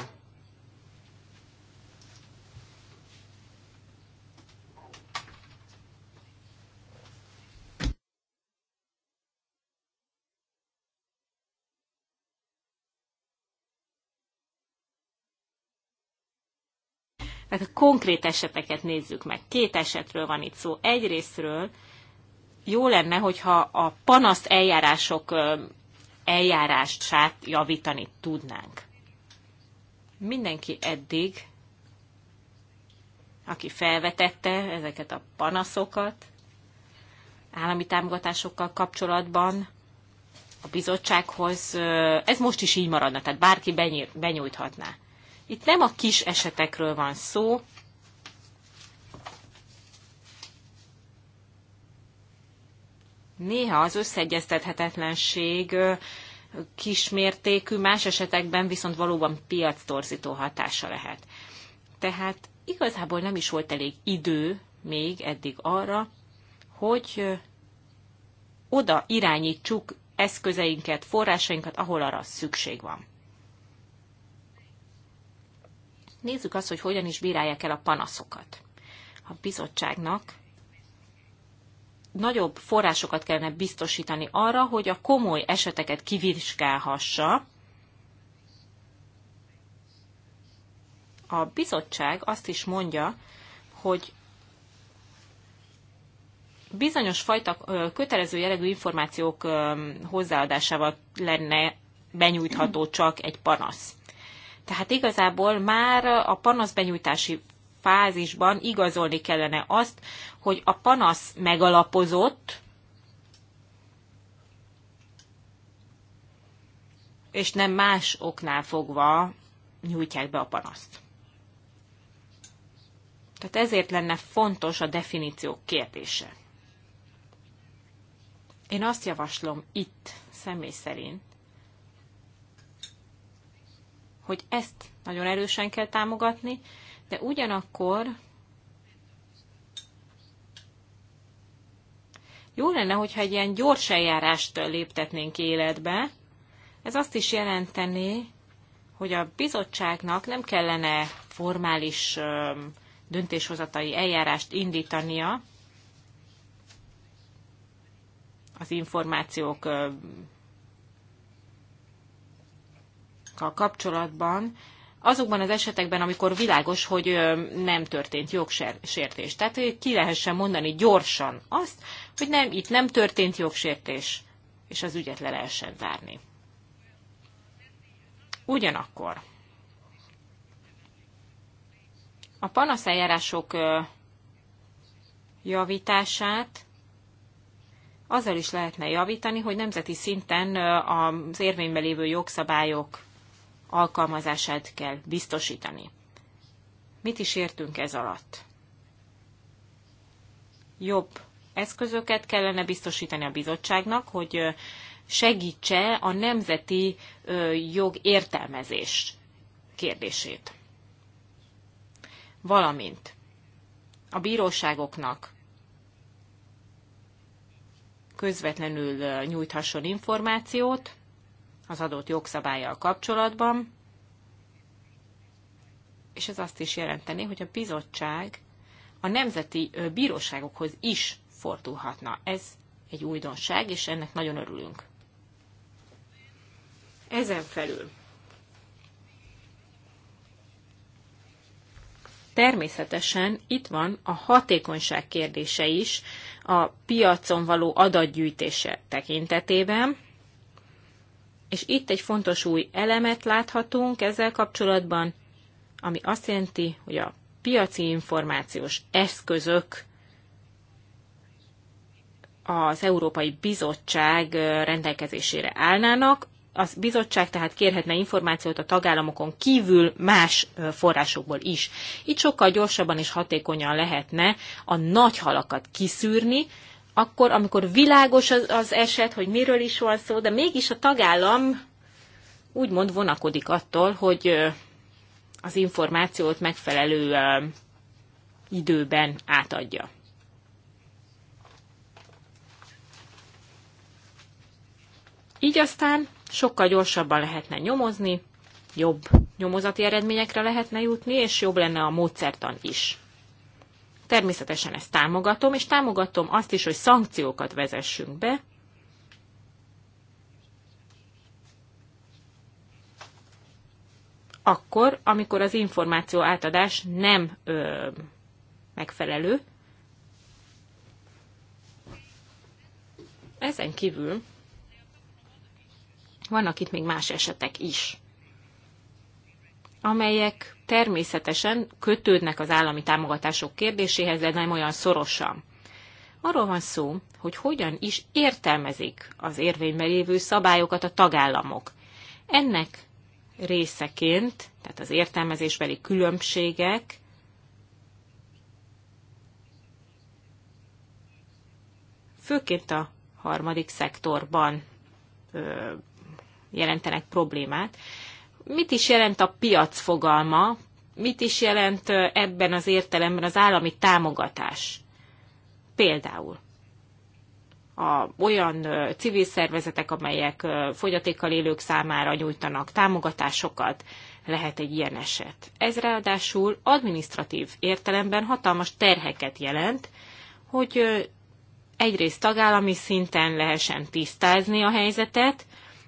Tehát a konkrét eseteket nézzük meg. Két esetről van itt szó. Egyrésztről jó lenne, hogyha a panaszt eljárások eljárását javítani tudnánk. Mindenki eddig, aki felvetette ezeket a panaszokat, állami támogatásokkal kapcsolatban a bizottsághoz, ez most is így maradna, tehát bárki benyújthatná. Itt nem a kis esetekről van szó, néha az összeegyeztethetetlenség kismértékű, más esetekben viszont valóban piac torzító hatása lehet. Tehát igazából nem is volt elég idő még eddig arra, hogy oda irányítsuk eszközeinket, forrásainkat, ahol arra szükség van. nézzük azt, hogy hogyan is bírálják el a panaszokat. A bizottságnak nagyobb forrásokat kellene biztosítani arra, hogy a komoly eseteket kivizsgálhassa. A bizottság azt is mondja, hogy bizonyos fajta kötelező jellegű információk hozzáadásával lenne benyújtható csak egy panasz. Tehát igazából már a panaszbenyújtási fázisban igazolni kellene azt, hogy a panasz megalapozott, és nem más oknál fogva nyújtják be a panaszt. Tehát ezért lenne fontos a definíciók kérdése. Én azt javaslom itt, személy szerint, hogy ezt nagyon erősen kell támogatni, de ugyanakkor jó lenne, hogyha egy ilyen gyors eljárást léptetnénk életbe. Ez azt is jelenteni, hogy a bizottságnak nem kellene formális döntéshozatai eljárást indítania az információk kapcsolatban azokban az esetekben, amikor világos, hogy nem történt jogsértés. Tehát ki lehessen mondani gyorsan azt, hogy nem, itt nem történt jogsértés, és az ügyet le lehessen zárni. Ugyanakkor a panaszeljárások javítását azzal is lehetne javítani, hogy nemzeti szinten az érvényben lévő jogszabályok alkalmazását kell biztosítani. Mit is értünk ez alatt? Jobb eszközöket kellene biztosítani a bizottságnak, hogy segítse a nemzeti jog értelmezés kérdését. Valamint a bíróságoknak közvetlenül nyújthasson információt, az adott jogszabályjal kapcsolatban, és ez azt is jelenteni, hogy a bizottság a nemzeti bíróságokhoz is fordulhatna. Ez egy újdonság, és ennek nagyon örülünk. Ezen felül természetesen itt van a hatékonyság kérdése is a piacon való adatgyűjtése tekintetében, és itt egy fontos új elemet láthatunk ezzel kapcsolatban, ami azt jelenti, hogy a piaci információs eszközök az Európai Bizottság rendelkezésére állnának. A bizottság tehát kérhetne információt a tagállamokon kívül más forrásokból is. Itt sokkal gyorsabban és hatékonyan lehetne a nagy halakat kiszűrni, akkor, amikor világos az, az eset, hogy miről is van szó, de mégis a tagállam úgymond vonakodik attól, hogy az információt megfelelő időben átadja. Így aztán sokkal gyorsabban lehetne nyomozni, jobb nyomozati eredményekre lehetne jutni, és jobb lenne a módszertan is. Természetesen ezt támogatom, és támogatom azt is, hogy szankciókat vezessünk be, akkor, amikor az információ átadás nem ö, megfelelő. Ezen kívül vannak itt még más esetek is amelyek természetesen kötődnek az állami támogatások kérdéséhez, de nem olyan szorosan. Arról van szó, hogy hogyan is értelmezik az érvényben lévő szabályokat a tagállamok. Ennek részeként, tehát az értelmezésbeli különbségek, főként a harmadik szektorban ö, jelentenek problémát, mit is jelent a piac fogalma, mit is jelent ebben az értelemben az állami támogatás. Például a, olyan civil szervezetek, amelyek fogyatékkal élők számára nyújtanak támogatásokat, lehet egy ilyen eset. Ez ráadásul administratív értelemben hatalmas terheket jelent, hogy egyrészt tagállami szinten lehessen tisztázni a helyzetet,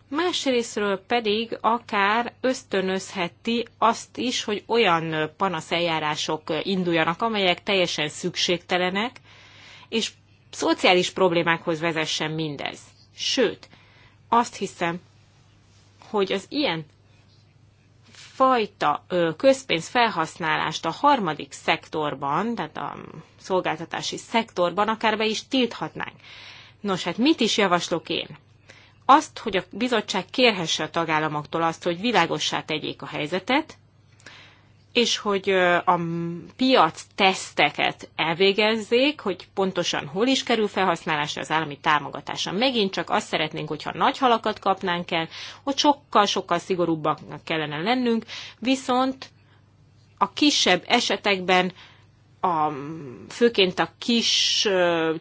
másrésztről pedig akár ösztönözheti azt is, hogy olyan panaszeljárások induljanak, amelyek teljesen szükségtelenek, és szociális problémákhoz vezessen mindez. Sőt, azt hiszem, hogy az ilyen fajta közpénz felhasználást a harmadik szektorban, tehát a szolgáltatási szektorban akár be is tilthatnánk. Nos, hát mit is javaslok én? azt, hogy a bizottság kérhesse a tagállamoktól azt, hogy világossá tegyék a helyzetet, és hogy a piac teszteket elvégezzék, hogy pontosan hol is kerül felhasználásra az állami támogatása. Megint csak azt szeretnénk, hogyha nagy halakat kapnánk el, hogy sokkal-sokkal szigorúbbaknak kellene lennünk, viszont a kisebb esetekben a, főként a kis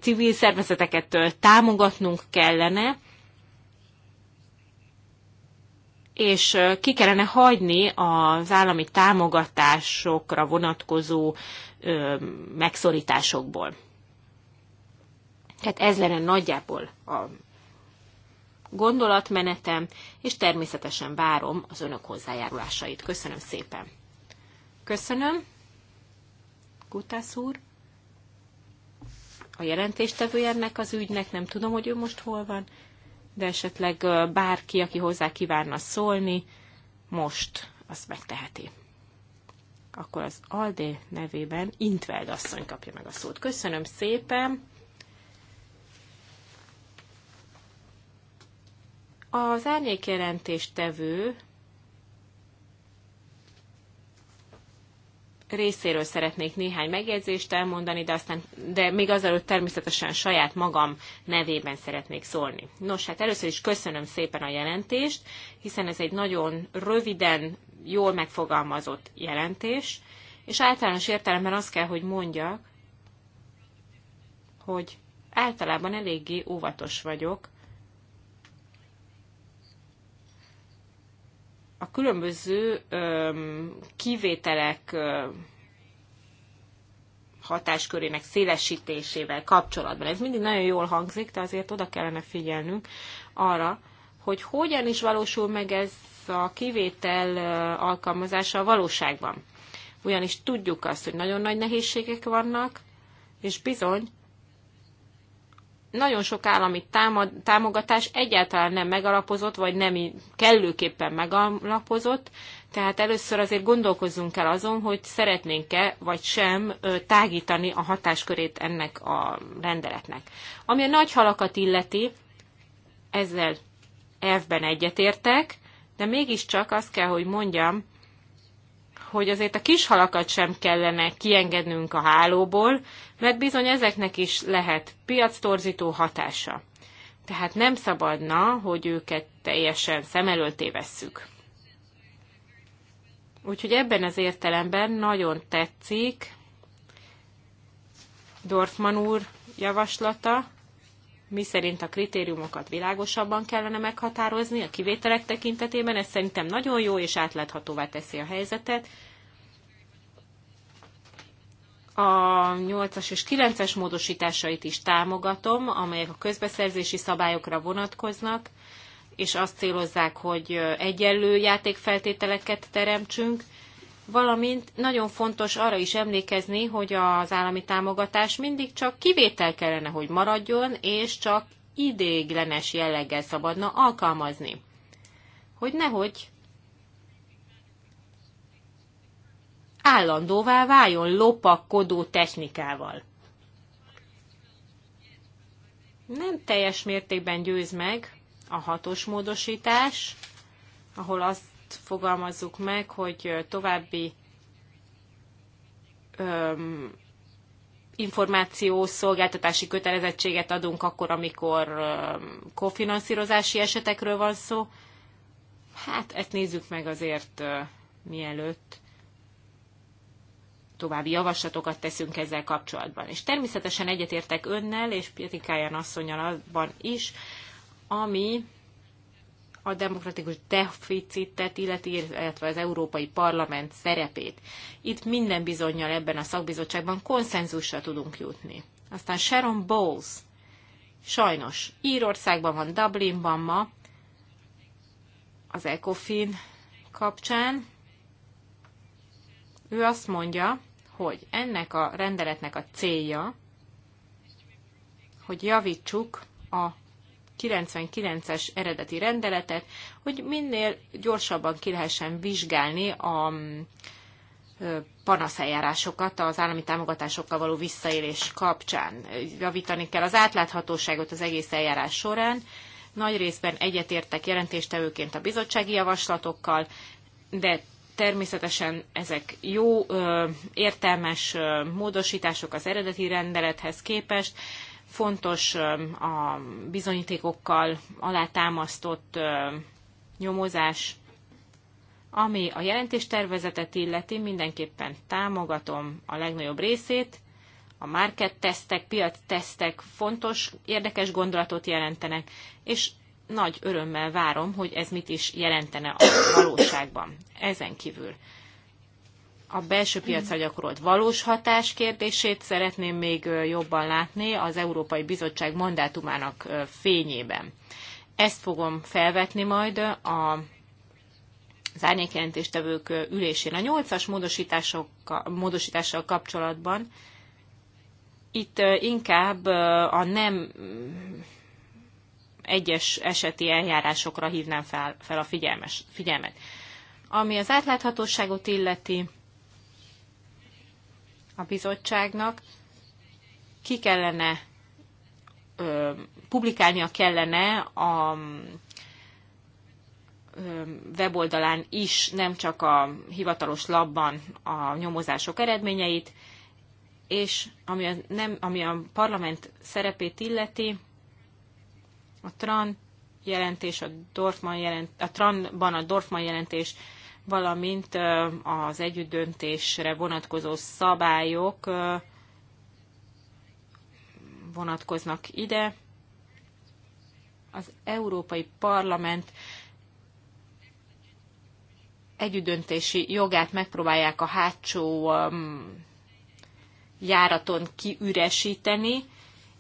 civil szervezeteket támogatnunk kellene, és ki kellene hagyni az állami támogatásokra vonatkozó megszorításokból. Tehát ez lenne nagyjából a gondolatmenetem, és természetesen várom az önök hozzájárulásait. Köszönöm szépen. Köszönöm. Kutász úr. A jelentéstevője ennek az ügynek, nem tudom, hogy ő most hol van de esetleg bárki, aki hozzá kívánna szólni, most azt megteheti. Akkor az Aldé nevében Intveld asszony kapja meg a szót. Köszönöm szépen! Az tevő részéről szeretnék néhány megjegyzést elmondani, de, aztán, de még azelőtt természetesen saját magam nevében szeretnék szólni. Nos, hát először is köszönöm szépen a jelentést, hiszen ez egy nagyon röviden, jól megfogalmazott jelentés, és általános értelemben azt kell, hogy mondjak, hogy általában eléggé óvatos vagyok a különböző kivételek hatáskörének szélesítésével kapcsolatban. Ez mindig nagyon jól hangzik, de azért oda kellene figyelnünk arra, hogy hogyan is valósul meg ez a kivétel alkalmazása a valóságban. Ugyanis tudjuk azt, hogy nagyon nagy nehézségek vannak, és bizony nagyon sok állami támad, támogatás egyáltalán nem megalapozott, vagy nem kellőképpen megalapozott, tehát először azért gondolkozzunk el azon, hogy szeretnénk-e vagy sem tágítani a hatáskörét ennek a rendeletnek. Ami a nagy halakat illeti, ezzel elfben egyetértek, de mégiscsak azt kell, hogy mondjam, hogy azért a kis halakat sem kellene kiengednünk a hálóból, mert bizony ezeknek is lehet piactorzító hatása. Tehát nem szabadna, hogy őket teljesen szem elől tévesszük. Úgyhogy ebben az értelemben nagyon tetszik Dorfman úr javaslata, mi szerint a kritériumokat világosabban kellene meghatározni a kivételek tekintetében, ez szerintem nagyon jó és átláthatóvá teszi a helyzetet, a 8-as és 9-es módosításait is támogatom, amelyek a közbeszerzési szabályokra vonatkoznak, és azt célozzák, hogy egyenlő játékfeltételeket teremtsünk, valamint nagyon fontos arra is emlékezni, hogy az állami támogatás mindig csak kivétel kellene, hogy maradjon, és csak idéglenes jelleggel szabadna alkalmazni. Hogy nehogy állandóvá váljon lopakodó technikával. Nem teljes mértékben győz meg a hatos módosítás, ahol azt fogalmazzuk meg, hogy további öm, információ szolgáltatási kötelezettséget adunk akkor, amikor öm, kofinanszírozási esetekről van szó. Hát ezt nézzük meg azért mielőtt további javaslatokat teszünk ezzel kapcsolatban. És természetesen egyetértek önnel és Pietikáján asszonyal abban is, ami a demokratikus deficitet illeti, illetve az Európai Parlament szerepét. Itt minden bizonyal ebben a szakbizottságban konszenzusra tudunk jutni. Aztán Sharon Bowles, sajnos Írországban van, Dublinban ma, az ECOFIN kapcsán. Ő azt mondja, hogy ennek a rendeletnek a célja, hogy javítsuk a 99-es eredeti rendeletet, hogy minél gyorsabban ki lehessen vizsgálni a panaszeljárásokat az állami támogatásokkal való visszaélés kapcsán. Javítani kell az átláthatóságot az egész eljárás során. Nagy részben egyetértek jelentéstevőként a bizottsági javaslatokkal, de Természetesen ezek jó, értelmes módosítások az eredeti rendelethez képest, fontos a bizonyítékokkal alátámasztott nyomozás, ami a jelentéstervezetet illeti, mindenképpen támogatom a legnagyobb részét. A market tesztek, piac tesztek fontos, érdekes gondolatot jelentenek, és nagy örömmel várom, hogy ez mit is jelentene a valóságban. Ezen kívül a belső piacra gyakorolt valós hatás kérdését szeretném még jobban látni az Európai Bizottság mandátumának fényében. Ezt fogom felvetni majd a az árnyékjelentéstevők ülésén a nyolcas as módosítással kapcsolatban. Itt inkább a nem egyes eseti eljárásokra hívnám fel, fel a figyelmes, figyelmet. Ami az átláthatóságot illeti, a bizottságnak ki kellene, ö, publikálnia kellene a ö, weboldalán is, nem csak a hivatalos labban a nyomozások eredményeit, és ami a, nem, ami a parlament szerepét illeti, a TRAN jelentés, a, Dorfman jelent, a TRAN-ban a Dorfman jelentés, valamint az együttdöntésre vonatkozó szabályok vonatkoznak ide. Az Európai Parlament együttdöntési jogát megpróbálják a hátsó járaton kiüresíteni,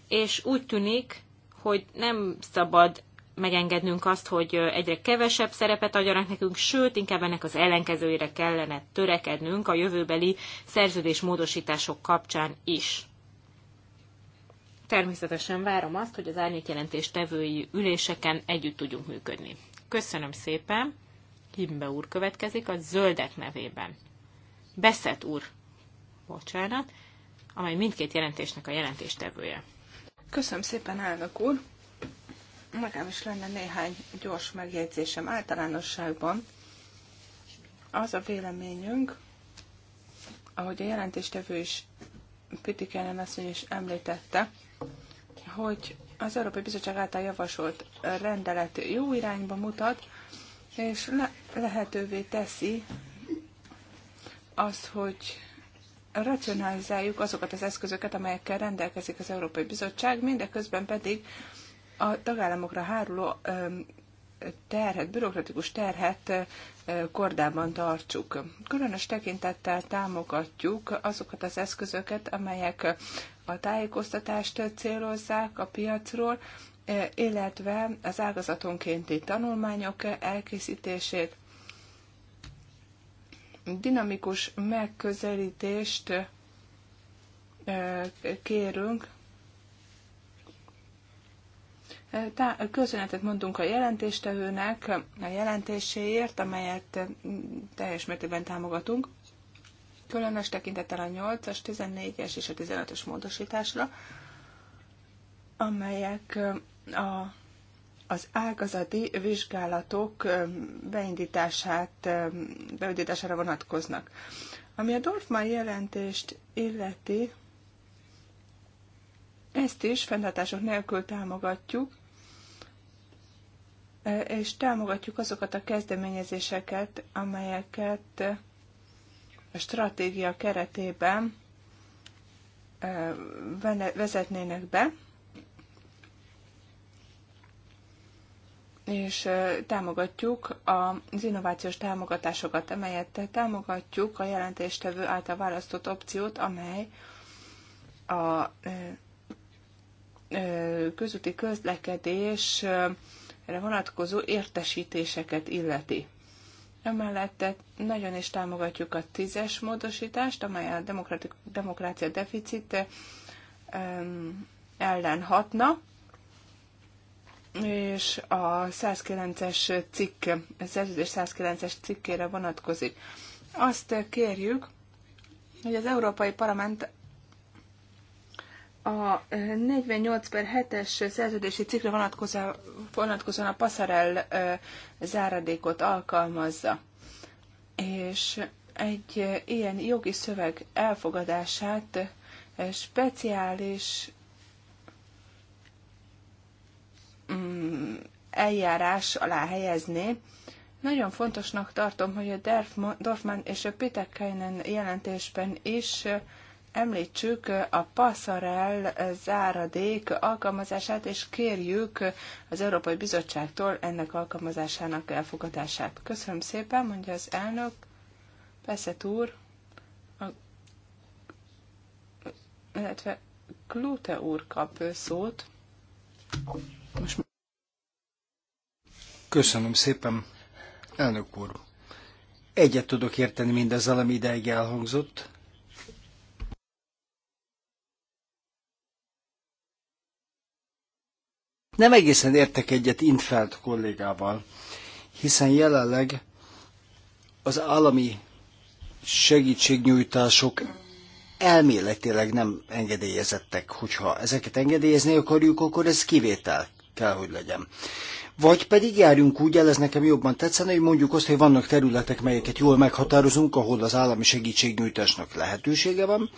és úgy tűnik, hogy nem szabad megengednünk azt, hogy egyre kevesebb szerepet adjanak nekünk, sőt, inkább ennek az ellenkezőjére kellene törekednünk a jövőbeli szerződés módosítások kapcsán is. Természetesen várom azt, hogy az árnyékjelentés tevői üléseken együtt tudjunk működni. Köszönöm szépen. Himbe úr következik a zöldek nevében. Beszett úr, bocsánat, amely mindkét jelentésnek a jelentéstevője. Köszönöm szépen, elnök úr! Nekem is lenne néhány gyors megjegyzésem általánosságban. Az a véleményünk, ahogy a jelentéstevő is Pitikenen asszony is említette, hogy az Európai Bizottság által javasolt rendelet jó irányba mutat, és le- lehetővé teszi azt, hogy racionalizáljuk azokat az eszközöket, amelyekkel rendelkezik az Európai Bizottság, mindeközben pedig a tagállamokra háruló terhet, bürokratikus terhet kordában tartsuk. Különös tekintettel támogatjuk azokat az eszközöket, amelyek a tájékoztatást célozzák a piacról, illetve az ágazatonkénti tanulmányok elkészítését, dinamikus megközelítést kérünk, köszönetet mondunk a jelentéstevőnek a jelentéséért, amelyet teljes mértékben támogatunk. Különös tekintettel a 8-as, 14-es és a 15-ös módosításra, amelyek a az ágazati vizsgálatok beindítását, beindítására vonatkoznak. Ami a Dorfman jelentést illeti, ezt is fenntartások nélkül támogatjuk, és támogatjuk azokat a kezdeményezéseket, amelyeket a stratégia keretében vezetnének be. és támogatjuk az innovációs támogatásokat, amelyet támogatjuk a jelentéstevő által választott opciót, amely a közúti közlekedésre vonatkozó értesítéseket illeti. Emellett nagyon is támogatjuk a tízes módosítást, amely a demokrácia deficit ellen hatna, és a 109-es cikk, a szerződés 109-es cikkére vonatkozik. Azt kérjük, hogy az Európai Parlament a 48 per 7-es szerződési cikkre vonatkozóan a passzarel záradékot alkalmazza. És egy ilyen jogi szöveg elfogadását speciális Mm, eljárás alá helyezni. Nagyon fontosnak tartom, hogy a Dorfman és a Pitekeinen jelentésben is említsük a passzarel záradék alkalmazását, és kérjük az Európai Bizottságtól ennek alkalmazásának elfogadását. Köszönöm szépen, mondja az elnök. Beszett úr, a, illetve Klute úr kap szót. Most... Köszönöm szépen, elnök úr. Egyet tudok érteni mindezzel, ami ideig elhangzott. Nem egészen értek egyet Intfeld kollégával, hiszen jelenleg az állami segítségnyújtások elméletileg nem engedélyezettek. Hogyha ezeket engedélyezni akarjuk, akkor ez kivétel kell, hogy legyen. Vagy pedig járjunk úgy el, ez nekem jobban tetszene, hogy mondjuk azt, hogy vannak területek, melyeket jól meghatározunk, ahol az állami segítségnyújtásnak lehetősége van,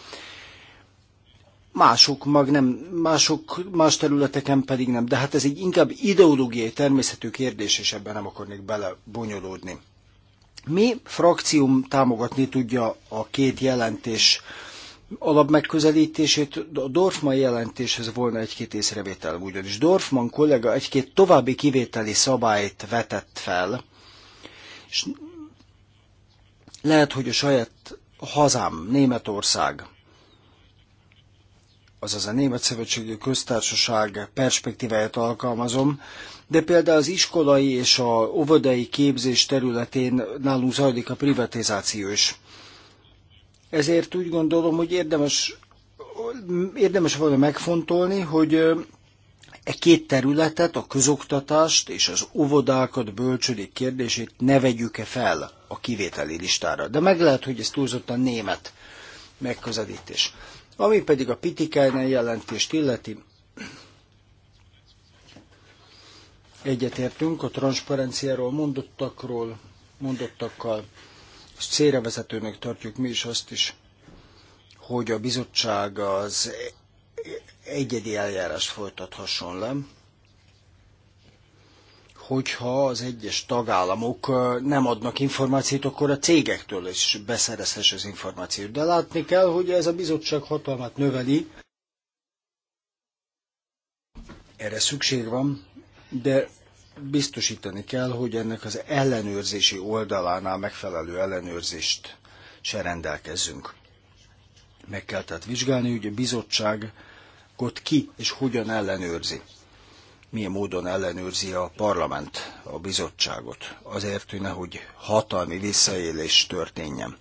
mások mag nem, mások, más területeken pedig nem. De hát ez egy inkább ideológiai természetű kérdés, és ebben nem akarnék belebonyolódni. Mi frakcióm támogatni tudja a két jelentés alapmegközelítését a Dorfman jelentéshez volna egy-két észrevétel, ugyanis Dorfman kollega egy-két további kivételi szabályt vetett fel, és lehet, hogy a saját hazám, Németország, azaz a Német Szövetségi Köztársaság perspektíváját alkalmazom, de például az iskolai és a óvodai képzés területén nálunk zajlik a privatizáció is. Ezért úgy gondolom, hogy érdemes, érdemes volna megfontolni, hogy e két területet, a közoktatást és az óvodákat, bölcsődik kérdését ne vegyük-e fel a kivételi listára. De meg lehet, hogy ez túlzottan német megközelítés. Ami pedig a Pitikájnál jelentést illeti, egyetértünk a transzparenciáról mondottakról, mondottakkal, és célra vezetőnek tartjuk mi is azt is, hogy a bizottság az egyedi eljárást folytathasson le, hogyha az egyes tagállamok nem adnak információt, akkor a cégektől is beszerezhess az információt. De látni kell, hogy ez a bizottság hatalmát növeli, erre szükség van, de biztosítani kell, hogy ennek az ellenőrzési oldalánál megfelelő ellenőrzést se rendelkezzünk. Meg kell tehát vizsgálni, hogy a bizottságot ki és hogyan ellenőrzi. Milyen módon ellenőrzi a parlament a bizottságot, azért, hogy nehogy hatalmi visszaélés történjen.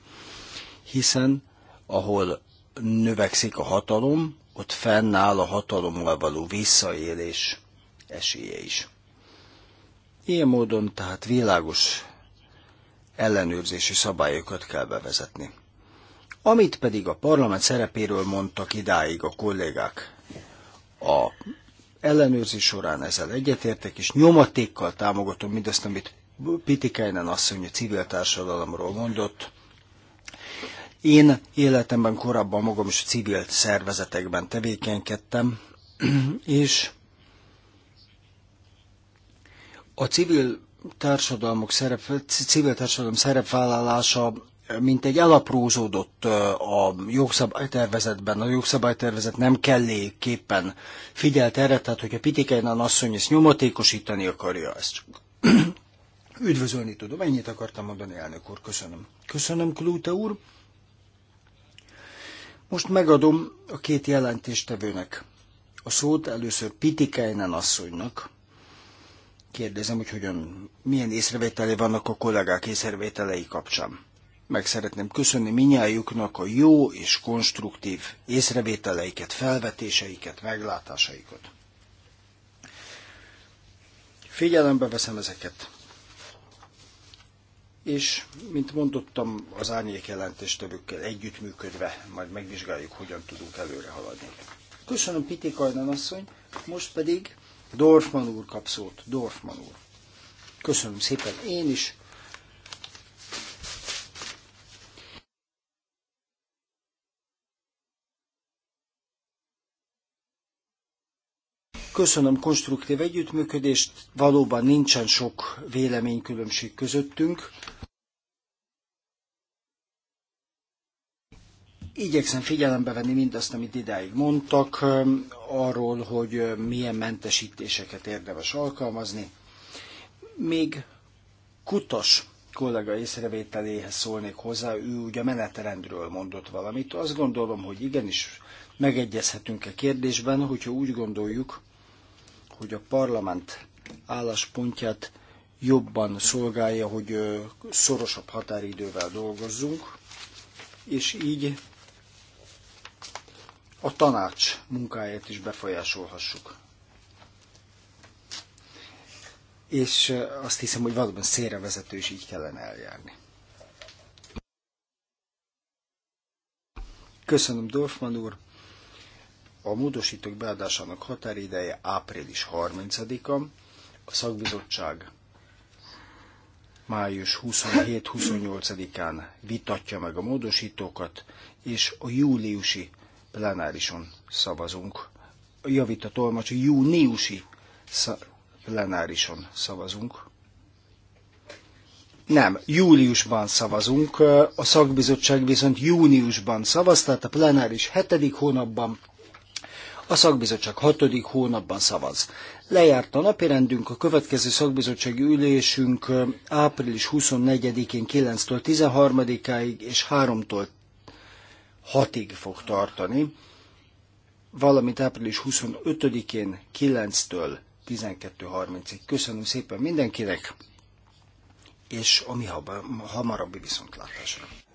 Hiszen, ahol növekszik a hatalom, ott fennáll a hatalommal való visszaélés esélye is. Ilyen módon tehát világos ellenőrzési szabályokat kell bevezetni. Amit pedig a parlament szerepéről mondtak idáig a kollégák, a ellenőrzés során ezzel egyetértek, és nyomatékkal támogatom mindazt, amit Pitikainen asszony a civil társadalomról mondott. Én életemben korábban magam is a civil szervezetekben tevékenykedtem, és a civil társadalmak szerep, civil társadalom szerepvállalása mint egy elaprózódott a jogszabálytervezetben, a jogszabálytervezet nem kelléképpen figyelt erre, tehát hogyha Pitikeinen asszony ezt nyomatékosítani akarja, ezt csak üdvözölni tudom. Ennyit akartam mondani, elnök úr, köszönöm. Köszönöm, Klúte úr. Most megadom a két jelentéstevőnek a szót, először Pitikeinen asszonynak, Kérdezem, hogy hogyan, milyen észrevételé vannak a kollégák észrevételei kapcsán. Meg szeretném köszönni minnyájuknak a jó és konstruktív észrevételeiket, felvetéseiket, meglátásaikat. Figyelembe veszem ezeket, és mint mondottam, az árnyék jelentéstevőkkel együttműködve majd megvizsgáljuk, hogyan tudunk előre haladni. Köszönöm Piti Kajnan asszony, most pedig Dorfman úr kap szót. Dorfman úr. Köszönöm szépen én is. Köszönöm konstruktív együttműködést, valóban nincsen sok véleménykülönbség közöttünk. Igyekszem figyelembe venni mindazt, amit idáig mondtak, arról, hogy milyen mentesítéseket érdemes alkalmazni. Még Kutas kollega észrevételéhez szólnék hozzá, ő ugye menetrendről mondott valamit. Azt gondolom, hogy igenis megegyezhetünk a e kérdésben, hogyha úgy gondoljuk, hogy a parlament álláspontját jobban szolgálja, hogy szorosabb határidővel dolgozzunk, és így a tanács munkáját is befolyásolhassuk. És azt hiszem, hogy valóban szélrevezető is így kellene eljárni. Köszönöm, Dorfman úr! A módosítók beadásának határideje április 30-a, a szakbizottság május 27-28-án vitatja meg a módosítókat, és a júliusi plenárison szavazunk. Javít a tolmacs, júniusi plenárison szavazunk. Nem, júliusban szavazunk, a szakbizottság viszont júniusban szavaz, tehát a plenáris hetedik hónapban, a szakbizottság hatodik hónapban szavaz. Lejárt a rendünk, a következő szakbizottsági ülésünk április 24-én 9-től 13-áig és 3-tól 6-ig fog tartani, valamint április 25-én 9-től 12.30-ig. Köszönöm szépen mindenkinek, és a mi hamarabb viszontlátásra.